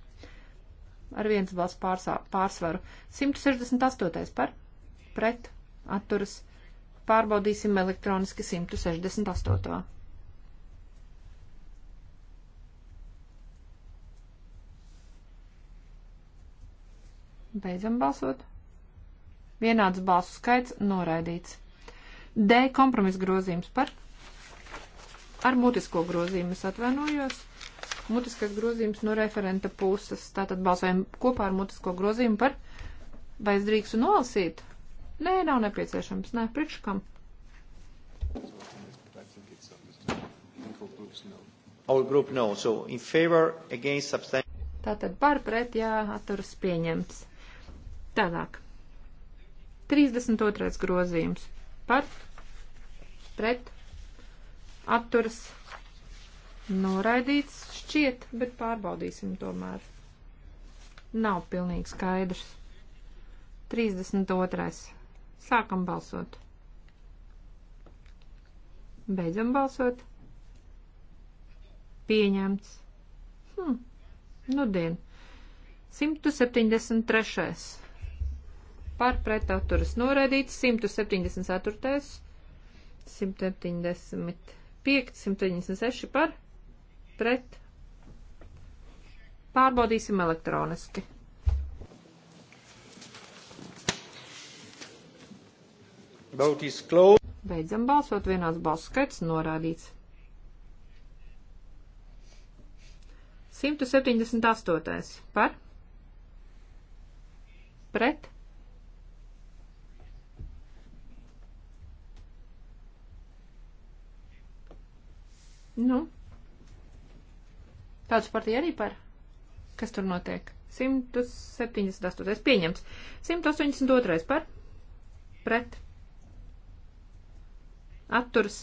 Ar viens balss pārsā, pārsvaru. 168. par. Pret. Atturas. Pārbaudīsim elektroniski 168. Beidzam balsot. Vienāds balsu skaits noraidīts. D. Kompromis grozījums par ar mutisko grozījumu es atvainojos. Mutiskais grozījums no referenta puses. Tātad balsojam kopā ar mutisko grozījumu par vai es drīkstu nolasīt? Nē, nav nepieciešams. Nē, priekškam. No. So Tātad par pret jā atturas pieņemts. Tālāk. 32. grozījums par pret atturas noraidīts šķiet, bet pārbaudīsim tomēr. Nav pilnīgi skaidrs. 32. Sākam balsot. Beidzam balsot. Pieņemts. Hm, nudien. 173. Par pretaturas noraidīts 174. 170. 596 par pret. Pārbaudīsim elektroniski. Beidzam balsot, vienāds balss skaits norādīts. 178. par pret Nu, tāds partija arī par. Kas tur notiek? 178. pieņemts. 182. par. Pret. Atturs.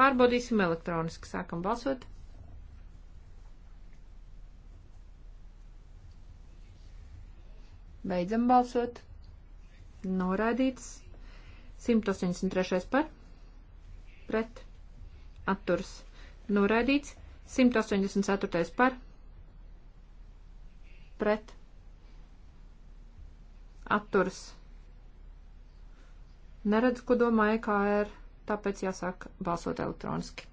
Pārbaudīsim elektroniski. Sākam balsot. Beidzam balsot. Noraidīts. 183. par. Pret atturs noraidīts, 184. par pret atturs. Neredz, ko domā EKR, tāpēc jāsāk balsot elektroniski.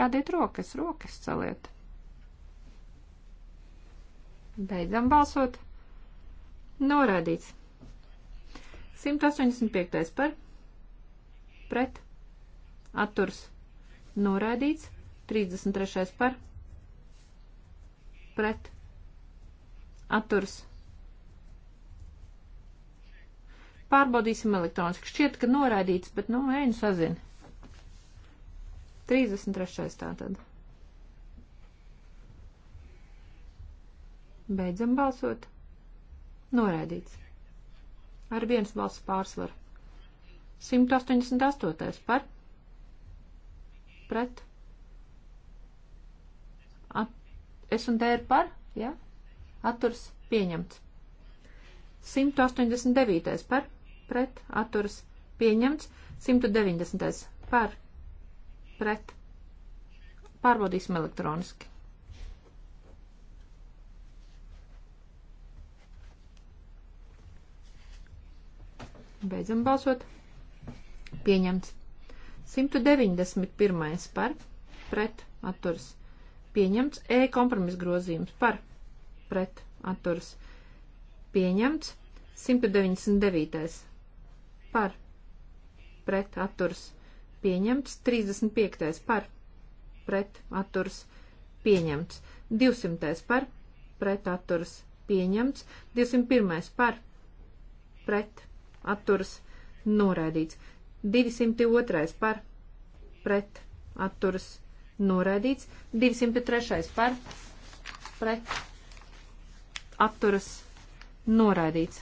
Radiet rokas, rokas celiet. Beidzam balsot. Noraidīts. 185. par pret atturs noraidīts, 33. par, pret, atturs. Pārbaudīsim elektroniski. Šķiet, ka noraidīts, bet nu mēģinu sazini. 33. tātad. Beidzam balsot. Noraidīts. Ar viens balsu pārsvaru. 188. par pret. At, es un D ir par, jā, ja? atturs pieņemts. 189. par, pret, atturs pieņemts. 190. par, pret. Pārbaudīsim elektroniski. Beidzam balsot. Pieņemts. 191. par pret atturs pieņemts. E kompromis grozījums par pret atturs pieņemts. 199. par pret atturs pieņemts. 35. par pret atturs pieņemts. 200. par pret atturs pieņemts. 201. par pret atturs noraidīts. 202. par pret atturas noraidīts, 203. par pret atturas noraidīts,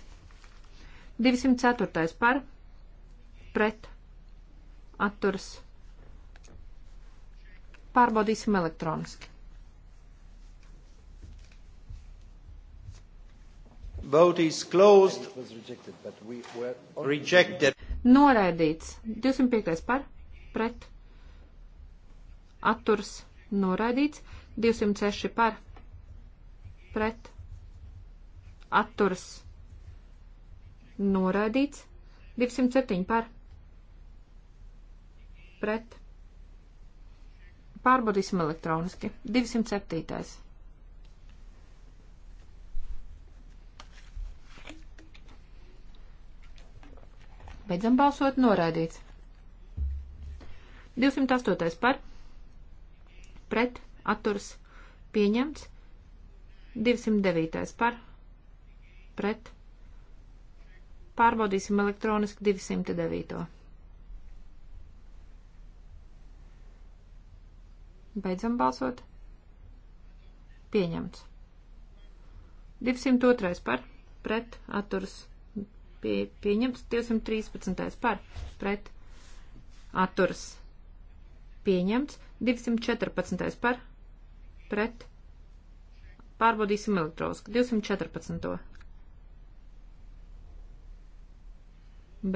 204. par pret atturas pārbaudīsim elektroniski. Vote is closed. Rejected, we rejected. Noraidīts. 205. par, pret, atturs, noraidīts. 206 par, pret, atturs, noraidīts. 207 par, pret. Pārbaudīsim elektroniski. 207. Beidzam balsot, noraidīts. 208. par, pret, atturs, pieņemts. 209. par, pret, pārbaudīsim elektroniski 209. Beidzam balsot. Pieņemts. 202. par, pret, atturs, pieņemts pie, pieņemts 213. par pret atturas pieņemts 214. par pret pārbaudīsim elektrosku 214.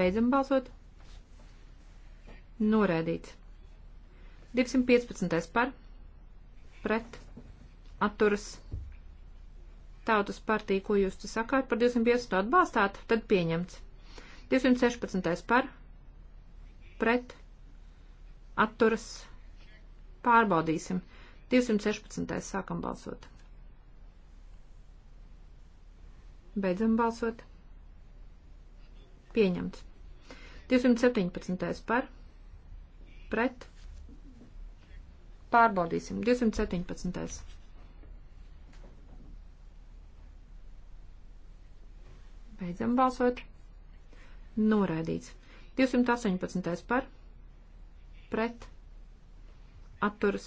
Beidzam balsot. Norēdīts. 215. par pret atturas pieņemts Tautas partija, ko jūs te sakāt par 215 atbalstāt, tad pieņemts. 216 par, pret, atturas, pārbaudīsim. 216. sākam balsot. Beidzam balsot. Pieņemts. 217. par. Pret. Pārbaudīsim. 217. Beidzam balsot. Noraidīts. 218. par. Pret. Atturas.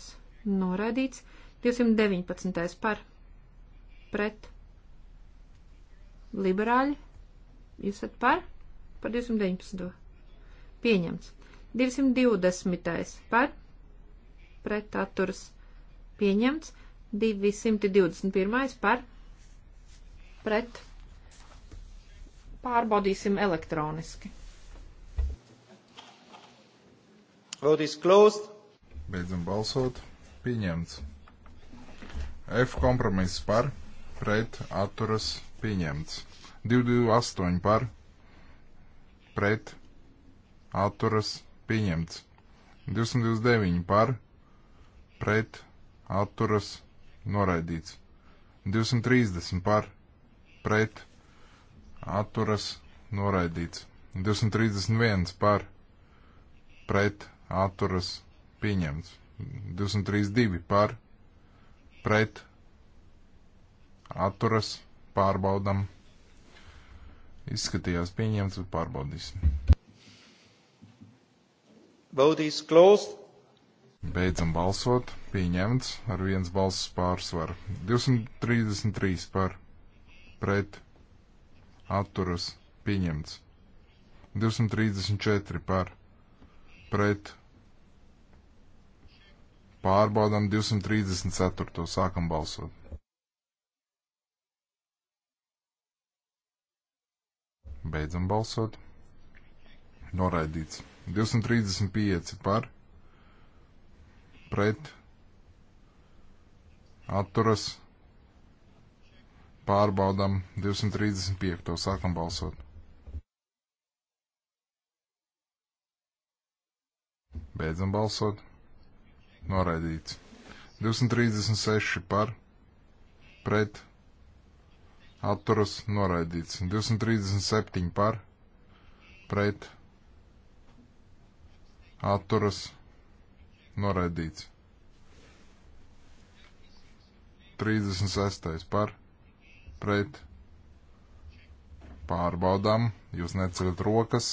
Noraidīts. 219. par. Pret. Liberāļi. Jūs esat par? Par 219. Pieņemts. 220. par. Pret. Atturas. Pieņemts. 221. par. Pret Pārbaudīsim elektroniski. Vote is closed. Beidzam balsot. Pieņemts. F kompromiss par, pret, atturas, pieņemts. 228 par, pret, atturas, pieņemts. 229 par, pret, atturas, noraidīts. 230 par, pret, atturas noraidīts. 231 par pret atturas pieņemts. 232 par pret atturas pārbaudam. Izskatījās pieņemts, bet pārbaudīsim. Vote is closed. Beidzam balsot, pieņemts ar viens balss pārsvaru. 233 par pret atturas pieņemts. 234 par pret pārbaudām 234. sākam balsot. Beidzam balsot. Noraidīts. 235 par pret atturas pieņemts Pārbaudam 235. Sākam balsot. Beidzam balsot. Noraidīts. 236 par, pret, atturas, noraidīts. 237 par, pret, atturas, noraidīts. 36 par, pret pret, pārbaudām, jūs neceļat rokas,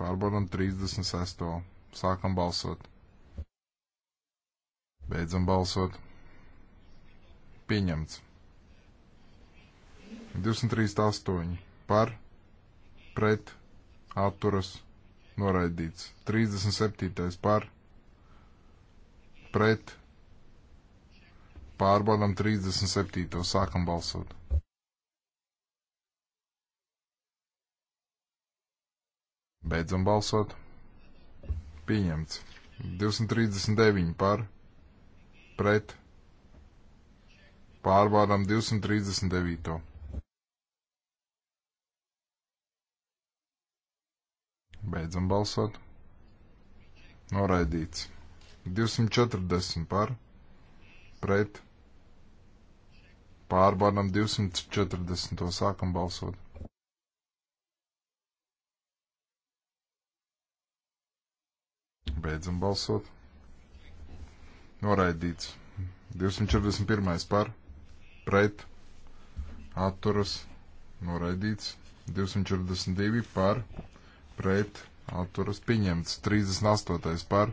pārbaudām 36. Sākam balsot. Beidzam balsot. Pieņemts. 238 par, pret, atturas, noraidīts. 37. par, pret, Pārbaudam 37. Sākam balsot. Beidzam balsot. Pieņemts. 239 par. Pret. Pārbaudām 239. Beidzam balsot. Noraidīts. 240 par. Pret. Pārbaudām 240. sākam balsot. Beidzam balsot. Noraidīts. 241. par, pret, atturas, noraidīts. 242 par, pret, atturas pieņemts. 38 par,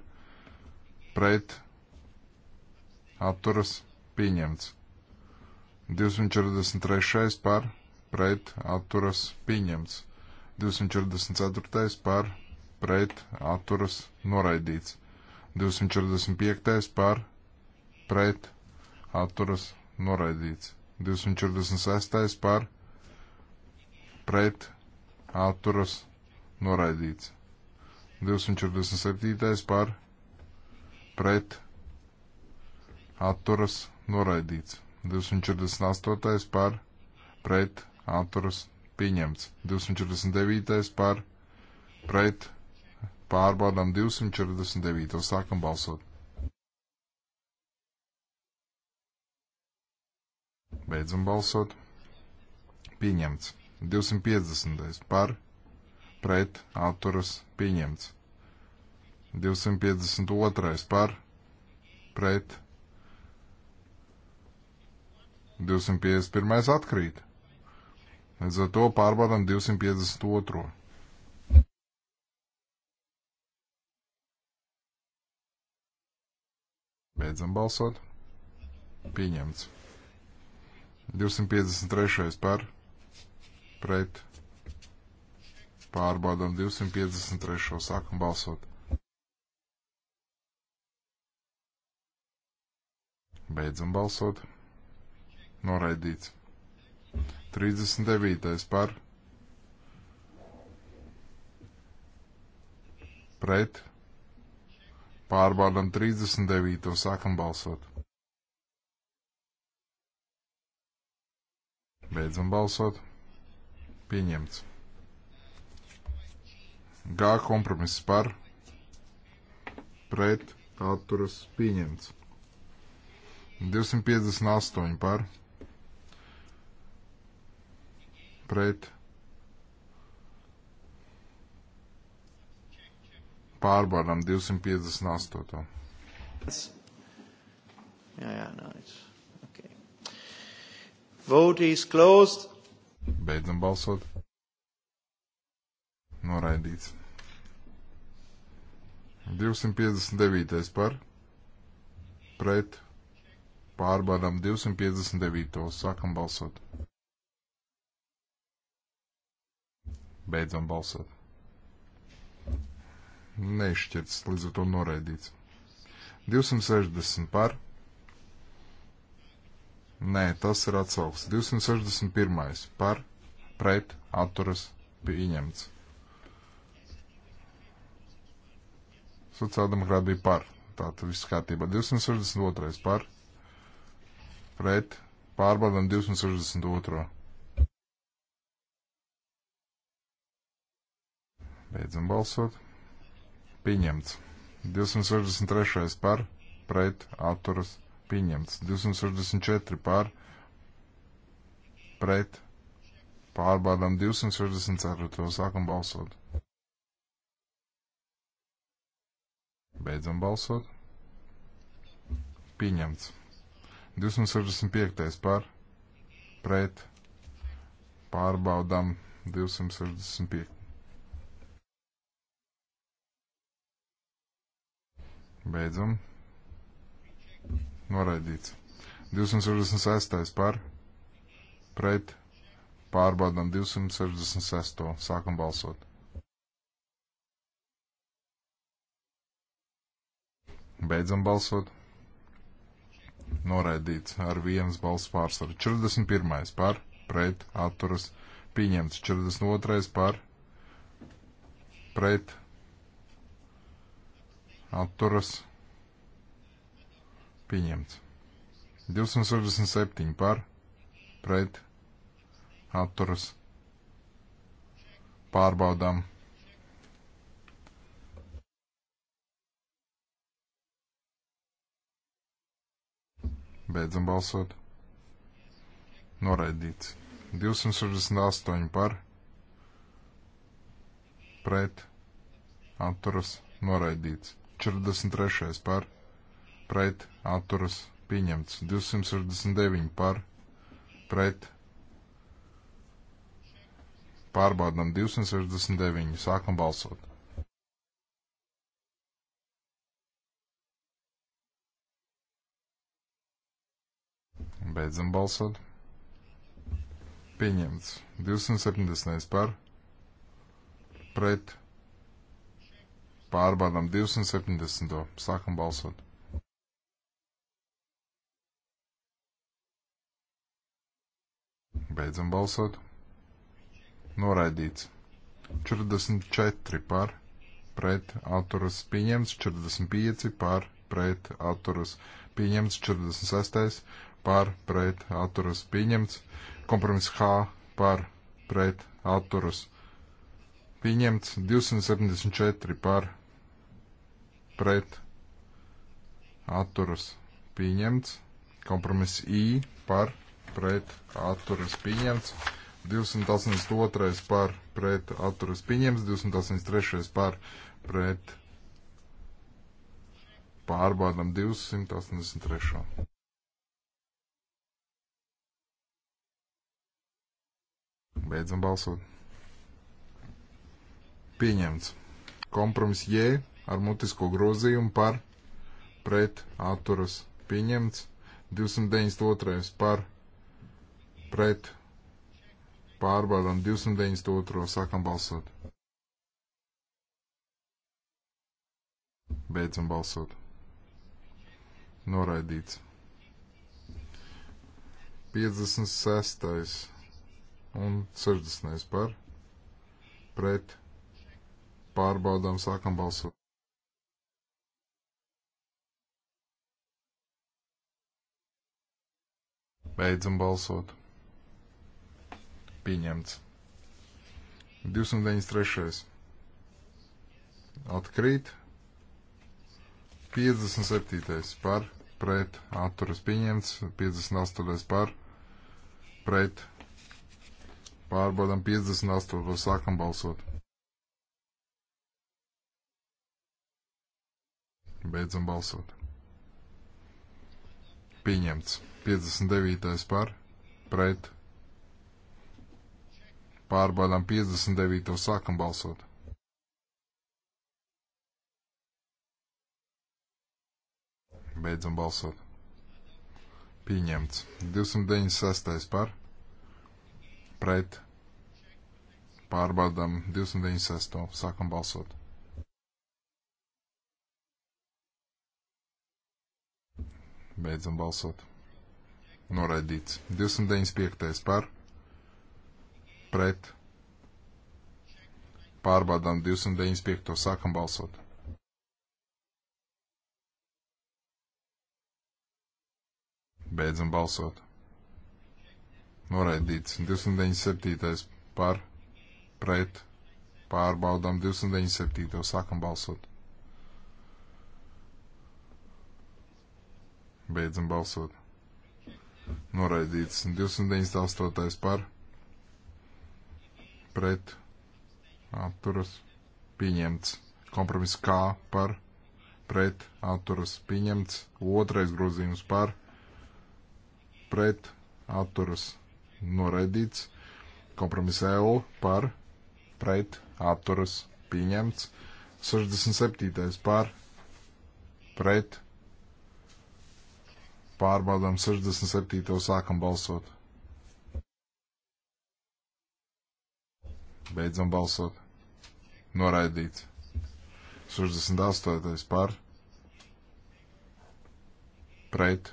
pret, atturas pieņemts. 243. par pret atturas pieņemts. 244. par pret atturas noraidīts. 245. par pret atturas noraidīts. 246. par pret atturas noraidīts. 247. par pret atturas noraidīts. 248. par pret atturas pieņemts. 249. par pret pārbaudām 249. sākam balsot. Beidzam balsot. Pieņemts. 250. par pret atturas pieņemts. 252. par pret 251. atkrīt. Līdz ar to pārbaudām 252. Beidzam balsot. Pieņemts. 253. par pret pārbaudām 253. sākam balsot. Beidzam balsot noraidīts. 39. par pret pārbaudam 39. sākam balsot. Beidzam balsot. Pieņemts. G kompromiss par pret atturas pieņemts. 258 par pret pret pārbaudām 258. Jā, jā, nē, okay. Vote is closed. Beidzam balsot. Noraidīts. 259. par pret pārbaudām 259. sākam balsot. Beidzam balsot. Nešķirts, līdz ar to noraidīts. 260 par. Nē, tas ir atsaugs. 261 par, pret, atturas, pieņemts. Sociāldemokrāti bija par. Tātad viss kārtībā. 262 par, pret, pārbaudam 262. Beidzam balsot. Pieņemts. 263. par, pret, atturas, pieņemts. 264 par, pret, pārbaudām 264. sākam balsot. Beidzam balsot. Pieņemts. 265. par, pret, pārbaudām 265. Beidzam. Noraidīts. 266. par. Pret. Pārbaudām 266. Sākam balsot. Beidzam balsot. Noraidīts ar vienas balss pārsvaru. 41. par. Pret. Atturas. Pieņemts. 42. par. Pret atturas pieņemts. 267 par pret atturas pārbaudām. Beidzam balsot. Noraidīts. 268 par, pret, atturas, noraidīts. 43. par pret atturas pieņemts. 269 par pret pārbaudam 269. Sākam balsot. Beidzam balsot. Pieņemts. 270 par. Pret. Pārbaudām 270. Sākam balsot. Beidzam balsot. Noraidīts. 44 par pret atturas pieņemts, 45 par pret atturas pieņemts, 46 par pret atturas pieņemts, kompromiss H par pret atturas pieņemts, 274 par pret atturas pieņemts. Kompromiss I par pret atturas pieņemts. 282 par pret atturas pieņemts. 283 par pret pārbaudam 283. Beidzam balsot. Pieņemts. Kompromiss J ar mutisko grozījumu par pret atturas pieņemts. 292. par pret pārbaudām 292. sākam balsot. Beidzam balsot. Noraidīts. 56. un 60. par pret pārbaudām sākam balsot. Beidzam balsot. Pieņemts. 293. Atkrīt. 57. par pret atturas pieņemts. 58. par pret. Pārbaudam 58. sākam balsot. Beidzam balsot. Pieņemts. 59. par pret. Pārbaudām 59. sākam balsot. Beidzam balsot. Pieņemts. 296. par pret. Pārbaudām 296. sākam balsot. Beidzam balsot noraidīts. 295. par, pret, pārbaudām 295. sākam balsot. Beidzam balsot. Noraidīts. 297. par, pret, pārbaudām 297. sākam balsot. Beidzam balsot noraidīts. 298. par pret atturas pieņemts. Kompromiss K par pret atturas pieņemts. Otrais grozījums par pret atturas noraidīts. Kompromiss L par pret atturas pieņemts. 67. par pret atturas pārbaudām 67. sākam balsot. Beidzam balsot. Noraidīts. 68. par. Pret.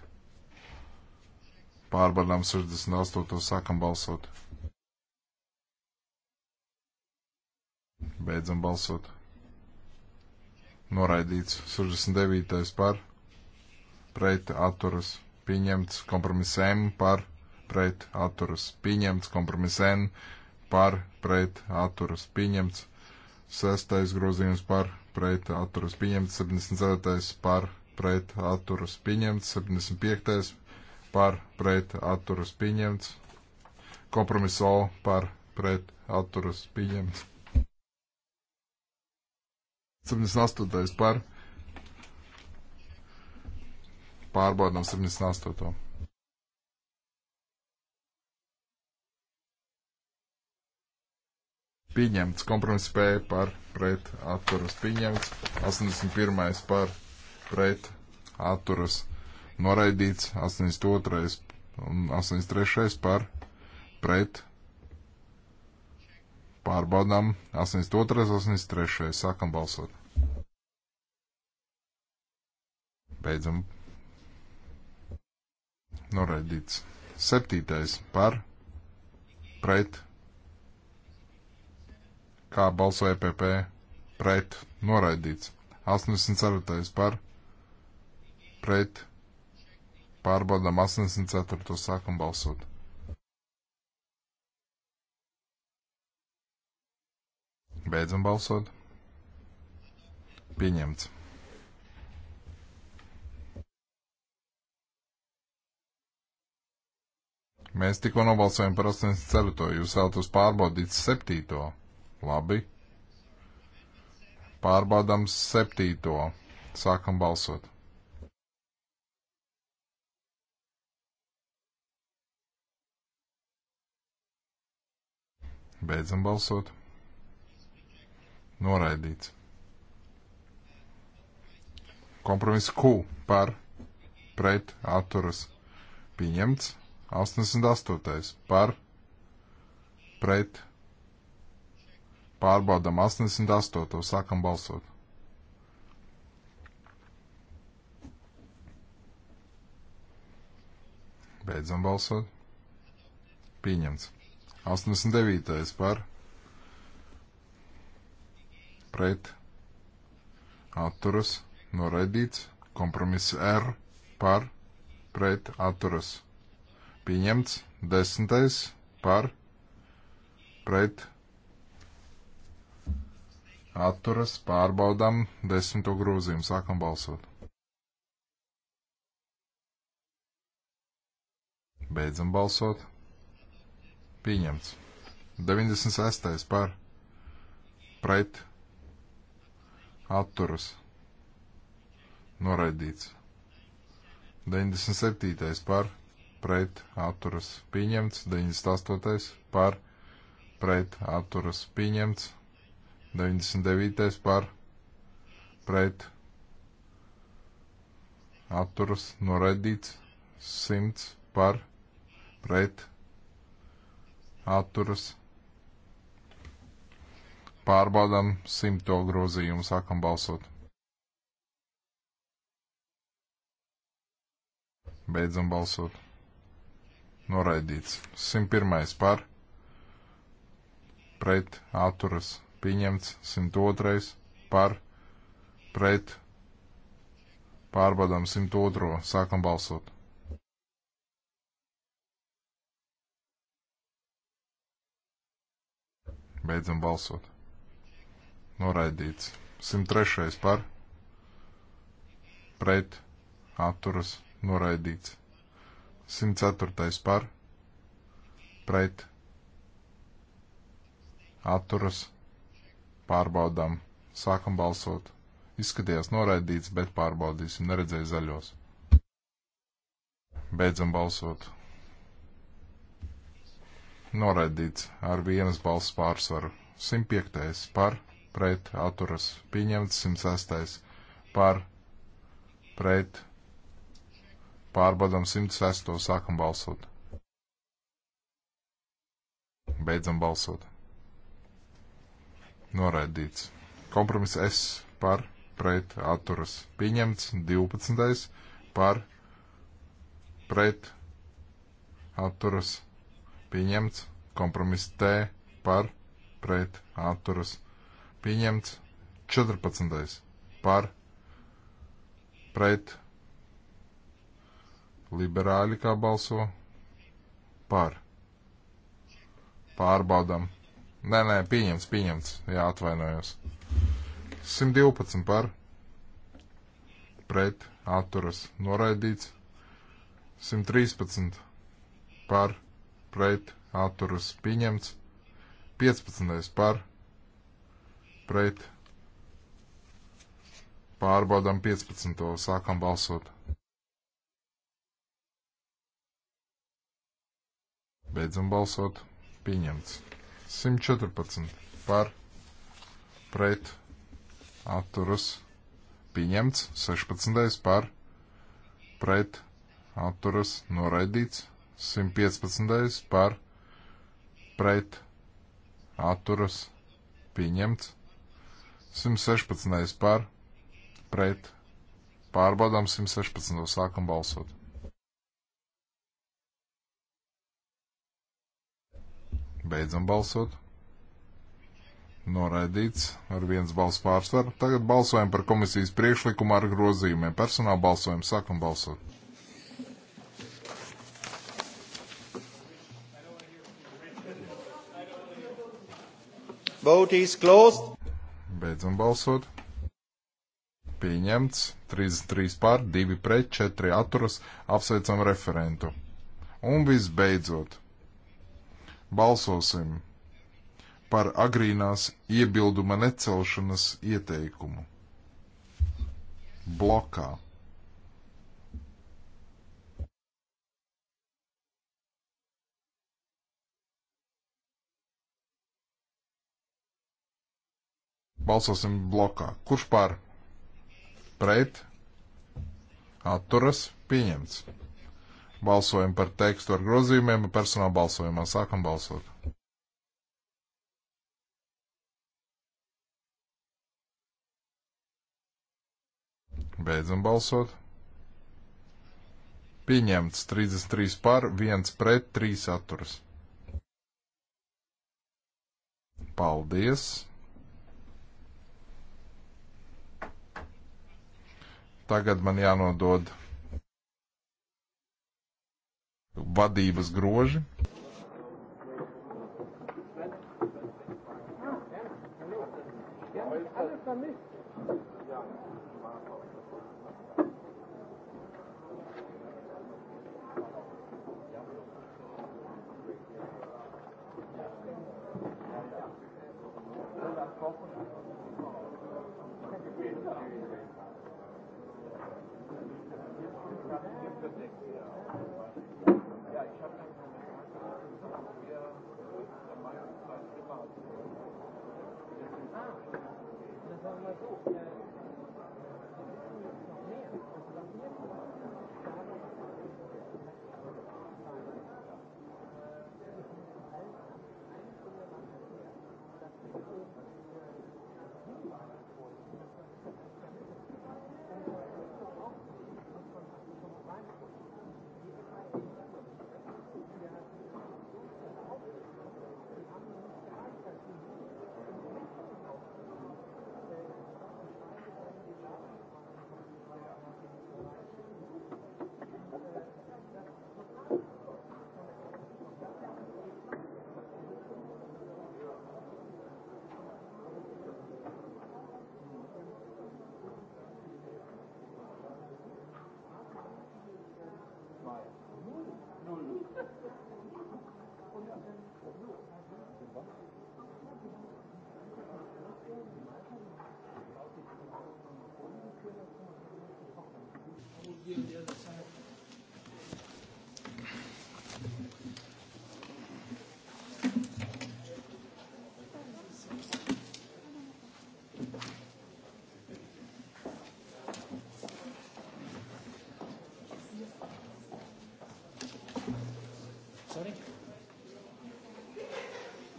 Pārbaudām 68. sākam balsot. Beidzam balsot. Noraidīts. 69. par pret atturas pieņemts kompromiss M par pret atturas pieņemts kompromiss N par pret atturas pieņemts sestais grozījums par pret atturas pieņemts 77. par pret atturas pieņemts 75. par pret atturas pieņemts kompromiss O par pret atturas pieņemts 78. par pret pārbaudām 78. Pieņemts kompromiss P par pret atturas pieņemts, 81. par pret atturas noraidīts, 82. un 83. par pret pārbaudām 82. 83. sākam balsot. Beidzam noraidīts. Septītais par, pret, kā balso EPP, pret, noraidīts. 84. par, pret, pārbaudām 84. sākam balsot. Beidzam balsot. Pieņemts. Mēs tikko nobalsojam par 84. Jūs vēlatos pārbaudīt 7. Labi. Pārbaudām 7. Sākam balsot. Beidzam balsot. Noraidīts. Kompromiss Q par pret atturas pieņemts. 88. par pret pārbaudam 88. sākam balsot. Beidzam balsot. Pieņemts. 89. par pret atturas noraidīts kompromiss R par pret atturas pieņemts. Desmitais par pret atturas pārbaudām desmito grozījumu. Sākam balsot. Beidzam balsot. Pieņemts. 96. par pret atturas noraidīts. 97. par pret pret atturas pieņemts, 98. par pret atturas pieņemts, 99. par pret atturas noraidīts, 100 par pret atturas pārbaudām simto grozījumu, sākam balsot. Beidzam balsot noraidīts. 101. par pret atturas pieņemts. 102. par pret pārbaudām 102. sākam balsot. Beidzam balsot. Noraidīts. 103. par pret atturas noraidīts. 104. par pret atturas pārbaudām. Sākam balsot. Izskatījās noraidīts, bet pārbaudīsim. Neredzēju zaļos. Beidzam balsot. Noraidīts ar vienas balss pārsvaru. 105. par pret atturas pieņemts. 106. par pret Pārbaudam 106. Sākam balsot. Beidzam balsot. Noraidīts. Kompromiss S par pret atturas. Pieņemts 12. par pret atturas. Pieņemts kompromiss T par pret atturas. Pieņemts 14. par pret atturas Liberāļi kā balso? Par. Pārbaudam. Nē, nē, pieņemts, pieņemts. Jā, atvainojos. 112 par. Pret. Atturas. Noraidīts. 113 par. Pret. Atturas. Pieņemts. 15 par. Pret. Pārbaudam 15. Sākam balsot. Beidzam balsot. Pieņemts. 114 par pret atturas pieņemts. 16 par pret atturas noraidīts. 115 par pret atturas pieņemts. 116 par pret pārbaudām 116. Sākam balsot. Beidzam balsot. Noraidīts ar viens balss pārsvaru. Tagad balsojam par komisijas priekšlikumu ar grozījumiem. Personāla balsojumu sākam balsot. Vote is closed. Beidzam balsot. Pieņemts 33 pār, 2 pret, 4 atturas. Apsveicam referentu. Un visbeidzot. Balsosim par agrīnās iebilduma necelšanas ieteikumu. Blokā. Balsosim blokā. Kurš par? Pret? Atturas? Pieņemts. Balsojam par tekstu ar grozījumiem, personāla balsojumā sākam balsot. Beidzam balsot. Pieņemts 33 par, 1 pret, 3 atturas. Paldies! Tagad man jānodod vadības groži.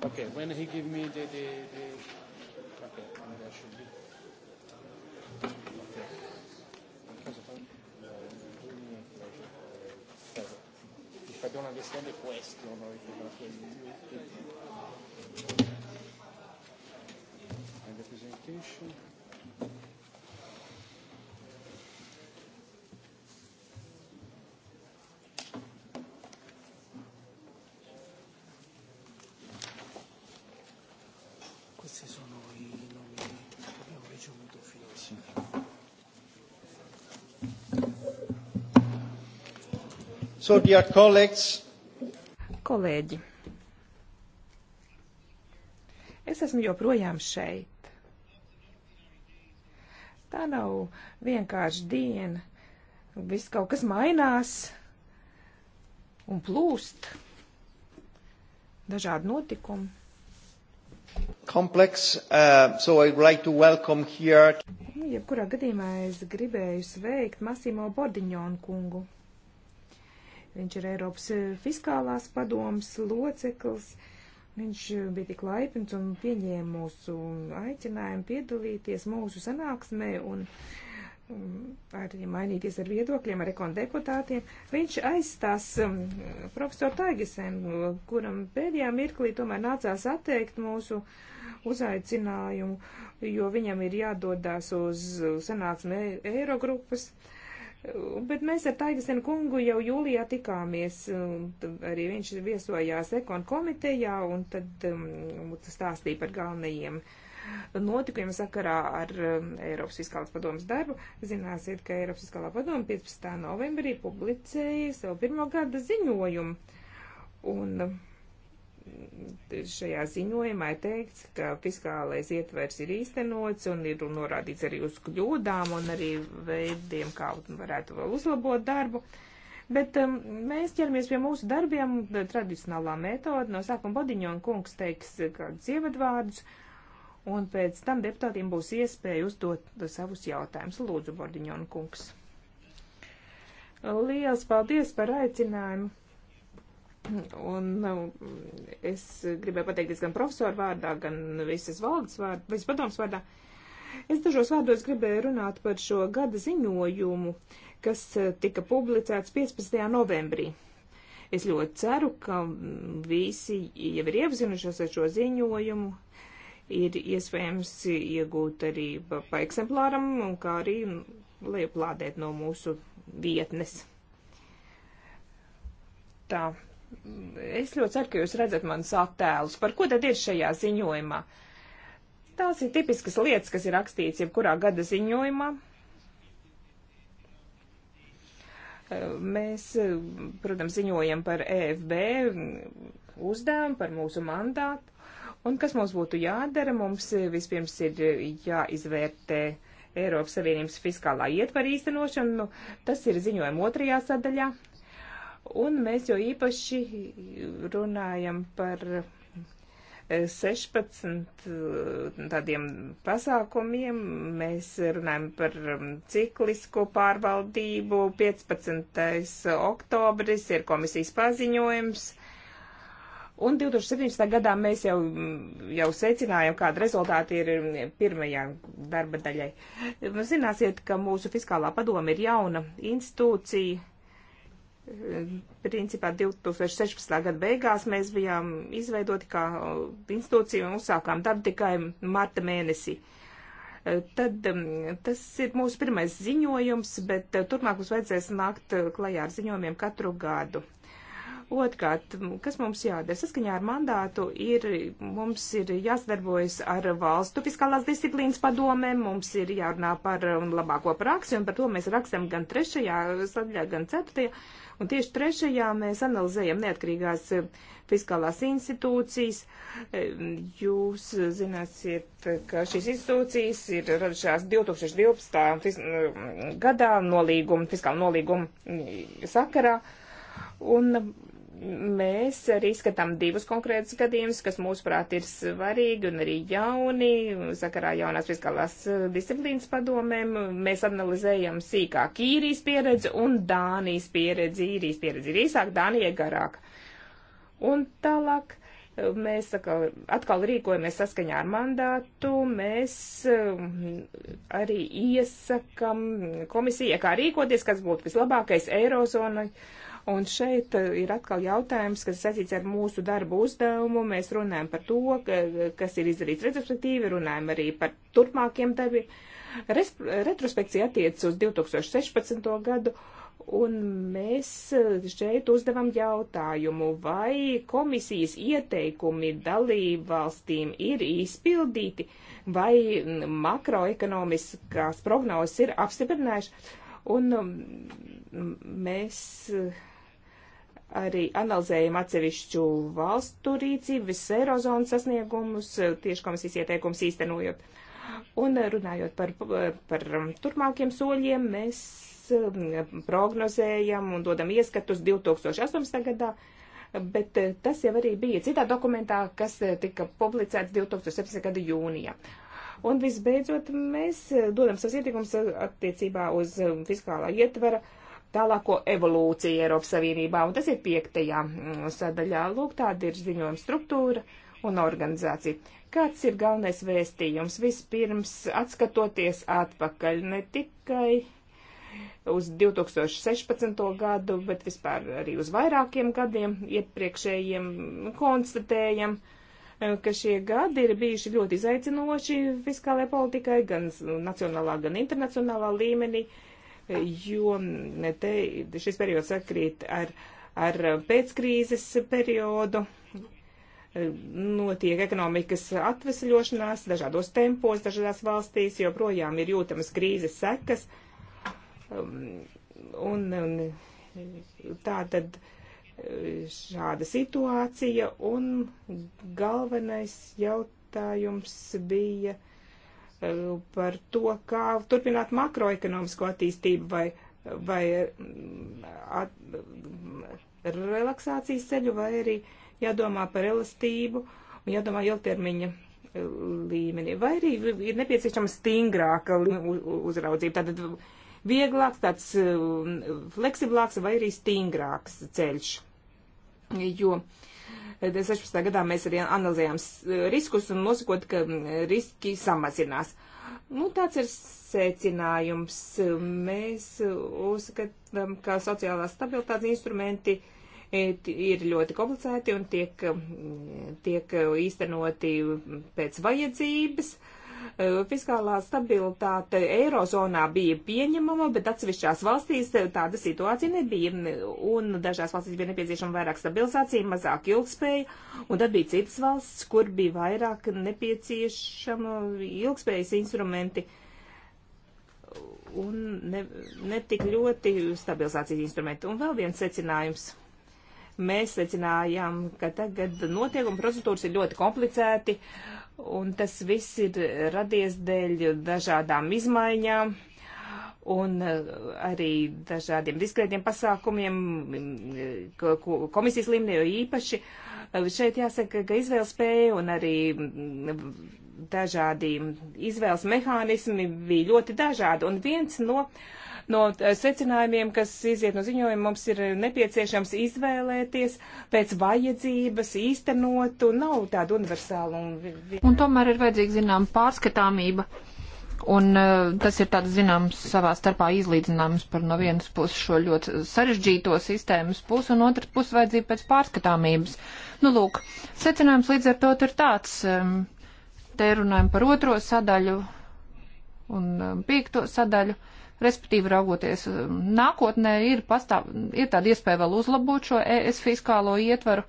Okay, when he give me the, the, the okay, I mean, that should be. Okay. If I don't understand the question or if I don't understand the presentation. So, dear colleagues, kolēģi, es esmu joprojām šeit. Tā nav vienkārši diena. Viss kaut kas mainās un plūst. Dažādi notikumi. Complex, uh, so I would like to welcome here. Jebkurā gadījumā es gribēju sveikt Masimo Bordiņonu kungu Viņš ir Eiropas eh, fiskālās padomas loceklis. Viņš eh, bija tik laipns un pieņēma mūsu aicinājumu piedalīties mūsu sanāksmē un mm, arī mainīties ar viedokļiem, ar ekondeputātiem. Viņš aizstās mm, profesoru Taigisenu, kuram pēdējā mirklī tomēr nācās atteikt mūsu uzaicinājumu, jo viņam ir jādodās uz sanāksmē Eirogrupas. grupas Bet mēs ar Taigasenu kungu jau jūlijā tikāmies, arī viņš viesojās ekon komitejā un tad um, stāstīja par galvenajiem notikumiem sakarā ar um, Eiropas fiskālās padomas darbu. Zināsiet, ka Eiropas fiskālā padoma 15. novembrī publicēja savu pirmo gada ziņojumu. Un šajā ziņojumā ir teikts, ka fiskālais ietvers ir īstenots un ir norādīts arī uz kļūdām un arī veidiem, kā varētu vēl uzlabot darbu. Bet um, mēs ķeramies pie mūsu darbiem tradicionālā metoda. No sākuma Bodiņona kungs teiks kādus ievadvārdus, un pēc tam deputātiem būs iespēja uzdot savus jautājumus. Lūdzu, Bodiņona kungs. Liels paldies par aicinājumu! Un um, es gribēju pateikties gan profesoru vārdā, gan visas valdes vārdā, visas padomas vārdā. Es dažos vārdos gribēju runāt par šo gada ziņojumu, kas uh, tika publicēts 15. novembrī. Es ļoti ceru, ka um, visi jau ir iepazinušies ar šo ziņojumu, ir iespējams iegūt arī pa, pa eksemplāram, un kā arī um, lejuplādēt no mūsu vietnes. Tā, Es ļoti ceru, ka jūs redzat manus attēlus. Par ko tad ir šajā ziņojumā? Tās ir tipiskas lietas, kas ir rakstīts jebkurā gada ziņojumā. Mēs, protams, ziņojam par EFB uzdevumu, par mūsu mandātu. Un kas mums būtu jādara? Mums eh, vispirms ir eh, jāizvērtē Eiropas Savienības fiskālā ietvara īstenošana. Nu, tas ir ziņojuma otrajā sadaļā. Un mēs jau īpaši runājam par 16 eh, eh, tādiem pasākumiem. Mēs runājam par mm, ciklisko pārvaldību. 15. oktobris ir komisijas paziņojums. Un 2017. gadā mēs jau, mm, jau secinājām, kāda rezultāti ir mm, pirmajā darba daļai. Zināsiet, ka mūsu fiskālā padoma ir jauna institūcija Principā 2016. gada beigās mēs bijām izveidoti kā institūcija un uzsākām darbu tikai marta mēnesī. Tad um, tas ir mūsu pirmais ziņojums, bet uh, turpmāk mums vajadzēs nākt uh, klajā ar ziņojumiem katru gadu. Otkārt, kas mums jādara? Saskaņā ar mandātu ir, mums ir jāsadarbojas ar valstu fiskālās disciplīnas padomēm, mums ir jārunā par um, labāko praksi, un par to mēs rakstam gan trešajā sadaļā, gan ceturtajā Un tieši trešajā mēs analizējam neatkarīgās eh, fiskālās institūcijas. Eh, jūs zināsiet, ka šīs institūcijas ir radušās 2012. gadā nolīguma, fiskāla nolīguma mm, sakarā. Un Mēs arī skatām divus konkrētus gadījumus, kas mūsuprāt ir svarīgi un arī jauni, sakarā jaunās fiskālās eh, disciplīnas padomēm. Mēs analizējam sīkāk īrijas pieredzi un Dānijas pieredzi. Īrijas pieredzi ir īsāk, Dānija garāk. Un tālāk eh, mēs atkal, atkal rīkojamies saskaņā ar mandātu. Mēs eh, arī iesakam komisijai, kā rīkoties, kas būtu vislabākais Eirozonai Un šeit uh, ir atkal jautājums, kas saistīts ar mūsu darbu uzdevumu. Mēs runājam par to, ka, kas ir izdarīts retrospektīvi, runājam arī par turpmākiem darbiem. Retrospekcija attiecas uz 2016. gadu, un mēs uh, šeit uzdevam jautājumu, vai komisijas ieteikumi dalību valstīm ir izpildīti, vai mm, makroekonomiskās prognozes ir apstiprinājušas. Un mm, mēs uh, arī analizējam atsevišķu valstu rīcību, visas eirozonas sasniegumus, tieši komisijas ieteikums īstenojot. Un runājot par, par turpmākiem soļiem, mēs um, prognozējam un dodam ieskatus 2018. gadā, bet eh, tas jau arī bija citā dokumentā, kas eh, tika publicēts 2017. gada jūnijā. Un visbeidzot, mēs eh, dodam savus ieteikumus attiecībā uz um, fiskālā ietvara uh, tālāko evolūciju Eiropas Savienībā, un tas ir piektajā mm, sadaļā. Lūk, tāda ir ziņojuma struktūra un organizācija. Kāds ir galvenais vēstījums? Vispirms atskatoties atpakaļ ne tikai uz 2016. gadu, bet vispār arī uz vairākiem gadiem iepriekšējiem konstatējam, eh, ka šie gadi ir bijuši ļoti izaicinoši fiskālajai politikai gan nacionālā, gan internacionālā līmenī. Uh, jo te šis periods sakrīt ar, ar pēckrīzes periodu. Notiek ekonomikas atvesļošanās dažādos tempos, dažādās valstīs, joprojām ir jūtamas krīzes sekas. Um, un, un tā tad uh, šāda situācija un galvenais jautājums bija uh, par to, kā turpināt makroekonomisko attīstību vai, vai mm, at, mm, relaksācijas ceļu, vai arī jādomā par elastību un jādomā ilgtermiņa e, līmenī. Vai arī ir nepieciešama stingrāka uzraudzība, tātad vieglāks, tāds e, fleksiblāks vai arī stingrāks ceļš. Jo uh, 16. gadā mēs arī analizējām e, riskus un nosakot, ka riski samazinās. Nu, tāds ir secinājums. Mēs uzskatām, ka sociālās stabilitātes instrumenti e, ir ļoti komplicēti un tiek, tiek īstenoti pēc vajadzības. Eh, fiskālā stabilitāte Eirozonā bija pieņemama, bet atsevišķās valstīs eh, tāda situācija nebija. Un dažās valstīs bija nepieciešama vairāk stabilizācija, mazāk ilgspēja, un tad bija citas valsts, kur bija vairāk nepieciešama ilgspējas instrumenti un ne, ne tik ļoti stabilizācijas instrumenti. Un vēl viens secinājums. Mēs secinājām, ka tagad notiekuma procedūras ir ļoti komplicēti Un tas viss ir radies dēļ dažādām izmaiņām un eh, arī dažādiem diskrētiem pasākumiem mm, eh, komisijas līmenī, jo īpaši eh, šeit jāsaka, ka izvēles spēja un arī mm, dažādi izvēles mehānismi bija ļoti dažādi. Un viens no uh, No eh, secinājumiem, kas iziet no ziņojuma, mums ir eh, nepieciešams izvēlēties pēc vajadzības, īstenot, un nav tāda universāla. Un, un tomēr ir vajadzīga zinām pārskatāmība. Un eh, tas ir tāds, zināms, savā starpā izlīdzināms par no vienas puses šo ļoti sarežģīto sistēmas pusi, un otrs puses vajadzība pēc pārskatāmības. Nu, lūk, secinājums līdz ar to ir tāds, ehm, te runājam par otro sadaļu un ehm, piekto sadaļu. Respektīvi, raugoties um, nākotnē, ir, pastāv, ir tāda iespēja vēl uzlabot šo ES fiskālo ietvaru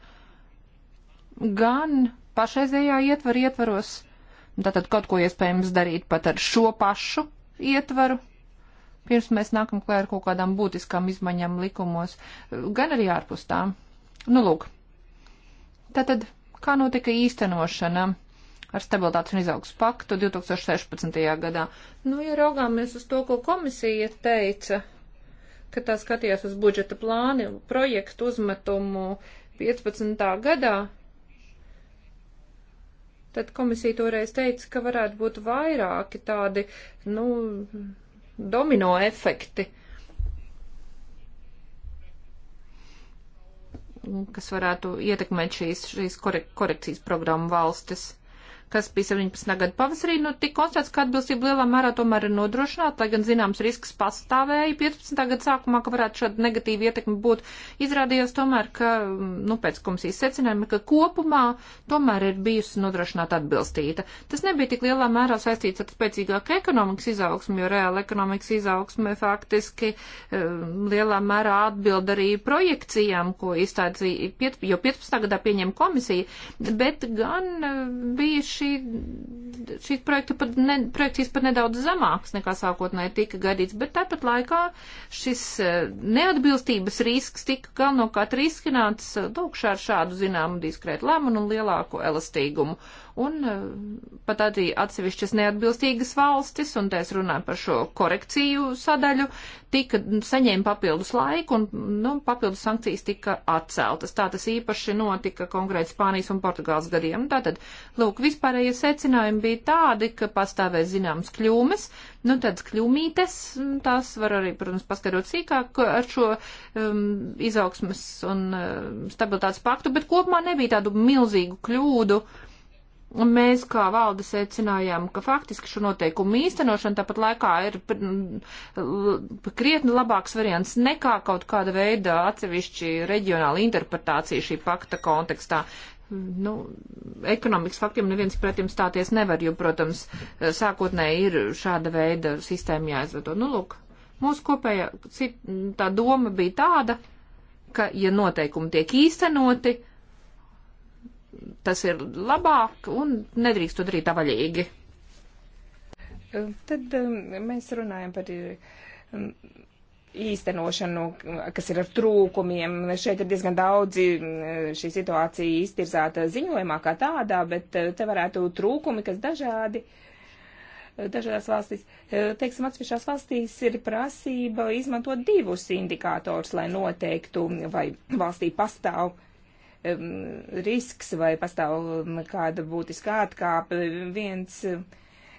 gan pašreizējā ietvaru ietvaros, tātad kaut ko iespējams darīt pat ar šo pašu ietvaru, pirms mēs nākam klēr ar kaut kādām būtiskām izmaiņām likumos, gan arī ārpus tām. Nu, lūk. Tātad, kā notika īstenošana? ar stabilitātes un izaugs paktu 2016. gadā. Nu, ja raugāmies uz to, ko komisija teica, ka tā skatījās uz budžeta plāni, projektu uzmetumu 15. gadā, tad komisija toreiz teica, ka varētu būt vairāki tādi, nu, domino efekti, kas varētu ietekmēt šīs, šīs korek korekcijas programmu valstis kas bija 17. gada pavasarī, nu, tika konstatēts, ka atbilstība lielā mērā tomēr ir nodrošināta, lai gan zināms risks pastāvēja 15. gada sākumā, ka varētu šāda negatīva ietekme būt. Izrādījās tomēr, ka, nu, pēc komisijas secinājuma, ka kopumā tomēr ir bijusi nodrošināta atbilstība. Tas nebija tik lielā mērā saistīts ar spēcīgāku ekonomikas izaugsmu, jo reāla ekonomikas izaugsme faktiski eh, lielā mērā atbild arī projekcijām, ko izstādīja, jo 15. gadā pieņem komisija, bet gan eh, bija šī, šī projekta pat ne, projekts ir pat nedaudz zemāks nekā sākotnēji tika gaidīts, bet tāpat laikā šis eh, neatbilstības risks tika galvenokārt risināts eh, lūkšā ar šādu zināmu diskrētu lēmumu un lielāko elastīgumu un e, pat arī atsevišķas neatbilstīgas valstis, un te es runāju par šo korekciju sadaļu, tika saņēma papildus laiku, un nu, papildus sankcijas tika atceltas. Tā tas īpaši notika konkrēti Spānijas un Portugāles gadiem. Tātad, lūk, vispārējie secinājumi bija tādi, ka pastāvē zināmas kļūmes, nu, tādas kļūmītes, tās var arī, protams, paskatot sīkāk ar šo um, izaugsmas un um, stabilitātes paktu, bet kopumā nebija tādu milzīgu kļūdu. Uh, Un mēs kā valde secinājām, ka faktiski šo noteikumu īstenošana tāpat laikā ir krietni labāks variants nekā kaut kāda veida atsevišķi reģionāla interpretācija šī pakta kontekstā. Nu, ekonomikas faktiem neviens pretim stāties nevar, jo, protams, sākotnēji ir šāda veida sistēma jāizvedo. Nu, lūk, mūsu kopējā tā doma bija tāda, ka, ja noteikumi tiek īstenoti, tas ir labāk un nedrīkst to darīt tā vaļīgi. Ehm, tad ehm, mēs runājam par ehm, īstenošanu, kas ir ar trūkumiem. Šeit ir diezgan daudzi šī situācija iztirzāta ziņojumā kā tādā, bet eh, te varētu trūkumi, kas dažādi. Eh, dažādās valstīs, eh, teiksim, atsevišķās valstīs ir prasība izmantot divus indikātors, lai noteiktu, vai valstī pastāv risks vai pastāv um, kāda būtiska atkāpe. Viens,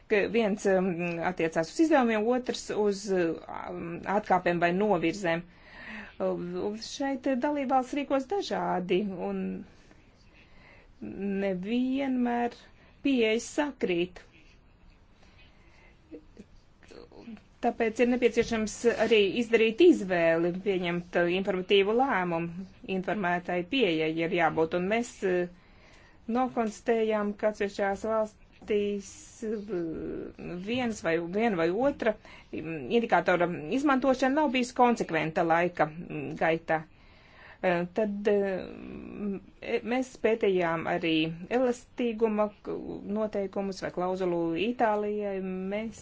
viens um, attiecās uz izdevumiem, otrs uz um, atkāpēm vai novirzēm. Šeit dalībvalsts rīkos dažādi un nevienmēr pieejas sakrīt. Tāpēc ir nepieciešams arī izdarīt izvēli, pieņemt uh, informatīvu lēmumu, informētai pieejai ir jābūt. Un mēs uh, nokonstējām, ka atsevišķās valstīs uh, viens vai, viena vai otra um, indikātora izmantošana nav bijis konsekventa laika mm, gaitā tad mēs pētījām arī elastīguma noteikumus vai klauzulu Itālijai. Mēs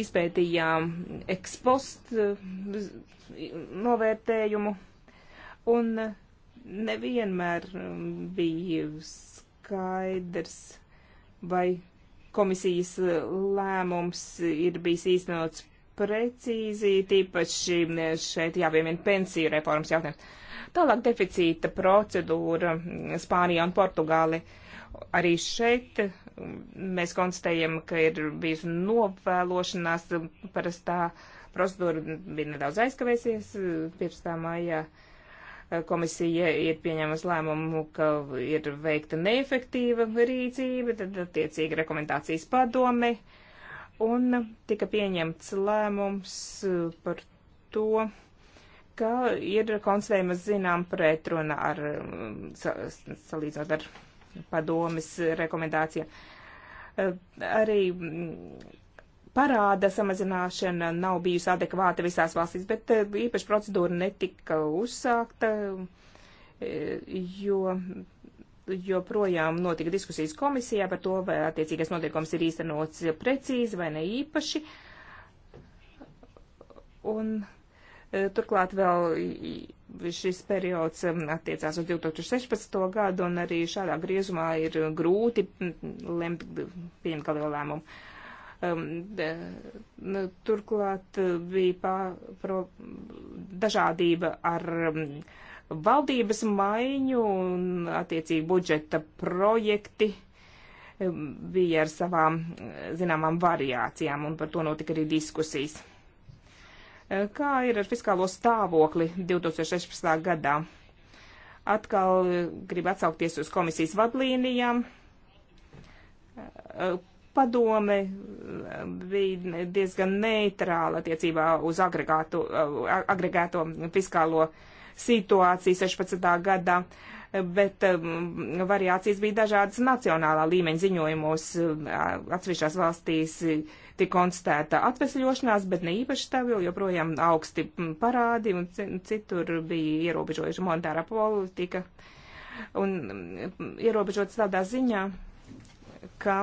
izpētījām ekspost eh, novērtējumu, un nevienmēr um, bija skaidrs, vai komisijas eh, lēmums ir bijis īstenots precīzi, tīpaši eh, šeit jāpiemina pensiju reformas jautājums. Tālāk deficīta procedūra mm, Spānijā un Portugāli. Arī šeit mēs konstatējam, ka ir bijusi novēlošanās parastā procedūra bija nedaudz aizkavēsies 15. maijā. Eh, komisija ir pieņēmusi lēmumu, ka ir veikta neefektīva rīcība, tad attiecīgi rekomendācijas padome, un tika pieņemts lēmums eh, par to, ka ir konstatējama zinām pretruna ar, eh, salīdzinot ar padomis rekomendācija. Eh, arī mm, parāda samazināšana nav bijusi adekvāta visās valstīs, bet eh, īpaši procedūra netika uzsākta, eh, jo joprojām notika diskusijas komisijā par to, vai attiecīgais notiekums ir īstenots precīzi vai ne īpaši. Un turklāt vēl šis periods um, attiecās uz 2016. gadu, un arī šādā griezumā ir grūti lemt, pieņemt kaut kādu lēmumu. Um, de, nu, turklāt uh, bija pā, pro, dažādība ar um, valdības maiņu un attiecīgi budžeta projekti um, bija ar savām zināmām variācijām, un par to notika arī diskusijas Kā ir ar fiskālo stāvokli 2016. gadā? Atkal eh, gribu atsaukties uz komisijas vadlīnijām. Eh, padome eh, bija diezgan neitrāla attiecībā uz agregātu, agregēto fiskālo situāciju 16. gadā bet um, variācijas bija dažādas nacionālā līmeņa ziņojumos. Atsevišķās valstīs tik konstatēta atvesļošanās, bet ne īpaši stabili, joprojām augsti parādi un citur bija ierobežojuša monetārā politika un ierobežots tādā ziņā, ka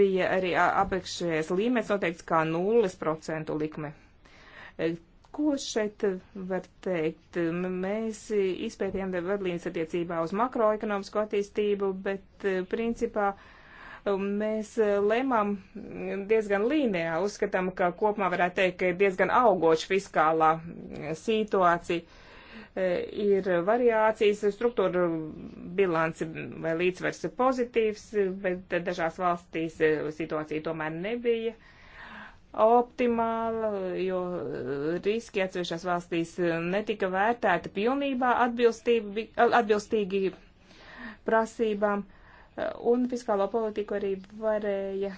bija arī apakšējais līmenis noteikts kā 0% likme. E, ko šeit var teikt? Mēs izpētījām vadlīnijas attiecībā uz makroekonomisko attīstību, bet e, principā uh, mēs eh, lemam diezgan līnijā, uzskatām, ka kopumā varētu teikt, ka ir diezgan augoša fiskālā eh, situācija. Eh, ir variācijas, struktūra bilanci vai līdzsvers ir pozitīvs, bet dažās valstīs situācija tomēr nebija optimāla, jo riski atsevišķās valstīs netika vērtēta pilnībā atbilstīgi prasībām. Uh, un fiskālo politiku arī varēja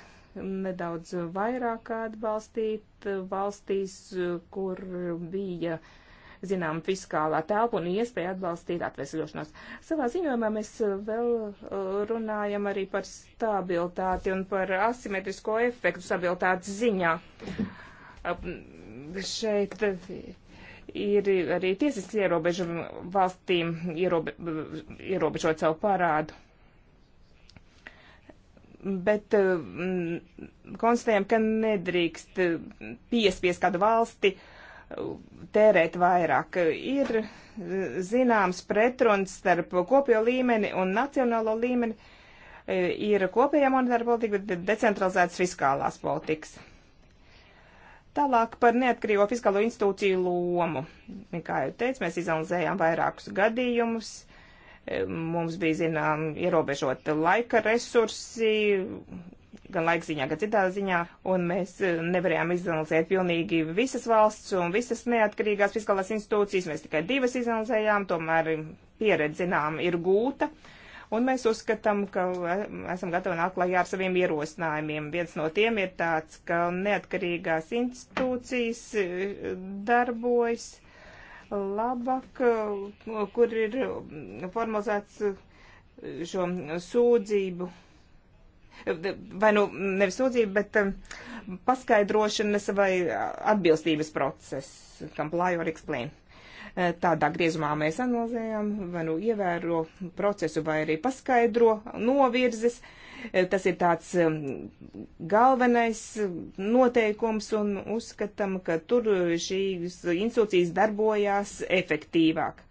nedaudz vairāk atbalstīt valstīs, kur bija zinām fiskālā telpa un iespēja atbalstīt atvesļošanos. Savā ziņojumā mēs vēl uh, runājam arī par stabilitāti un par asimetrisko efektu stabilitātes ziņā. Šeit ir arī tiesiski ierobežojumi valstīm ierobe, ierobežot savu parādu bet eh, mm, konstatējam, ka nedrīkst eh, piespies kādu valsti eh, tērēt vairāk. Ir zināms pretruns starp kopējo līmeni un nacionālo līmeni. Ir kopējā monetāra politika, bet decentralizētas fiskālās politikas. Tālāk par neatkarīgo fiskālo institūciju lomu. Kā jau teicu, mēs izanalizējām vairākus gadījumus Mums bija, zinām, ierobežota laika resursi, gan laika ziņā, gan citā ziņā, un mēs e, nevarējām izanalizēt pilnīgi visas valsts un visas neatkarīgās fiskālās institūcijas. Mēs tikai divas izanalizējām, tomēr pieredze, zinām, ir gūta. Un mēs uzskatām, ka e, esam gatavi nākt klajā ar saviem ierosinājumiem. Viens no tiem ir tāds, ka neatkarīgās institūcijas e, darbojas labāk, kur ir formalizēts šo sūdzību. Vai nu nevis sūdzība, bet um, paskaidrošanas vai atbilstības process, kam plājo ar explain. Eh, tādā griezumā mēs analizējam, vai nu ievēro procesu, vai arī paskaidro novirzes. Eh, tas ir tāds galvenais eh, noteikums un uzskatām, ka tur šīs institūcijas darbojās efektīvāk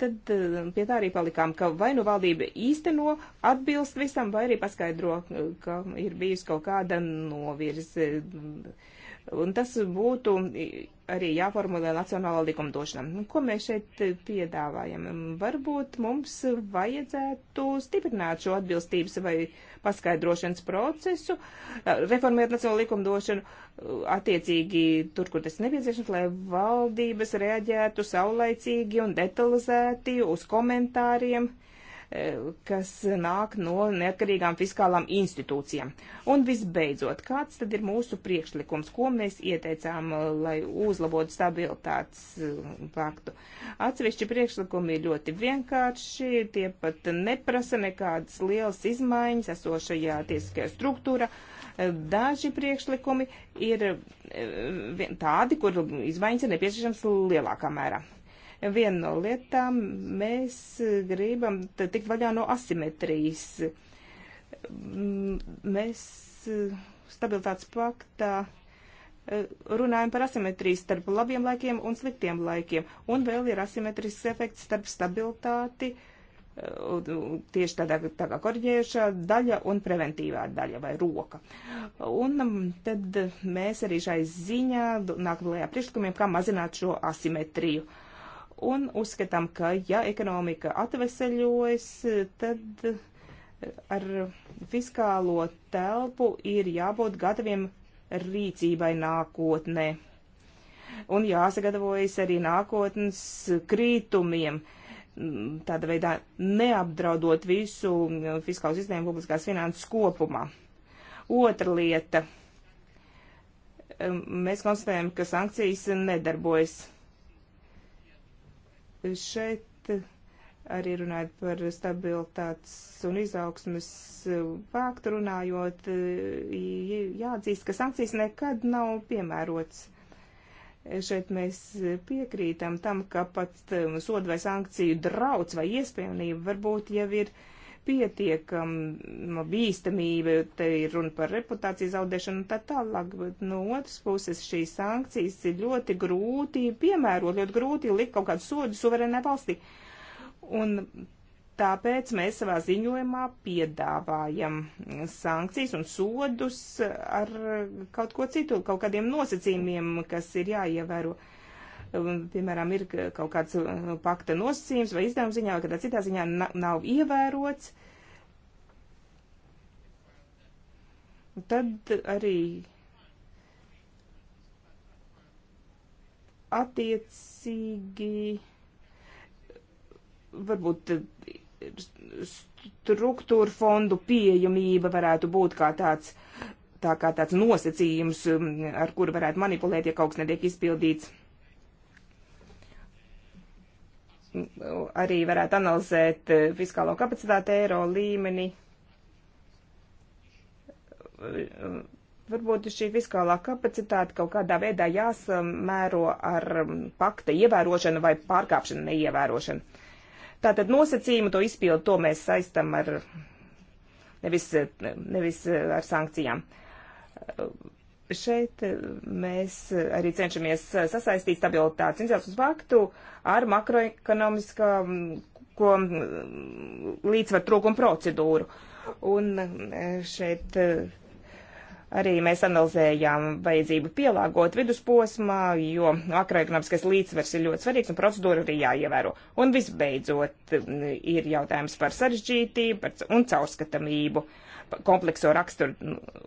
tad pie tā arī palikām, ka vai nu valdība īsteno atbilst visam, vai arī paskaidro, ka ir bijusi kaut kāda novirze. Un tas būtu arī jāformulē nacionālā likumdošana. Nu, ko mēs šeit piedāvājam? Varbūt mums vajadzētu stiprināt šo atbilstības vai paskaidrošanas procesu, reformēt nacionālo likumdošanu attiecīgi tur, kur tas nepieciešams, lai valdības reaģētu saulaicīgi un detalizēti uz komentāriem kas nāk no neatkarīgām fiskālām institūcijām. Un visbeidzot, kāds tad ir mūsu priekšlikums, ko mēs ieteicām, uh, lai uzlabotu stabilitātes uh, paktu? Atsevišķi priekšlikumi ir ļoti vienkārši, tie pat neprasa nekādas lielas izmaiņas esošajā tiesiskajā struktūrā. Uh, Daži priekšlikumi ir tādi, kur izmaiņas ir nepieciešams lielākā mērā. Viena no lietām mēs gribam tikt vaļā no asimetrijas. Mēs eh, stabilitātes paktā eh, runājam par asimetriju starp labiem laikiem un sliktiem laikiem. Un vēl ir asimetrisks efekts starp stabilitāti, eh, tieši tādā tā kā korģējušā daļa un preventīvā daļa vai roka. Un mm, tad mēs arī šai ziņā nākam lējā priekšlikumiem, kā mazināt šo asimetriju. Uh, un uzskatām, ka ja ekonomika atveseļojas, tad ar fiskālo telpu ir jābūt gataviem rīcībai nākotnē. Un jāsagatavojas arī nākotnes krītumiem. Tādā veidā neapdraudot visu fiskālo sistēmu publiskās finanses kopumā. Otra lieta. Mēs konstatējam, ka sankcijas nedarbojas Šeit arī runājot par stabilitātes un izaugsmes faktu runājot, jāatzīst, ka sankcijas nekad nav piemērotas. Šeit mēs piekrītam tam, ka pat soda vai sankciju drauds vai iespējamība varbūt jau ir uh, pietiekama bīstamība, te ir runa par reputāciju zaudēšanu un tā tālāk, bet no otras puses šīs sankcijas ir ļoti grūti piemērot, ļoti grūti likt kaut kādu sodu suverēnai valstī. Un Tāpēc mēs savā ziņojumā piedāvājam sankcijas un sodus ar kaut ko citu, kaut kādiem nosacījumiem, kas ir jāievēro. Uh, Um, piemēram, ir kaut kāds uh, pakta nosacījums vai izdevuma ziņā vai kādā citā ziņā nav ievērots, tad arī attiecīgi varbūt uh, struktūra fondu pieejamība varētu būt kā tāds, tā kā tāds nosacījums, um, ar kuru varētu manipulēt, ja kaut kas netiek izpildīts. arī varētu analizēt eh, fiskālo kapacitāti eiro līmenī. Varbūt šī fiskālā kapacitāte kaut kādā veidā jāsamēro ar mm, pakta ievērošanu vai pārkāpšanu neievērošanu. Tātad nosacījumu to izpildu, to mēs saistam ar nevis, nevis ar sankcijām šeit eh, mēs eh, arī cenšamies eh, sasaistīt stabilitātes izaugsmas paktu ar makroekonomiskā mm, ko mm, līdzsvar trūkuma procedūru. Un šeit arī mēs analizējām vajadzību pielāgot vidusposmā, jo makroekonomiskais līdzsvars ir ļoti svarīgs un procedūra arī jāievēro. Un visbeidzot mm, ir jautājums par sarežģītību un caurskatamību. Uh, komplekso raksturu.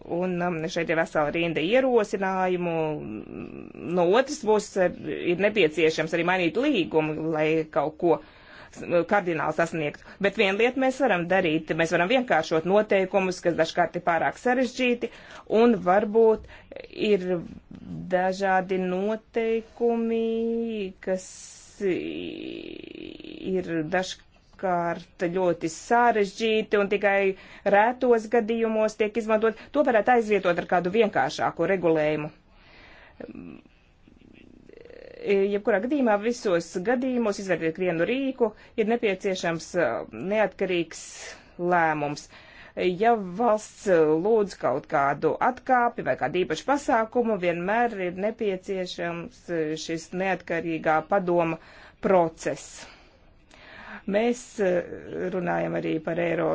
Un um, šeit ir vesela rinda ierosinājumu. No otras puses eh, ir nepieciešams arī mainīt līgumu, lai kaut ko eh, kardināli sasniegtu. Bet vienu lietu mēs varam darīt. Mēs varam vienkāršot noteikumus, kas dažkārt ir pārāk sarežģīti, un varbūt ir dažādi noteikumi, kas ir dažkārt dažkārt ļoti sarežģīti un tikai rētos gadījumos tiek izmantot. To varētu aizvietot ar kādu vienkāršāku regulējumu. Jebkurā gadījumā visos gadījumos, izvērtiet vienu rīku, ir nepieciešams uh, neatkarīgs lēmums ja valsts uh, lūdz kaut kādu atkāpi vai kādu īpašu pasākumu, vienmēr ir nepieciešams uh, šis neatkarīgā padoma process. Mēs eh, runājam arī par eiro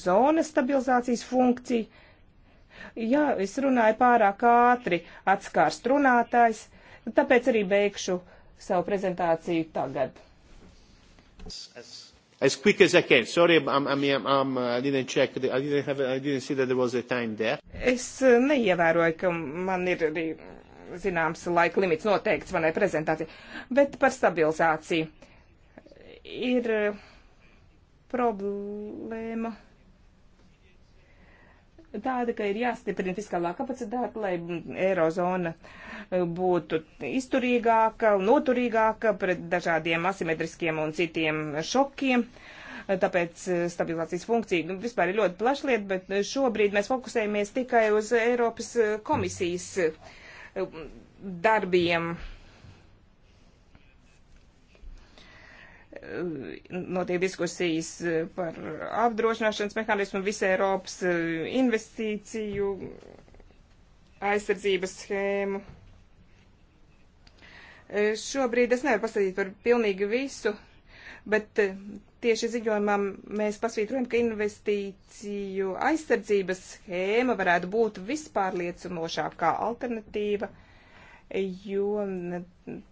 zonas stabilizācijas funkciju. Jā, es runāju pārāk ātri, atskārst runātājs, tāpēc arī beigšu savu prezentāciju tagad. As, as quick as I can. Sorry, I'm, I'm, I'm, um, I didn't check. The, I didn't have. I didn't see that there was a time there. Es eh, neievēroju, ka man ir arī zināms laika limits noteikts manai prezentācijai, bet par stabilizāciju ir e, problēma tāda, ka ir jāstiprina fiskālā kapacitāte, lai eirozona e, būtu izturīgāka, noturīgāka pret dažādiem asimetriskiem un citiem šokiem. E, tāpēc stabilizācijas funkcija nu, vispār ir ļoti plaša lieta, bet šobrīd mēs fokusējamies tikai uz Eiropas komisijas darbiem notiek diskusijas eh, par apdrošināšanas mehānismu, visu Eiropas eh, investīciju aizsardzības schēmu. Eh, šobrīd es nevaru pasakīt par pilnīgi visu, bet tieši ziņojumā mēs pasvītrojam, ka investīciju aizsardzības schēma varētu būt vispārliecinošākā alternatīva uh, jo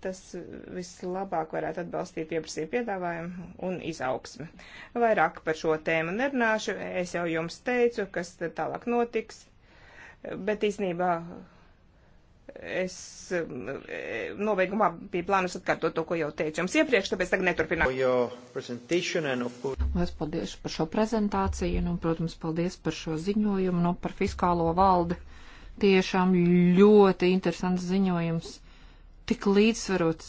tas vislabāk varētu atbalstīt pieprasījumu piedāvājumu un izaugsmi. Vairāk par šo tēmu nerunāšu, es jau jums teicu, kas tālāk notiks, bet īsnībā es eh, nobeigumā bija plānus atkārtot to, ko jau teicu jums iepriekš, tāpēc tagad neturpināšu. Lielas paldies par šo prezentāciju un, protams, paldies par šo ziņojumu, nu, par fiskālo valdi. Tiešām ļoti interesants ziņojums, tik līdzsvarots.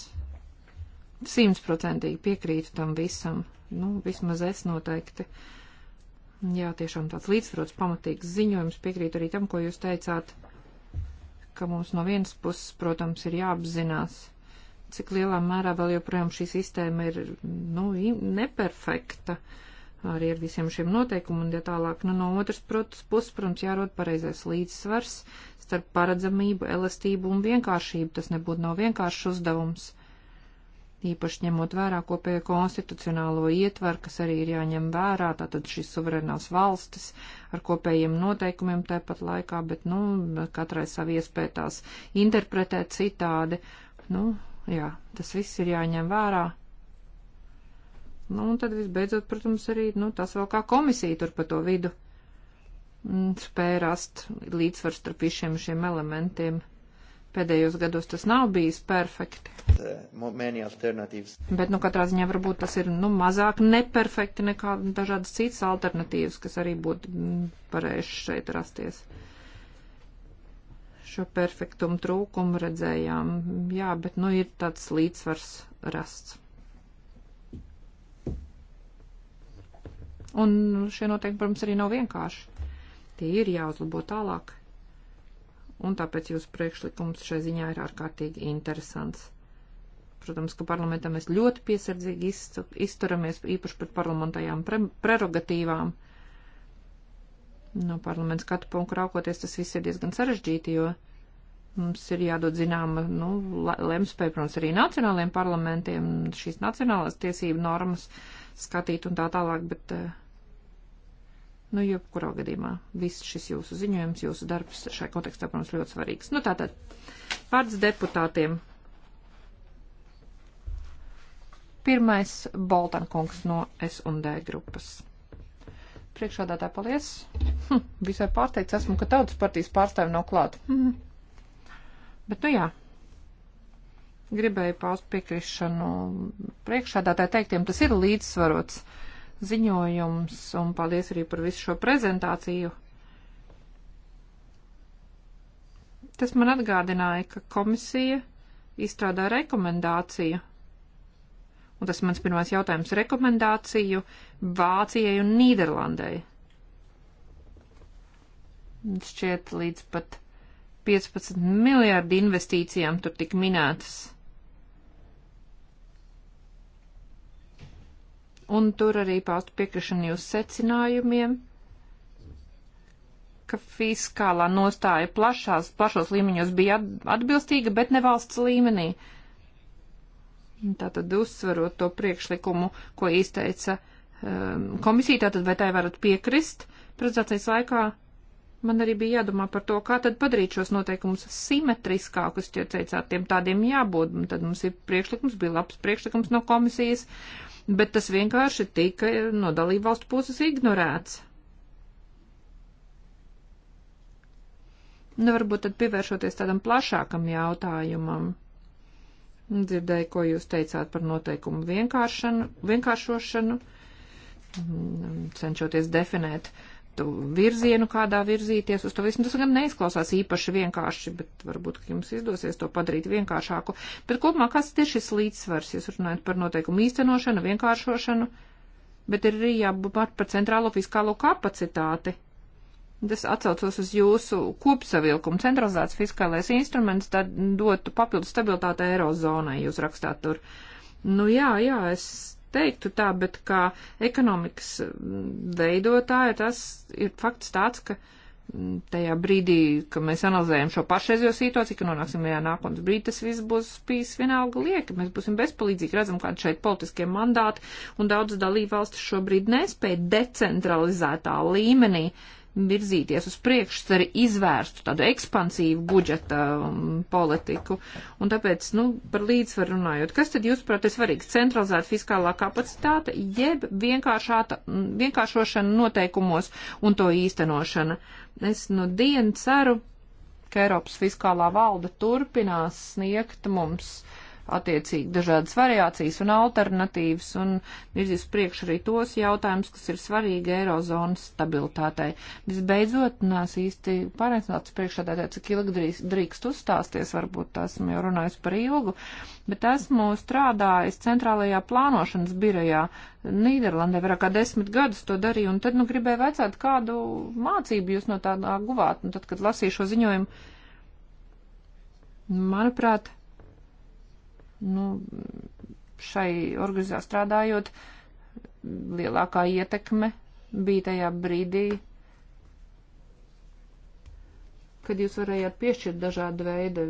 Simtprocentīgi piekrītu tam visam. Nu, vismaz es noteikti. Jā, tiešām tāds līdzsvarots, pamatīgs ziņojums. Piekrītu arī tam, ko jūs teicāt, ka mums no vienas puses, protams, ir jāapzinās, cik lielā mērā vēl joprojām šī sistēma ir, nu, neperfekta. Uh, arī ar visiem šiem noteikumiem un tā tālāk. Nu, no otras puses, protams, jārod pareizais līdzsvars starp paredzamību, elastību un vienkāršību. Tas nebūtu nav vienkāršs uzdevums. Īpaši ņemot vērā kopējo konstitucionālo ietvaru, kas arī ir jāņem vērā, tātad šīs suverenās valstis ar kopējiem noteikumiem tāpat laikā, bet, nu, katrai savu iespēju tās interpretēt citādi. Nu, jā, tas viss ir jāņem vērā. Nu, un tad visbeidzot, protams, arī nu, tas vēl kā komisija tur pa to vidu mm, spēja rast līdzsvaru starp visiem šiem elementiem. Pēdējos gados tas nav bijis perfekti. Bet, nu, katrā ziņā varbūt tas ir, nu, mazāk neperfekti nekā dažādas citas alternatīvas, kas arī būtu pareizi mm, šeit rasties. Šo perfektumu trūkumu redzējām, jā, bet, nu, ir tāds līdzsvars rasts. Un šie noteikti, protams, arī nav vienkārši. Tie ir jāuzlabo tālāk. Un tāpēc jūsu priekšlikums šai ziņā ir ārkārtīgi interesants. Protams, ka parlamentā mēs ļoti piesardzīgi izturamies īpaši par parlamentējām pre prerogatīvām. No parlamenta skatu punktu raukoties, tas viss ir diezgan sarežģīti, jo mums ir jādod zināma, nu, lemspēja, protams, arī nacionāliem parlamentiem šīs nacionālās tiesību normas skatīt un tā tālāk, bet uh, Nu, jebkurā gadījumā viss šis jūsu ziņojums, jūsu darbs šai kontekstā, protams, ļoti svarīgs. Nu, tātad, vārds deputātiem. Pirmais - Boltankungs no S&D grupas. Priekšādātā paldies. Hm, visai pārsteigts esmu, ka tautas partijas pārstāvi nav klāt. Hm. Bet, nu jā, gribēju paust piekrišanu priekšādātāju teiktiem, tas ir līdzsvarots. Uh, ziņojums, un paldies arī par visu šo prezentāciju. Tas man atgādināja, ka komisija izstrādā rekomendāciju. Un tas mans pirmais jautājums - rekomendāciju Vācijai un Nīderlandai. Šķiet līdz pat 15 miljārdu investīcijām tur tik minētas. un tur arī paustu piekrišanu jūs secinājumiem, ka fiskālā nostāja plašās, plašos līmeņos bija atbilstīga, bet ne valsts līmenī. Tātad uzsverot to priekšlikumu, ko izteica um, komisija, tātad vai tai varat piekrist prezentācijas laikā, man arī bija jādomā par to, kā tad padarīt šos noteikumus simetriskākus, ja teicāt, tiem tādiem jābūt, un tad mums ir priekšlikums, bija labs priekšlikums no komisijas, uh, bet tas vienkārši tika no dalību valstu puses ignorēts. Nu, varbūt tad pievēršoties tādam plašākam jautājumam. Dzirdēju, ko jūs teicāt par noteikumu vienkāršošanu, mm, mm, cenšoties definēt uh, konkrētu virzienu, kādā virzīties uz to visu. Nu, tas gan neizklausās īpaši vienkārši, bet varbūt, ka jums izdosies to padarīt vienkāršāku. Bet kopumā kāds ir šis līdzsvars, jūs runājat par noteikumu īstenošanu, vienkāršošanu, bet ir arī jābūt par centrālo fiskālo kapacitāti. Tas atcaucos uz jūsu kopsavilkumu. Centralizēts fiskālais instruments tad dotu papildu stabilitāti Eirozonai, jūs rakstāt tur. Nu jā, jā, es teiktu tā, bet kā ekonomikas mm, veidotāja tas ir fakts tāds, ka mm, tajā brīdī, kad mēs analizējam šo pašreizējo situāciju, ka nonāksim tajā nākotnes brīdī, tas viss būs bijis vienalga lieka. Mēs būsim bezpalīdzīgi, redzam, kāda šeit politiskie mandāti un daudz dalībvalstis šobrīd nespēja decentralizētā līmenī uh, virzīties uz priekšu, arī izvērstu tādu ekspansīvu budžeta um, politiku. Un tāpēc, nu, par līdzsvaru runājot, kas tad jūs, prāt, ir svarīgs? Centralizēta fiskālā kapacitāte, jeb vienkāršošana noteikumos un to īstenošana. Es nu dienu ceru, ka Eiropas fiskālā valde turpinās sniegt mums uh, attiecīgi dažādas variācijas un alternatīvas un virzīs priekš arī tos jautājumus, kas ir svarīgi Eirozonas stabilitātei. Visbeidzot, nās īsti pārēcināts priekšādātē, cik ilgi drīkst uzstāsties, varbūt esmu jau runājis par ilgu, bet esmu strādājis centrālajā plānošanas birajā Nīderlandē, vairāk kā desmit gadus to darīju, un tad, nu, gribēju vecāt, kādu mācību jūs no tā guvāt, un tad, kad lasīju šo ziņojumu, manuprāt, nu, šai organizācijā strādājot, lielākā ietekme bija tajā brīdī, kad jūs varējāt piešķirt dažādu veidu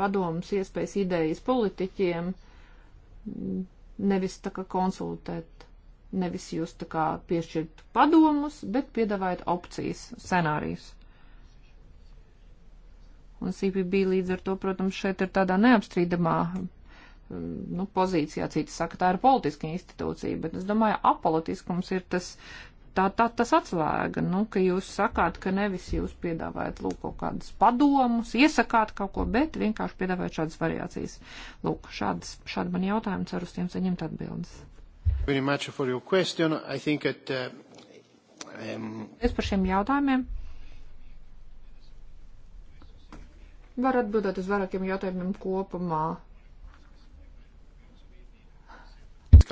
padomus, iespējas, idejas politiķiem, nevis tā kā konsultēt, nevis jūs tā kā piešķirt padomus, bet piedāvājat opcijas, scenārijus. Un CPB līdz ar to, protams, šeit ir tādā neapstrīdamā Mm, nu, pozīcijā, citi saka, tā ir politiska institūcija, bet es domāju, apolitiskums ir tas, tā, tā, tas atslēga, nu, ka jūs sakāt, ka nevis jūs piedāvājat, lūk, kaut kādus padomus, iesakāt kaut ko, bet vienkārši piedāvājat šādas variācijas. Lūk, šādas, šādi man jautājumi, ceru uz tiem saņemt atbildes. That, uh, um... Es par šiem jautājumiem. Var atbildēt uz vairākiem jautājumiem kopumā.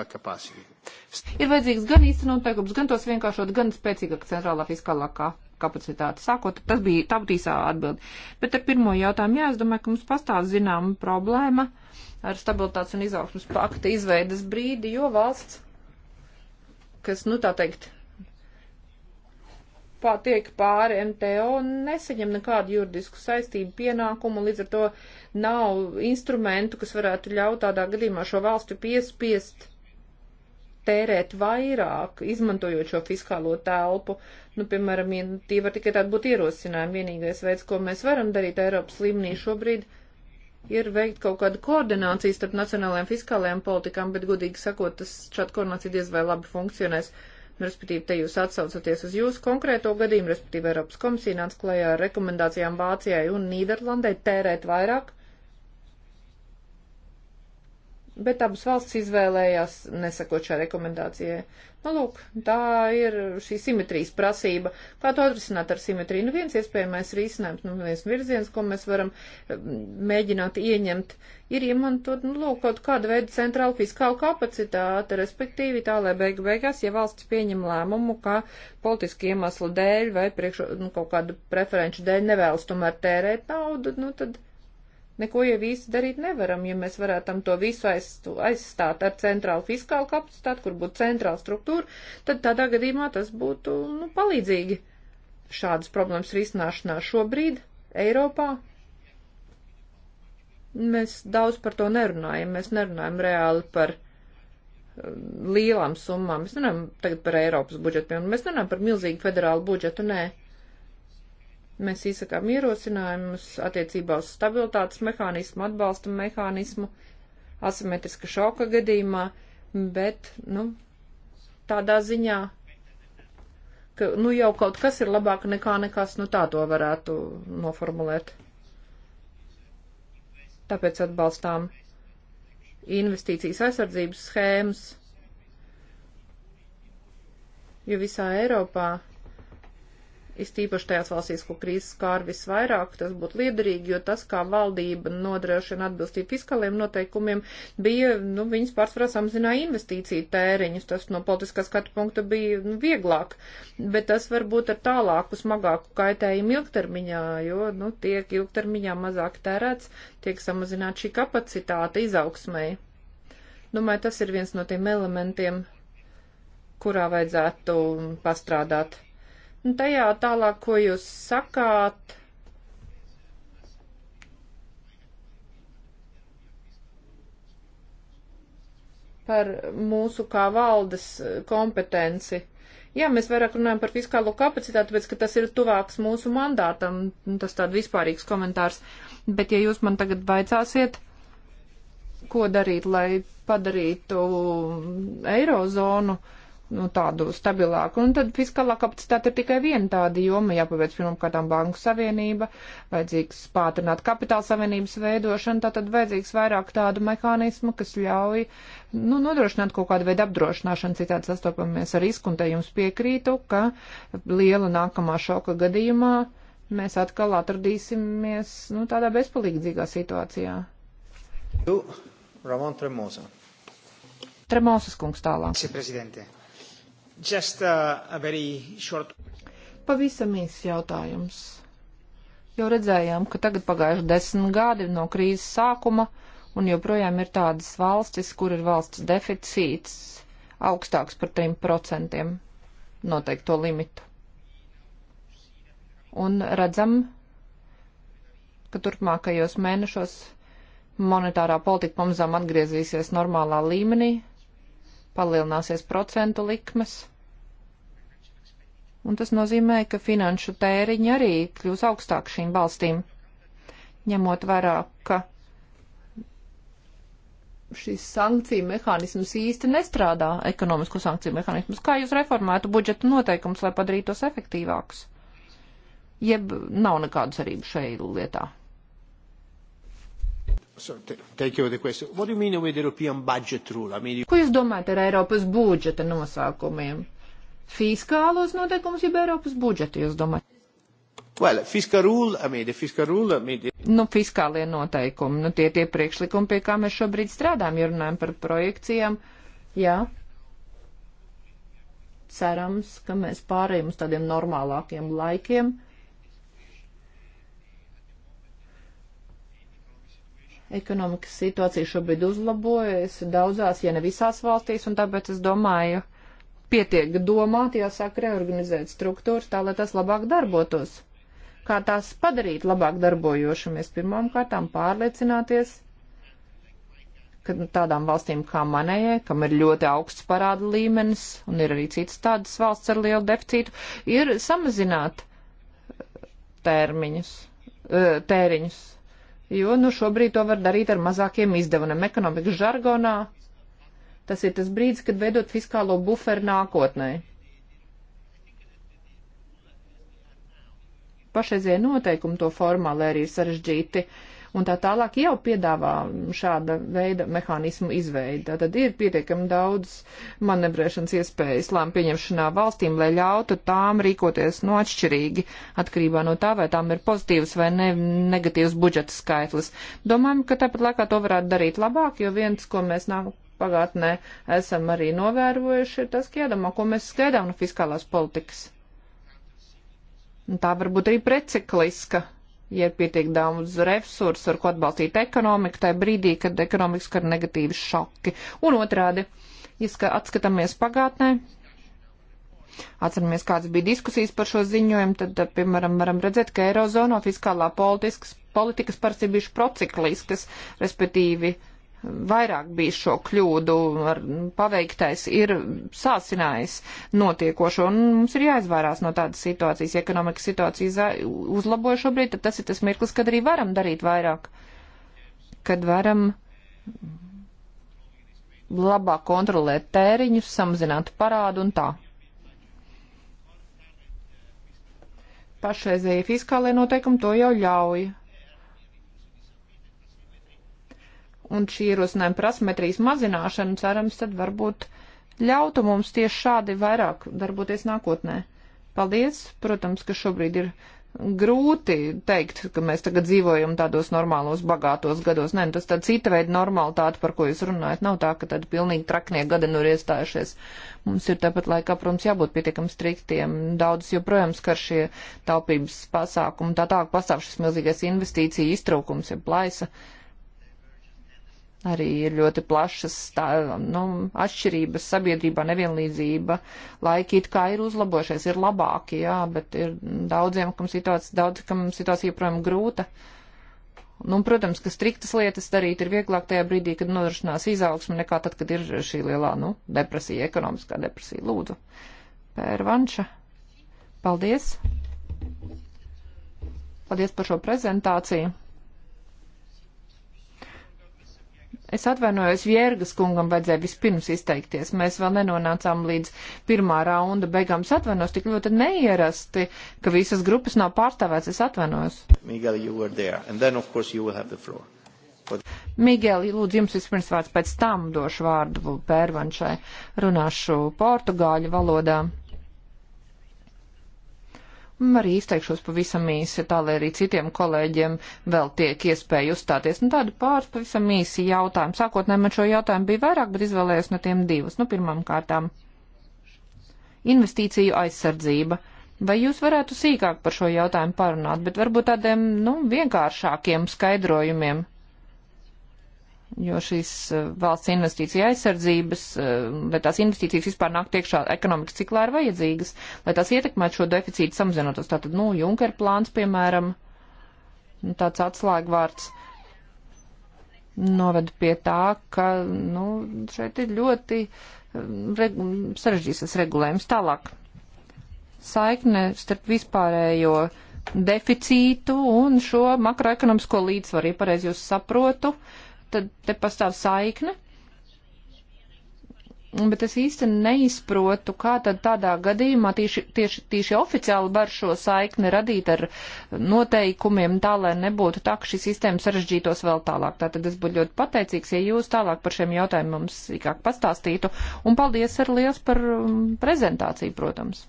Ir vajadzīgs gan īstenot teikums, gan tos vienkāršot, gan spēcīgāk centrālā fiskālā kapacitāte. Sākot, tas bija tā īsā atbilde. Bet ar pirmo jautājumu, jā, es domāju, ka mums pastāv zināma problēma ar stabilitātes un izaugsmas pakta izveidas brīdi, jo valsts, kas, nu tā teikt, tiek pāri MTO, nesaņem nekādu juridisku saistību pienākumu, līdz ar to nav instrumentu, kas varētu ļaut tādā gadījumā šo valstu piespiest tērēt vairāk, izmantojot šo fiskālo telpu. Nu, piemēram, ja tie var tikai tādi būt ierosinājumi. Vienīgais veids, ko mēs varam darīt Eiropas līmenī šobrīd, ir veikt kaut kādu koordināciju starp nacionālajām fiskālajām politikām, bet, godīgi sakot, tas šāda koordinācija diez vai labi funkcionēs. Nu, respektīvi, te jūs atsaucaties uz jūsu konkrēto gadījumu, respektīvi Eiropas komisija nāca klajā ar rekomendācijām Vācijai un Nīderlandai tērēt vairāk bet abas valsts izvēlējās nesakot šai rekomendācijai. Nu, lūk, tā ir šī simetrijas prasība. Kā to atrisināt ar simetriju? Nu, viens iespējamais risinājums, nu, viens virziens, ko mēs varam eh, mēģināt ieņemt, ir iemantot, nu, lūk, kaut kādu veidu centrālu fiskālu kapacitāti, respektīvi tā, lai beigu beigās, ja valsts pieņem lēmumu, ka politiski iemeslu dēļ vai priekš, nu, kaut kādu preferenču dēļ nevēlas tomēr tērēt naudu, nu, tad Neko jau īsti darīt nevaram, ja mēs varētam to visu aizstāt ar centrālu fiskālu kapacitāti, kur būtu centrāla struktūra, tad tādā gadījumā tas būtu nu, palīdzīgi šādas problēmas risināšanā šobrīd Eiropā. Mēs daudz par to nerunājam, mēs nerunājam reāli par um, lielām summām. Mēs nerunājam tagad par Eiropas budžetu, piemēram, mēs nerunājam par milzīgu federālu budžetu, nē. Ne Mēs izsakām ierosinājumus attiecībā uz stabilitātes mehānismu, atbalsta mehānismu, asimetriska šoka gadījumā, bet, nu, tādā ziņā, ka, nu, jau kaut kas ir labāk nekā nekas, nu, tā to varētu noformulēt. Tāpēc atbalstām investīcijas aizsardzības schēmas, jo visā Eiropā Istīpaši tajās valstīs, ko krīzes skār visvairāk, tas būtu liederīgi, jo tas, kā valdība nodrošina atbilstību fiskaliem noteikumiem, bija, nu, viņas pārsvarā samazināja investīciju tēriņus. Tas no politiskā skatu punkta bija nu, vieglāk, bet tas varbūt ar tālāku, smagāku kaitējumu ilgtermiņā, jo, nu, tiek ilgtermiņā mazāk tērēts, tiek samazināta šī kapacitāte izaugsmēji. Nu, Domāju, tas ir viens no tiem elementiem, kurā vajadzētu pastrādāt. Un nu, tajā tālāk, ko jūs sakāt. Par mūsu kā valdes eh, kompetenci. Jā, mēs vairāk runājam par fiskālo kapacitāti, tāpēc, ka tas ir tuvāks mūsu mandātam. Nu, tas tāds vispārīgs komentārs. Bet, ja jūs man tagad vaicāsiet, ko darīt, lai padarītu mm, eirozonu uh, nu, tādu stabilāku. Un tad fiskālā kapacitāte ir tikai viena tāda joma, jāpaveic pirmkārt banku savienība, vajadzīgs pātrināt kapitāla savienības veidošanu, tātad vajadzīgs vairāk tādu mehānismu, kas ļauj nu, nodrošināt kaut kādu veidu apdrošināšanu, citādi sastopamies ar risku, un te jums piekrītu, ka liela nākamā šoka gadījumā mēs atkal atradīsimies nu, tādā bezpalīdzīgā situācijā. Tu, Ramon Tremosa. Tremosas kungs tālāk. Just a, a very short. Pavisam īsts jautājums. Jau redzējām, ka tagad pagājuši desmit gadi no krīzes sākuma, un joprojām ir tādas valstis, kur ir valsts deficīts augstāks par 3% noteikto limitu. Un redzam, ka turpmākajos mēnešos monetārā politika pamazām atgriezīsies normālā līmenī, palielināsies procentu likmes. Un tas nozīmē, ka finanšu tēriņi arī kļūs augstāk šīm valstīm, ņemot vērā, ka šis sankciju mehānisms īsti nestrādā, ekonomisko sankciju mehānismus. Kā jūs reformētu budžeta noteikumus, lai padarītu tos efektīvākus? Jeb nav nekādu cerību šai lietā. Ko jūs domājat ar Eiropas budžeta nosaukumiem? Fiskālos noteikumus jeb Eiropas budžetu, jūs domājat? Well, fiscal rule, I mean, the fiscal rule, I mean, the... Nu, fiskālie noteikumi, nu tie tie priekšlikumi, pie kā mēs šobrīd strādājam, ja runājam par projekcijām, jā. Cerams, ka mēs pārējām uz tādiem normālākiem laikiem Ekonomikas situācija šobrīd uzlabojas daudzās, ja ne visās valstīs, un tāpēc es domāju, pietiek domāt, jāsāk reorganizēt struktūras tā, lai tas labāk darbotos. Kā tās padarīt labāk darbojošamies? Pirmām kārtām pārliecināties, ka tādām valstīm kā manējai, kam ir ļoti augsts parāda līmenis, un ir arī citas tādas valsts ar lielu deficītu, ir samazināt eh, tērmiņus, eh, tēriņus jo nu, šobrīd to var darīt ar mazākiem izdevumiem. Ekonomikas žargonā tas ir tas brīdis, kad veidot fiskālo buferu nākotnē. Pašreizie noteikumi to formāli arī ir sarežģīti un tā tālāk jau piedāvā šāda veida mehānismu izveidi. Tad ir pietiekami daudz manevrēšanas iespējas lēmu pieņemšanā valstīm, lai ļautu tām rīkoties no atšķirīgi atkarībā no tā, vai tām ir pozitīvs vai ne, negatīvs budžeta skaitlis. Domājam, ka tāpat laikā to varētu darīt labāk, jo viens, ko mēs nāk pagātnē esam arī novērojuši, ir tas, ka jādomā, ko mēs skaidām no fiskālās politikas. Un tā varbūt arī precikliska ja ir pietiek daudz resursu, ar ko atbalstīt ekonomiku, tajā brīdī, kad ekonomikas skar negatīvi šoki. Un otrādi, ja atskatāmies pagātnē, atceramies, kādas bija diskusijas par šo ziņojumu, tad, piemēram, varam redzēt, ka Eirozonā fiskālā politikas, politikas parasti bijuši procikliskas, respektīvi vairāk bija šo kļūdu ar nu, paveiktais, ir sācinājis notiekošo, un mums ir jāizvairās no tādas situācijas. Ja ekonomikas situācija uzlaboja šobrīd, tad tas ir tas mirklis, kad arī varam darīt vairāk, kad varam labāk kontrolēt tēriņus, samazināt parādu un tā. Pašreizēji fiskālajie noteikumi to jau ļauj. Un šī ierosinājuma prasmetrijas mazināšana, cerams, tad varbūt ļautu mums tieši šādi vairāk darboties nākotnē. Paldies! Protams, ka šobrīd ir grūti teikt, ka mēs tagad dzīvojam tādos normālos, bagātos gados. Nē, nu, tas tad cita veida normalitāte, par ko jūs runājat, nav tā, ka tad pilnīgi traknie gadi nu ir iestājušies. Mums ir tāpat laikā, protams, jābūt pietiekam striktiem. Daudz joprojām skar šie taupības pasākumi, tā tālāk pastāv šis milzīgais investīcija iztraukums, ja plaisa. Uh, Arī ir ļoti plašas tā, nu, atšķirības sabiedrībā, nevienlīdzība. Laiki it kā ir uzlabojušies, ir labāki, jā, bet ir daudziem, kam situācija, daudz, kam situācija joprojām grūta. Nu, un, protams, ka striktas lietas darīt ir vieglāk tajā brīdī, kad nodrošinās izaugsmu, nekā tad, kad ir šī lielā, nu, depresija, ekonomiskā depresija. Lūdzu, pērvanša. Paldies! Paldies par šo prezentāciju. Es atvainojos, Viergas kungam vajadzēja vispirms izteikties. Mēs vēl nenonācām līdz pirmā raunda beigām. Es atvainos tik ļoti neierasti, ka visas grupas nav pārstāvēts. Es atvainos. Miguel, then, But... Miguel, lūdzu, jums vispirms vārds, pēc tam došu vārdu pērvanšai. Runāšu portugāļu valodā. Arī izteikšos pavisam īsi, tā lai arī citiem kolēģiem vēl tiek iespēja uzstāties. Nu, tādu pāris pavisam īsi jautājumu. Sākotnēji man šo jautājumu bija vairāk, bet izvēlējos no tiem divus. Nu, pirmām kārtām - investīciju aizsardzība. Vai jūs varētu sīkāk par šo jautājumu parunāt, bet varbūt tādiem, nu, vienkāršākiem skaidrojumiem? jo šīs eh, valsts investīcija aizsardzības, lai eh, tās investīcijas vispār nāk tiekšā ekonomikas ciklā ir vajadzīgas, lai tās ietekmētu šo deficītu samazinotos. Tātad, nu, Junker plāns, piemēram, nu, tāds atslēgvārds noved pie tā, ka, nu, šeit ir ļoti eh, reg sarežģīsies regulējums tālāk. Saikne starp vispārējo deficītu un šo makroekonomisko līdzsvaru, ja pareizi jūs saprotu, uh, tad te pastāv saikne. Bet es īsti neizprotu, kā tad tādā gadījumā tieši, tieši, tieši oficiāli var šo saikni radīt ar noteikumiem tā, lai nebūtu tā, ka šī sistēma sarežģītos vēl tālāk. Tātad es būtu ļoti pateicīgs, ja jūs tālāk par šiem jautājumiem mums sīkāk pastāstītu. Un paldies ar liels par um, prezentāciju, protams.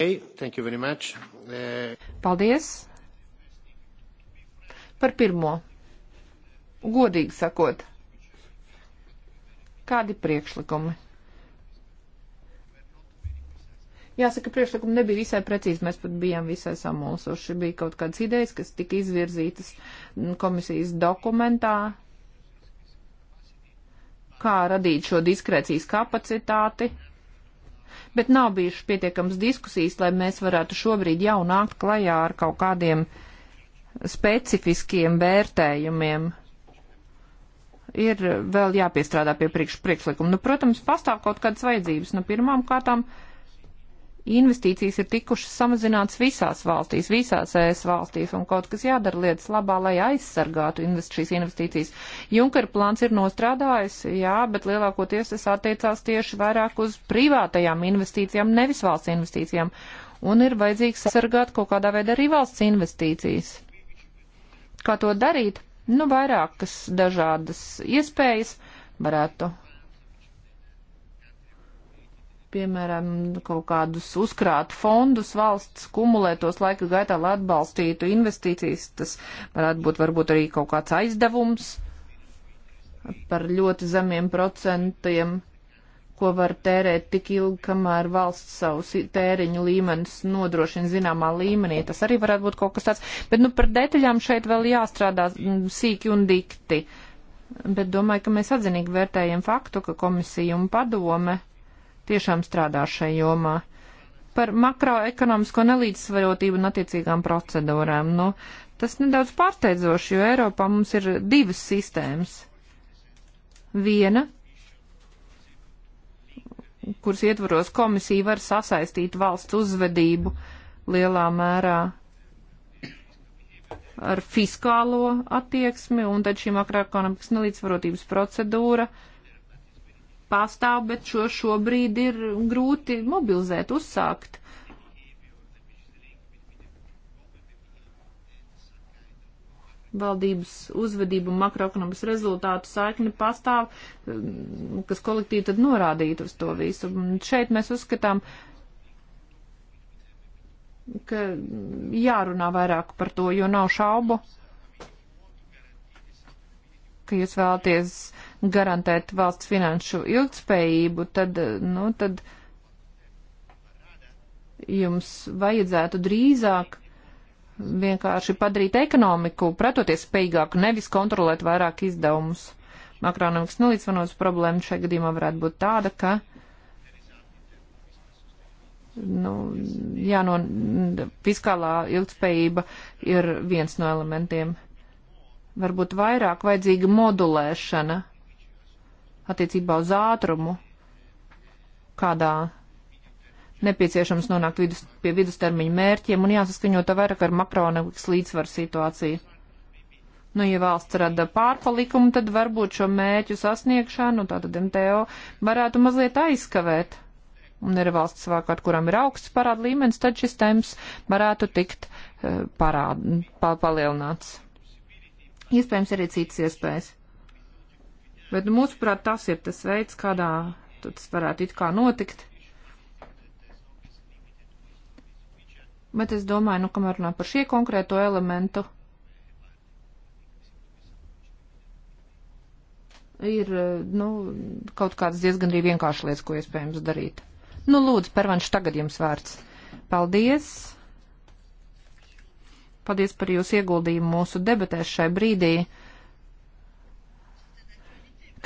Hey, thank you very much. Uh... Paldies. Par pirmo. Godīgi sakot, kādi priekšlikumi? Jāsaka, priekšlikumi nebija visai precīzi, mēs pat bijām visai samulsoši. Bija kaut kādas idejas, kas tika izvirzītas komisijas dokumentā, kā radīt šo diskrēcijas kapacitāti, bet nav bijušas pietiekams diskusijas, lai mēs varētu šobrīd jau nākt klajā ar kaut kādiem uh, specifiskiem vērtējumiem ir vēl jāpiestrādā pie priekš, priekšlikuma. Nu, protams, pastāv kaut kādas vajadzības. Nu, pirmām kārtām investīcijas ir tikušas samazināts visās valstīs, visās ES valstīs, un kaut kas jādara lietas labā, lai aizsargātu invest šīs investīcijas. Junker plāns ir nostrādājis, jā, bet lielākoties tas attiecās tieši vairāk uz privātajām investīcijām, nevis valsts investīcijām, un ir vajadzīgs aizsargāt kaut kādā veidā arī valsts investīcijas Kā to darīt? Nu, vairākas dažādas iespējas varētu, piemēram, kaut kādus uzkrāt fondus valsts, kumulētos laika gaitā, lai atbalstītu investīcijas. Tas varētu būt varbūt arī kaut kāds aizdevums par ļoti zemiem procentiem ko var tērēt tik ilgi, kamēr valsts savus tēriņu līmenis nodrošina zināmā līmenī. Tas arī varētu būt kaut kas tāds. Bet nu, par detaļām šeit vēl jāstrādā mm, sīki un dikti. Bet domāju, ka mēs atzinīgi vērtējam faktu, ka komisija un padome tiešām strādā šajā jomā. Par makroekonomisko nelīdzsvarotību un attiecīgām procedūrām. Nu, tas nedaudz pārsteidzoši, jo Eiropā mums ir divas sistēmas. Viena, kuras ietvaros komisija var sasaistīt valsts uzvedību lielā mērā ar fiskālo attieksmi, un tad šī makroekonomikas nelīdzvarotības procedūra pastāv, bet šo šobrīd ir grūti mobilizēt, uzsākt. valdības uzvedību un makroekonomisku rezultātu saikni pastāv, um, kas kolektīvi tad norādītu uz to visu. Un šeit mēs uzskatām, ka jārunā vairāk par to, jo nav šaubu, ka jūs vēlaties garantēt valsts finanšu ilgspējību, tad, nu, tad jums vajadzētu drīzāk vienkārši padarīt ekonomiku pretoties spējīgāku, nevis kontrolēt vairāk izdevumus. Makronomikas nelīdzsvaros problēma šajā gadījumā varētu būt tāda, ka nu, jā, no fiskālā ilgspējība ir viens no elementiem. Varbūt vairāk vajadzīga modulēšana attiecībā uz ātrumu, kādā nepieciešams nonākt vidus, pie vidustermiņa mērķiem un jāsaskaņo to vairāk ar makroekonomikas līdzsvaru situāciju. Nu, ja valsts rada pārpalikumu, tad varbūt šo mērķu sasniegšanu, tātad MTO, varētu mazliet aizskavēt. Un ir valsts savukārt, kurām ir augsts parāda līmenis, tad šis temps varētu tikt uh, parād, pa, palielināts. Iespējams, arī citas iespējas. Bet, nu, mūsuprāt, tas ir tas veids, kādā tas varētu it kā notikt. Bet es domāju, nu, kamēr runā par šie konkrēto elementu, ir, nu, kaut kādas diezgan arī vienkāršas lietas, ko iespējams darīt. Nu, lūdzu, pervanš, tagad jums vārds. Paldies! Paldies par jūsu ieguldījumu mūsu debatēs šai brīdī,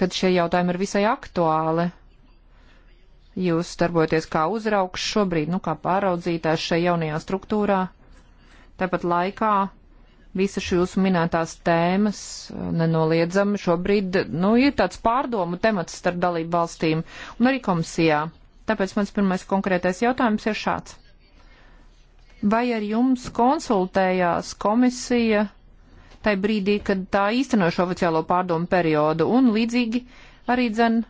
kad šie jautājumi ir visai aktuāli. Jūs darbojaties kā uzraugs šobrīd, nu kā pāraudzītājs šajā jaunajā struktūrā. Tāpat laikā visas jūsu minētās tēmas uh, nenoliedzami šobrīd, nu, ir tāds pārdomu temats starp dalību valstīm un arī komisijā. Tāpēc mans pirmais konkrētais jautājums ir šāds. Vai ar jums konsultējās komisija tai brīdī, kad tā īsteno šo oficiālo pārdomu periodu un līdzīgi arī dzen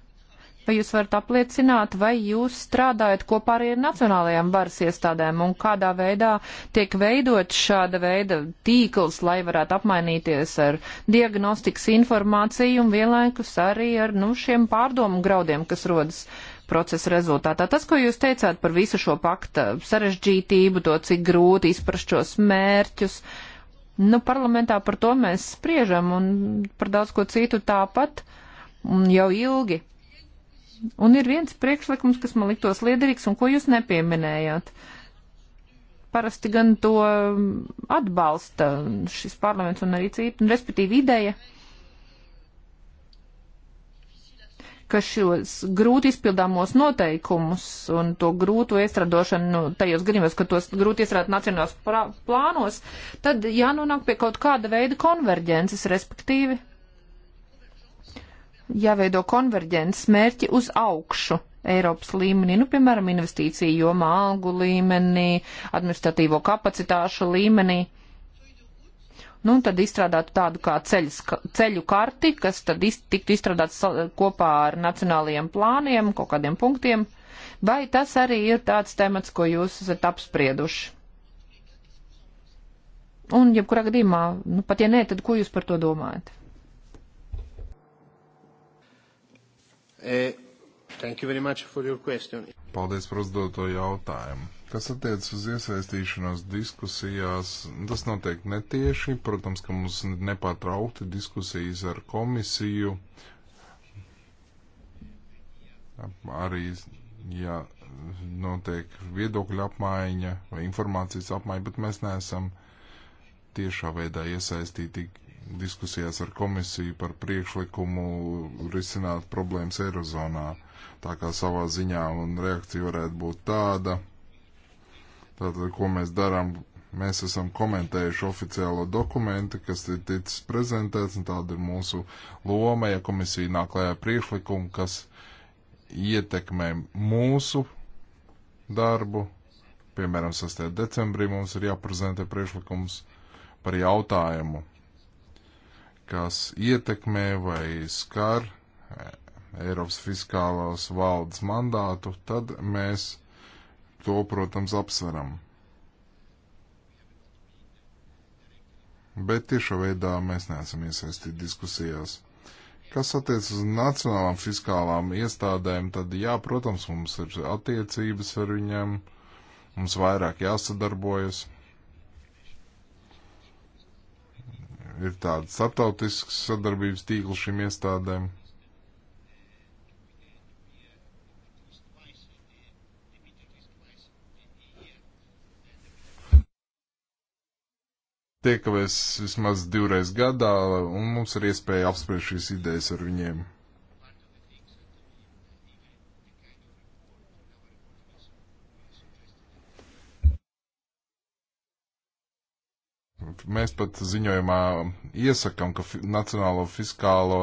Vai jūs varat apliecināt, vai jūs strādājat kopā arī ar nacionālajām varas iestādēm un kādā veidā tiek veidot šāda veida tīkls, lai varētu apmainīties ar diagnostikas informāciju un vienlaikus arī ar nu, šiem pārdomu graudiem, kas rodas procesa rezultātā. Tas, ko jūs teicāt par visu šo pakta sarežģītību, to, cik grūti izprast šos mērķus, nu, parlamentā par to mēs spriežam un par daudz ko citu tāpat jau ilgi. Un ir viens priekšlikums, kas man liktos liederīgs un ko jūs nepieminējāt. Parasti gan to atbalsta šis parlaments un arī cīpa, un respektīvi ideja, ka šos grūti izpildāmos noteikumus un to grūtu iestrādošanu nu, tajos gadījumos, ka tos grūti iestrādāt nacionālos plānos, tad jānonāk pie kaut kāda veida konverģences, respektīvi jāveido konverģents mērķi uz augšu. Eiropas līmenī, nu, piemēram, investīciju jomā, algu līmenī, administratīvo kapacitāšu līmenī. Nu, un tad izstrādātu tādu kā ceļas, ceļu karti, kas tad iz, tiktu izstrādāts kopā ar nacionālajiem plāniem, kaut kādiem punktiem. Vai tas arī ir tāds temats, ko jūs esat apsprieduši? Un, jebkurā gadījumā, nu, pat ja nē, tad ko jūs par to domājat? E, thank you very much for your question. Paldies par uzdoto jautājumu. Kas attiecas uz iesaistīšanos diskusijās, tas notiek netieši. Protams, ka mums nepārtraukti diskusijas ar komisiju. Arī, ja notiek viedokļu apmaiņa vai informācijas apmaiņa, bet mēs neesam tiešā veidā iesaistīti diskusijās ar komisiju par priekšlikumu risināt problēmas Eirozonā. Tā kā savā ziņā un reakcija varētu būt tāda. Tātad, ko mēs darām, mēs esam komentējuši oficiālo dokumentu, kas ir ticis prezentēts, un tāda ir mūsu loma, ja komisija nāk lējā priekšlikumu, kas ietekmē mūsu darbu. Piemēram, 6. decembrī mums ir jāprezentē priekšlikums par jautājumu kas ietekmē vai skar eh, Eiropas fiskālās valdes mandātu, tad mēs to, protams, apsveram. Bet tiešā veidā mēs neesam iesaistīti diskusijās. Kas attiec uz nacionālām fiskālām iestādēm, tad jā, protams, mums ir attiecības ar viņiem, mums vairāk jāsadarbojas. ir tāds starptautisks sadarbības tīkls šīm iestādēm. Tiekamies vismaz divreiz gadā, un mums ir iespēja apspriest šīs idejas ar viņiem. Mēs pat ziņojumā iesakām, ka Nacionālo fiskālo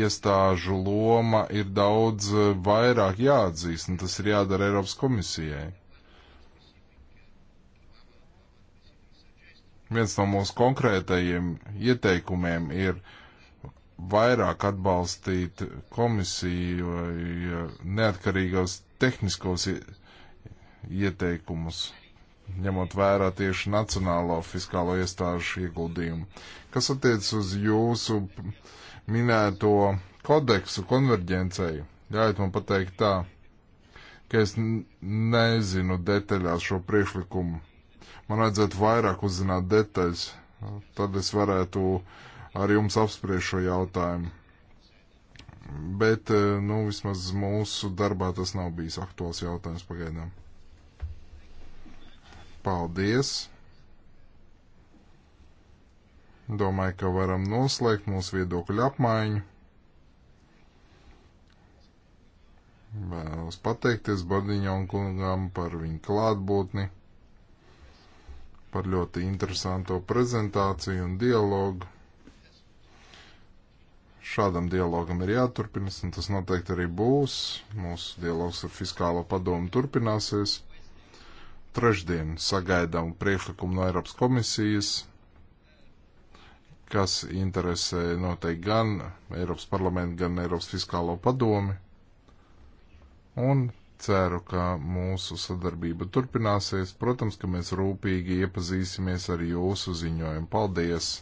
iestāžu loma ir daudz eh, vairāk jāatzīst, un tas ir jādara Eiropas komisijai. Viens no mūsu konkrētajiem ieteikumiem ir vairāk atbalstīt komisiju eh, neatkarīgos tehniskos ieteikumus ņemot vērā tieši nacionālo fiskālo iestāžu ieguldījumu. Kas attiecas uz jūsu minēto kodeksu konverģencei? Ļaujiet man pateikt tā, ka es nezinu detaļās šo priekšlikumu. Man vajadzētu vairāk uzzināt detaļas, tad es varētu ar jums apspriest šo jautājumu. Bet, eh, nu, vismaz mūsu darbā tas nav bijis aktuāls jautājums pagaidām. Paldies! Domāju, ka varam noslēgt mūsu viedokļu apmaiņu. Vēlos pateikties Bardiņam kungam par viņu klātbūtni, par ļoti interesanto prezentāciju un dialogu šādam dialogam ir jāturpinas, un tas noteikti arī būs. Mūsu dialogs ar fiskālo padomu turpināsies trešdien sagaidām priekšlikumu no Eiropas komisijas, kas interesē noteikti gan Eiropas parlamentu, gan Eiropas fiskālo padomi. Un ceru, ka mūsu sadarbība turpināsies. Protams, ka mēs rūpīgi iepazīsimies ar jūsu ziņojumu. Paldies!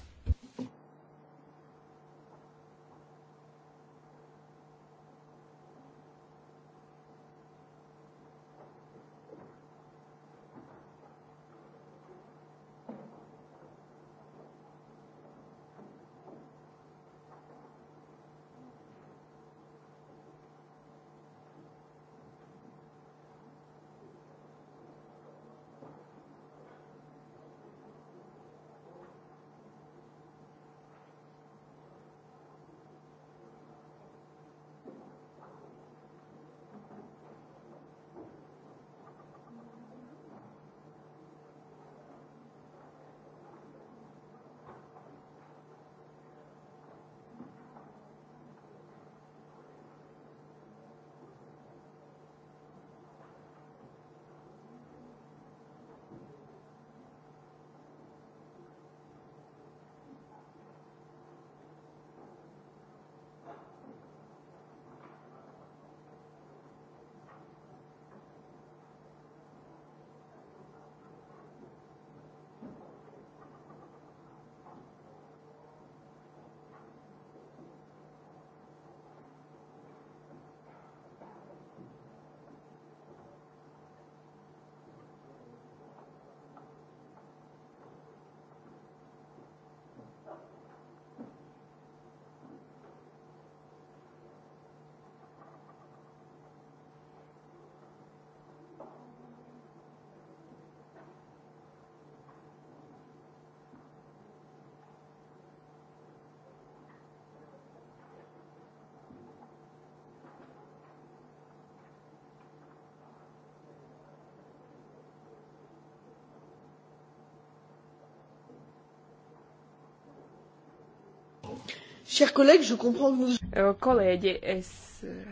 Eh, kolēģi, es, eh,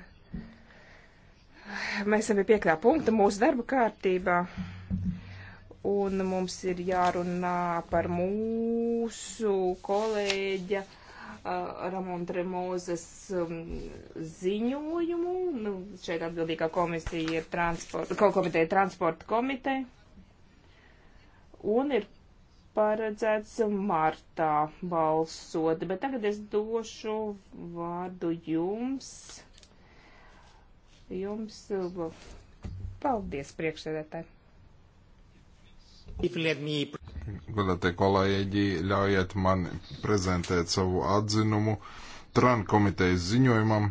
mēs esam pie piektā punkta mūsu darba kārtībā, un mums ir jārunā par mūsu kolēģa. Eh, Ramona Tremozes um, ziņojumu. Nu, šeit atbildīgā komisija ir transporta, komiteja transporta komiteja. Un ir paredzēts martā balsot, bet tagad es došu vārdu jums. Jums paldies priekšsēdētāji. Godātie kolēģi, ļaujiet man prezentēt savu atzinumu Tran komitejas ziņojumam.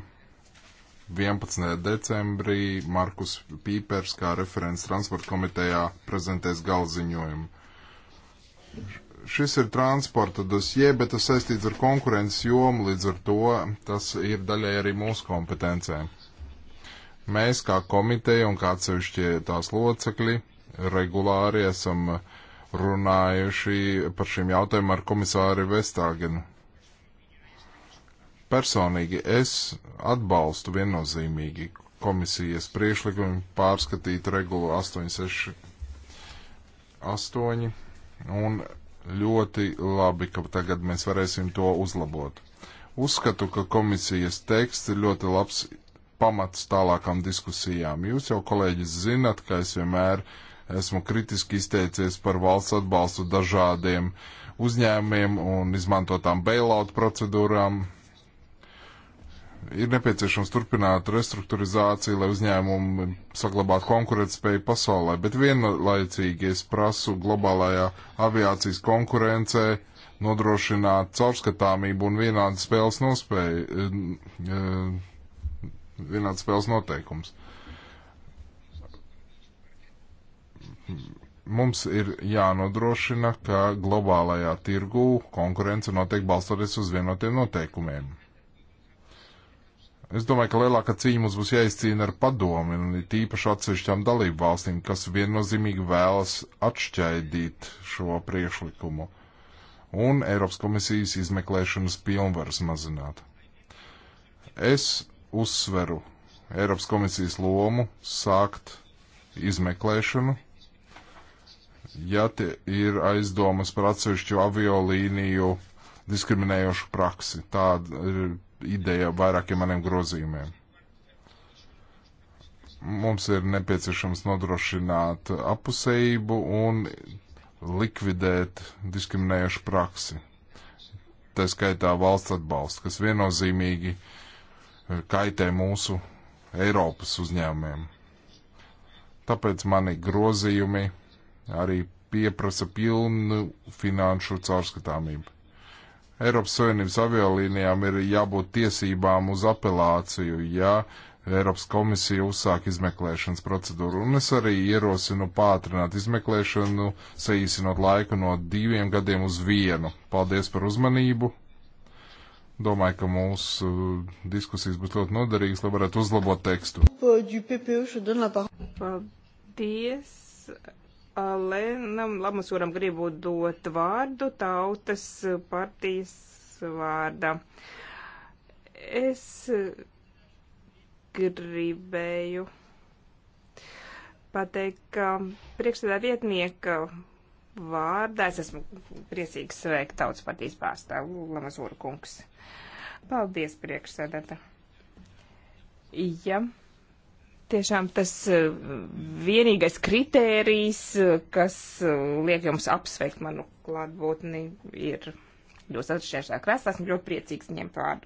11. decembrī Markus Pīpers kā referents transporta komitejā prezentēs galziņojumu Šis ir transporta dosie, bet tas saistīts ar konkurences jomu, līdz ar to tas ir daļai arī mūsu kompetencē. Mēs kā komiteja un kā atsevišķie tās locekļi regulāri esam runājuši par šiem jautājumiem ar komisāri Vestāgenu personīgi es atbalstu viennozīmīgi komisijas priešlikumu pārskatīt regulu 868 Un ļoti labi, ka tagad mēs varēsim to uzlabot. Uzskatu, ka komisijas teksts ir ļoti labs pamats tālākām diskusijām. Jūs jau, kolēģis, zinat, ka es vienmēr esmu kritiski izteicies par valsts atbalstu dažādiem uzņēmiem un izmantotām bailout procedūrām ir nepieciešams turpināt restruktūrizāciju, lai uzņēmumi saglabātu konkurētspēju pasaulē, bet vienlaicīgi es prasu globālajā aviācijas konkurencē nodrošināt caurskatāmību un vienādas spēles nospēju, eh, eh, vienādas spēles noteikums. mums ir jānodrošina, ka globālajā tirgū konkurence notiek balstoties uz vienotiem noteikumiem. Es domāju, ka lielāka cīņa mums būs jāizcīna ar padomi un tīpaši atsevišķām dalību valstīm, kas viennozīmīgi vēlas atšķaidīt šo priekšlikumu un Eiropas komisijas izmeklēšanas pilnvaras mazināt. Es uzsveru Eiropas komisijas lomu sākt izmeklēšanu, ja tie ir aizdomas par atsevišķu aviolīniju diskriminējošu praksi. Tāda ir ideja vairākiem maniem grozījumiem. Mums ir nepieciešams nodrošināt apusējību un likvidēt diskriminējušu praksi. Tā skaitā valsts atbalsts, kas viennozīmīgi kaitē mūsu Eiropas uzņēmumiem. Tāpēc mani grozījumi arī pieprasa pilnu finanšu caurskatāmību. Eiropas Savienības aviolīnijām ir jābūt tiesībām uz apelāciju, ja Eiropas komisija uzsāk izmeklēšanas procedūru. Un es arī ierosinu pātrināt izmeklēšanu, saīsinot laiku no diviem gadiem uz vienu. Paldies par uzmanību! Domāju, ka mūsu diskusijas būs ļoti noderīgas, lai varētu uzlabot tekstu. Paldies! Lēnam Lamasuram gribu dot vārdu tautas partijas vārdā. Es gribēju pateikt, ka priekšstādā vietnieka vārdā es esmu priecīgs sveikt tautas partijas pārstāvu Lamazūru kungs. Paldies priekšsēdētā. Ja tiešām tas eh, vienīgais kritērijs, eh, kas eh, liek jums apsveikt manu klātbūtni, ir jūs atšķiršā krēslā. Esmu ļoti priecīgs ņemt vārdu.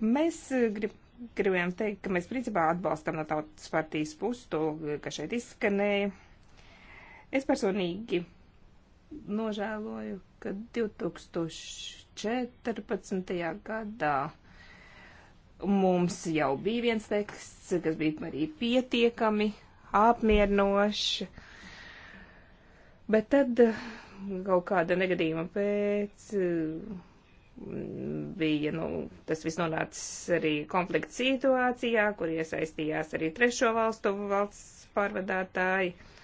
Mēs grib, gribējām teikt, ka mēs principā atbalstam no tautas partijas puses to, ka šeit izskanēja. Es personīgi nožēloju, ka 2014. gadā Mums jau bija viens teksts, kas bija arī pietiekami apmierinošs, bet tad uh, kaut kāda negadījuma pēc uh, bija, nu, tas viss nonācis arī konflikts situācijā, kur iesaistījās arī trešo valstu valsts pārvadātāji. Uh,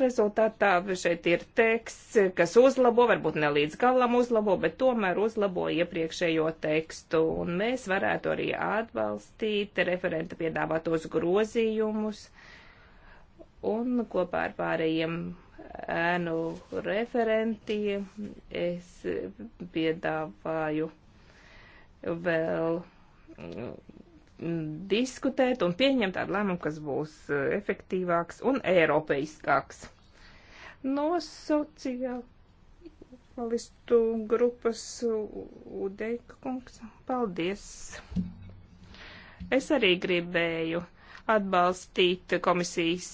rezultātā šeit ir teksts, kas uzlabo, varbūt ne līdz galam uzlabo, bet tomēr uzlabo iepriekšējo tekstu, un mēs varētu arī atbalstīt referenta piedāvātos grozījumus, un kopā ar pārējiem ēnu referentiem es piedāvāju vēl diskutēt un pieņemt tādu lēmumu, kas būs e, efektīvāks un eiropeiskāks. No sociālistu grupas Udeika kungs, paldies! Es arī gribēju atbalstīt komisijas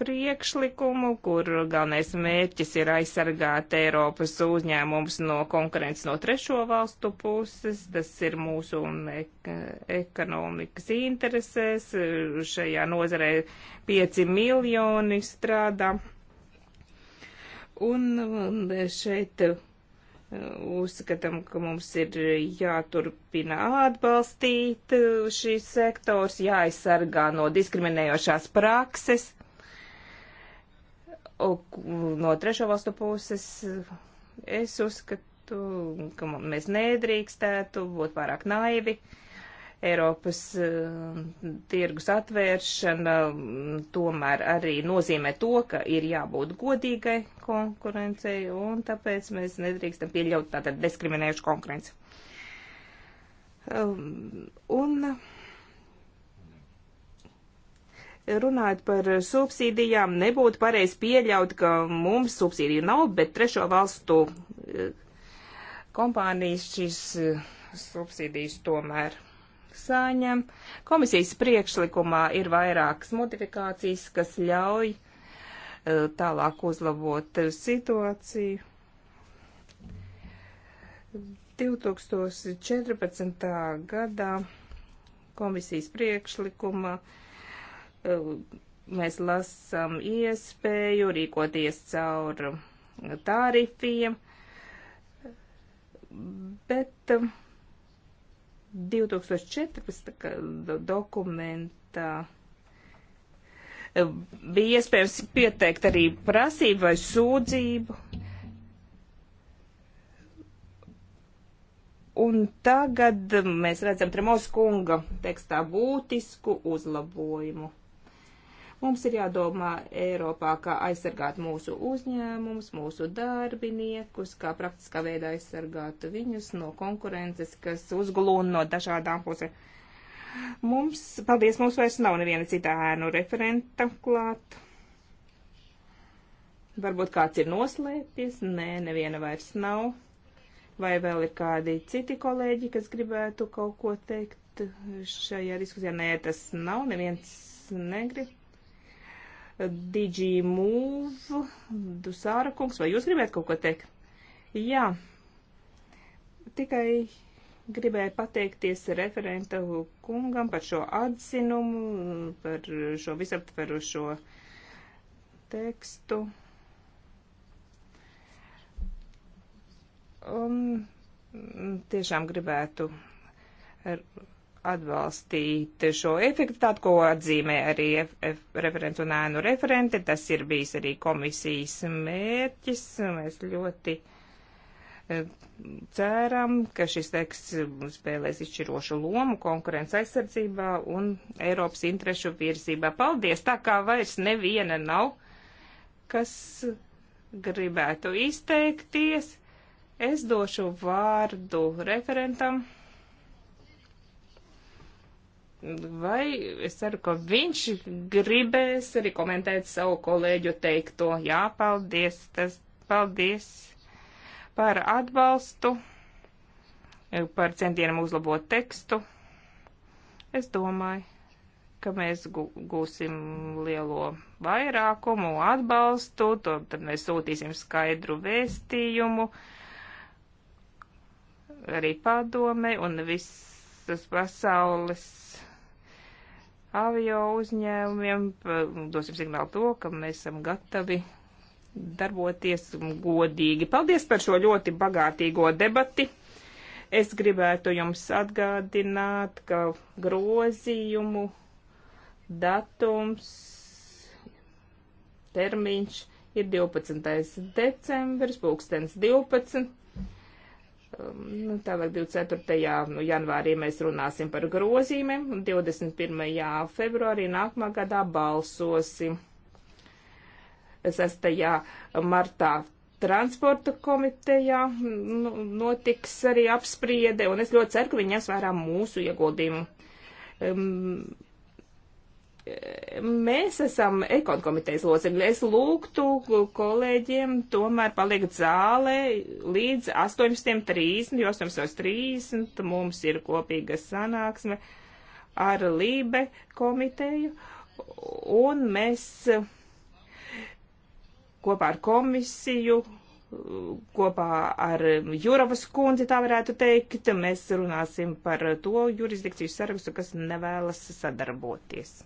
priekšlikumu, kur galvenais mērķis ir aizsargāt Eiropas uzņēmumus no konkurences no trešo valstu puses. Tas ir mūsu ek ekonomikas interesēs. Šajā nozarē 5 miljoni strādā. Un šeit uh, uzskatām, ka mums ir jāturpina atbalstīt uh, šīs sektors, jāaizsargā no diskriminējošās prakses no trešo valstu puses es uzskatu, ka mēs nedrīkstētu būt pārāk naivi. Eiropas uh, tirgus atvēršana mm, tomēr arī nozīmē to, ka ir jābūt godīgai konkurencei, un tāpēc mēs nedrīkstam pieļaut tātad diskriminējušu konkurenci. Um, un, uh, runājot par subsīdijām, nebūtu pareizi pieļaut, ka mums subsīdiju nav, bet trešo valstu eh, kompānijas šīs eh, subsīdijas tomēr saņem. Komisijas priekšlikumā ir vairākas modifikācijas, kas ļauj eh, tālāk uzlabot situāciju. 2014. gadā komisijas priekšlikuma uh, mēs lasām iespēju rīkoties caur tarifiem, bet 2014. Um, dokumentā um, bija iespējams pieteikt arī prasību vai sūdzību. Un tagad um, mēs redzam Tremos kunga tekstā būtisku uzlabojumu. Mums ir jādomā Eiropā, kā aizsargāt mūsu uzņēmumus, mūsu darbiniekus, kā praktiskā veidā aizsargāt viņus no konkurences, kas uzglūna no dažādām pusēm. Mums, paldies, mums vairs nav neviena cita ēnu referenta klāt. Varbūt kāds ir noslēpies? Nē, neviena vairs nav. Vai vēl ir kādi citi kolēģi, kas gribētu kaut ko teikt šajā diskusijā? Nē, tas nav, neviens negrib. DigiMove, Dusāra kungs, vai jūs gribētu kaut ko teikt? Jā, tikai gribēju pateikties referenta kungam par šo atzinumu, par šo visaptverušo tekstu. Un um, tiešām gribētu atbalstīt šo efektivitāti, ko atzīmē arī referents un ēnu referente. Tas ir bijis arī komisijas mērķis. Mēs ļoti e, ceram, ka šis teksts spēlēs izšķirošu lomu konkurence aizsardzībā un Eiropas interešu virzībā. Paldies! Tā kā vairs neviena nav, kas gribētu izteikties, es došu vārdu referentam vai es ceru, ka viņš gribēs arī komentēt savu kolēģu teikto. Jā, paldies, tas paldies par atbalstu, par centieniem uzlabot tekstu. Es domāju, ka mēs gūsim lielo vairākumu atbalstu, to tad mēs sūtīsim skaidru vēstījumu arī padomei un visas pasaules avio uzņēmumiem, dosim signālu to, ka mēs esam gatavi darboties godīgi. Paldies par šo ļoti bagātīgo debati. Es gribētu jums atgādināt, ka grozījumu datums, termiņš ir 12. decembris, pulkstens 12. Nu, tālāk 24. janvārī mēs runāsim par grozīmēm, 21. februārī nākamā gadā balsosim. 6. martā transporta komitejā nu, notiks arī apspriede, un es ļoti ceru, ka viņi ņems vērā mūsu ieguldījumu. Um, Mēs esam ekonu komitejas locekļi. Es lūgtu kolēģiem tomēr palikt zālē līdz 18.30, jo 18.30 mums ir kopīga sanāksme ar Lībe komiteju, un mēs kopā ar komisiju kopā ar Juravas kundzi, tā varētu teikt, mēs runāsim par to jurisdikciju sarakstu, kas nevēlas sadarboties.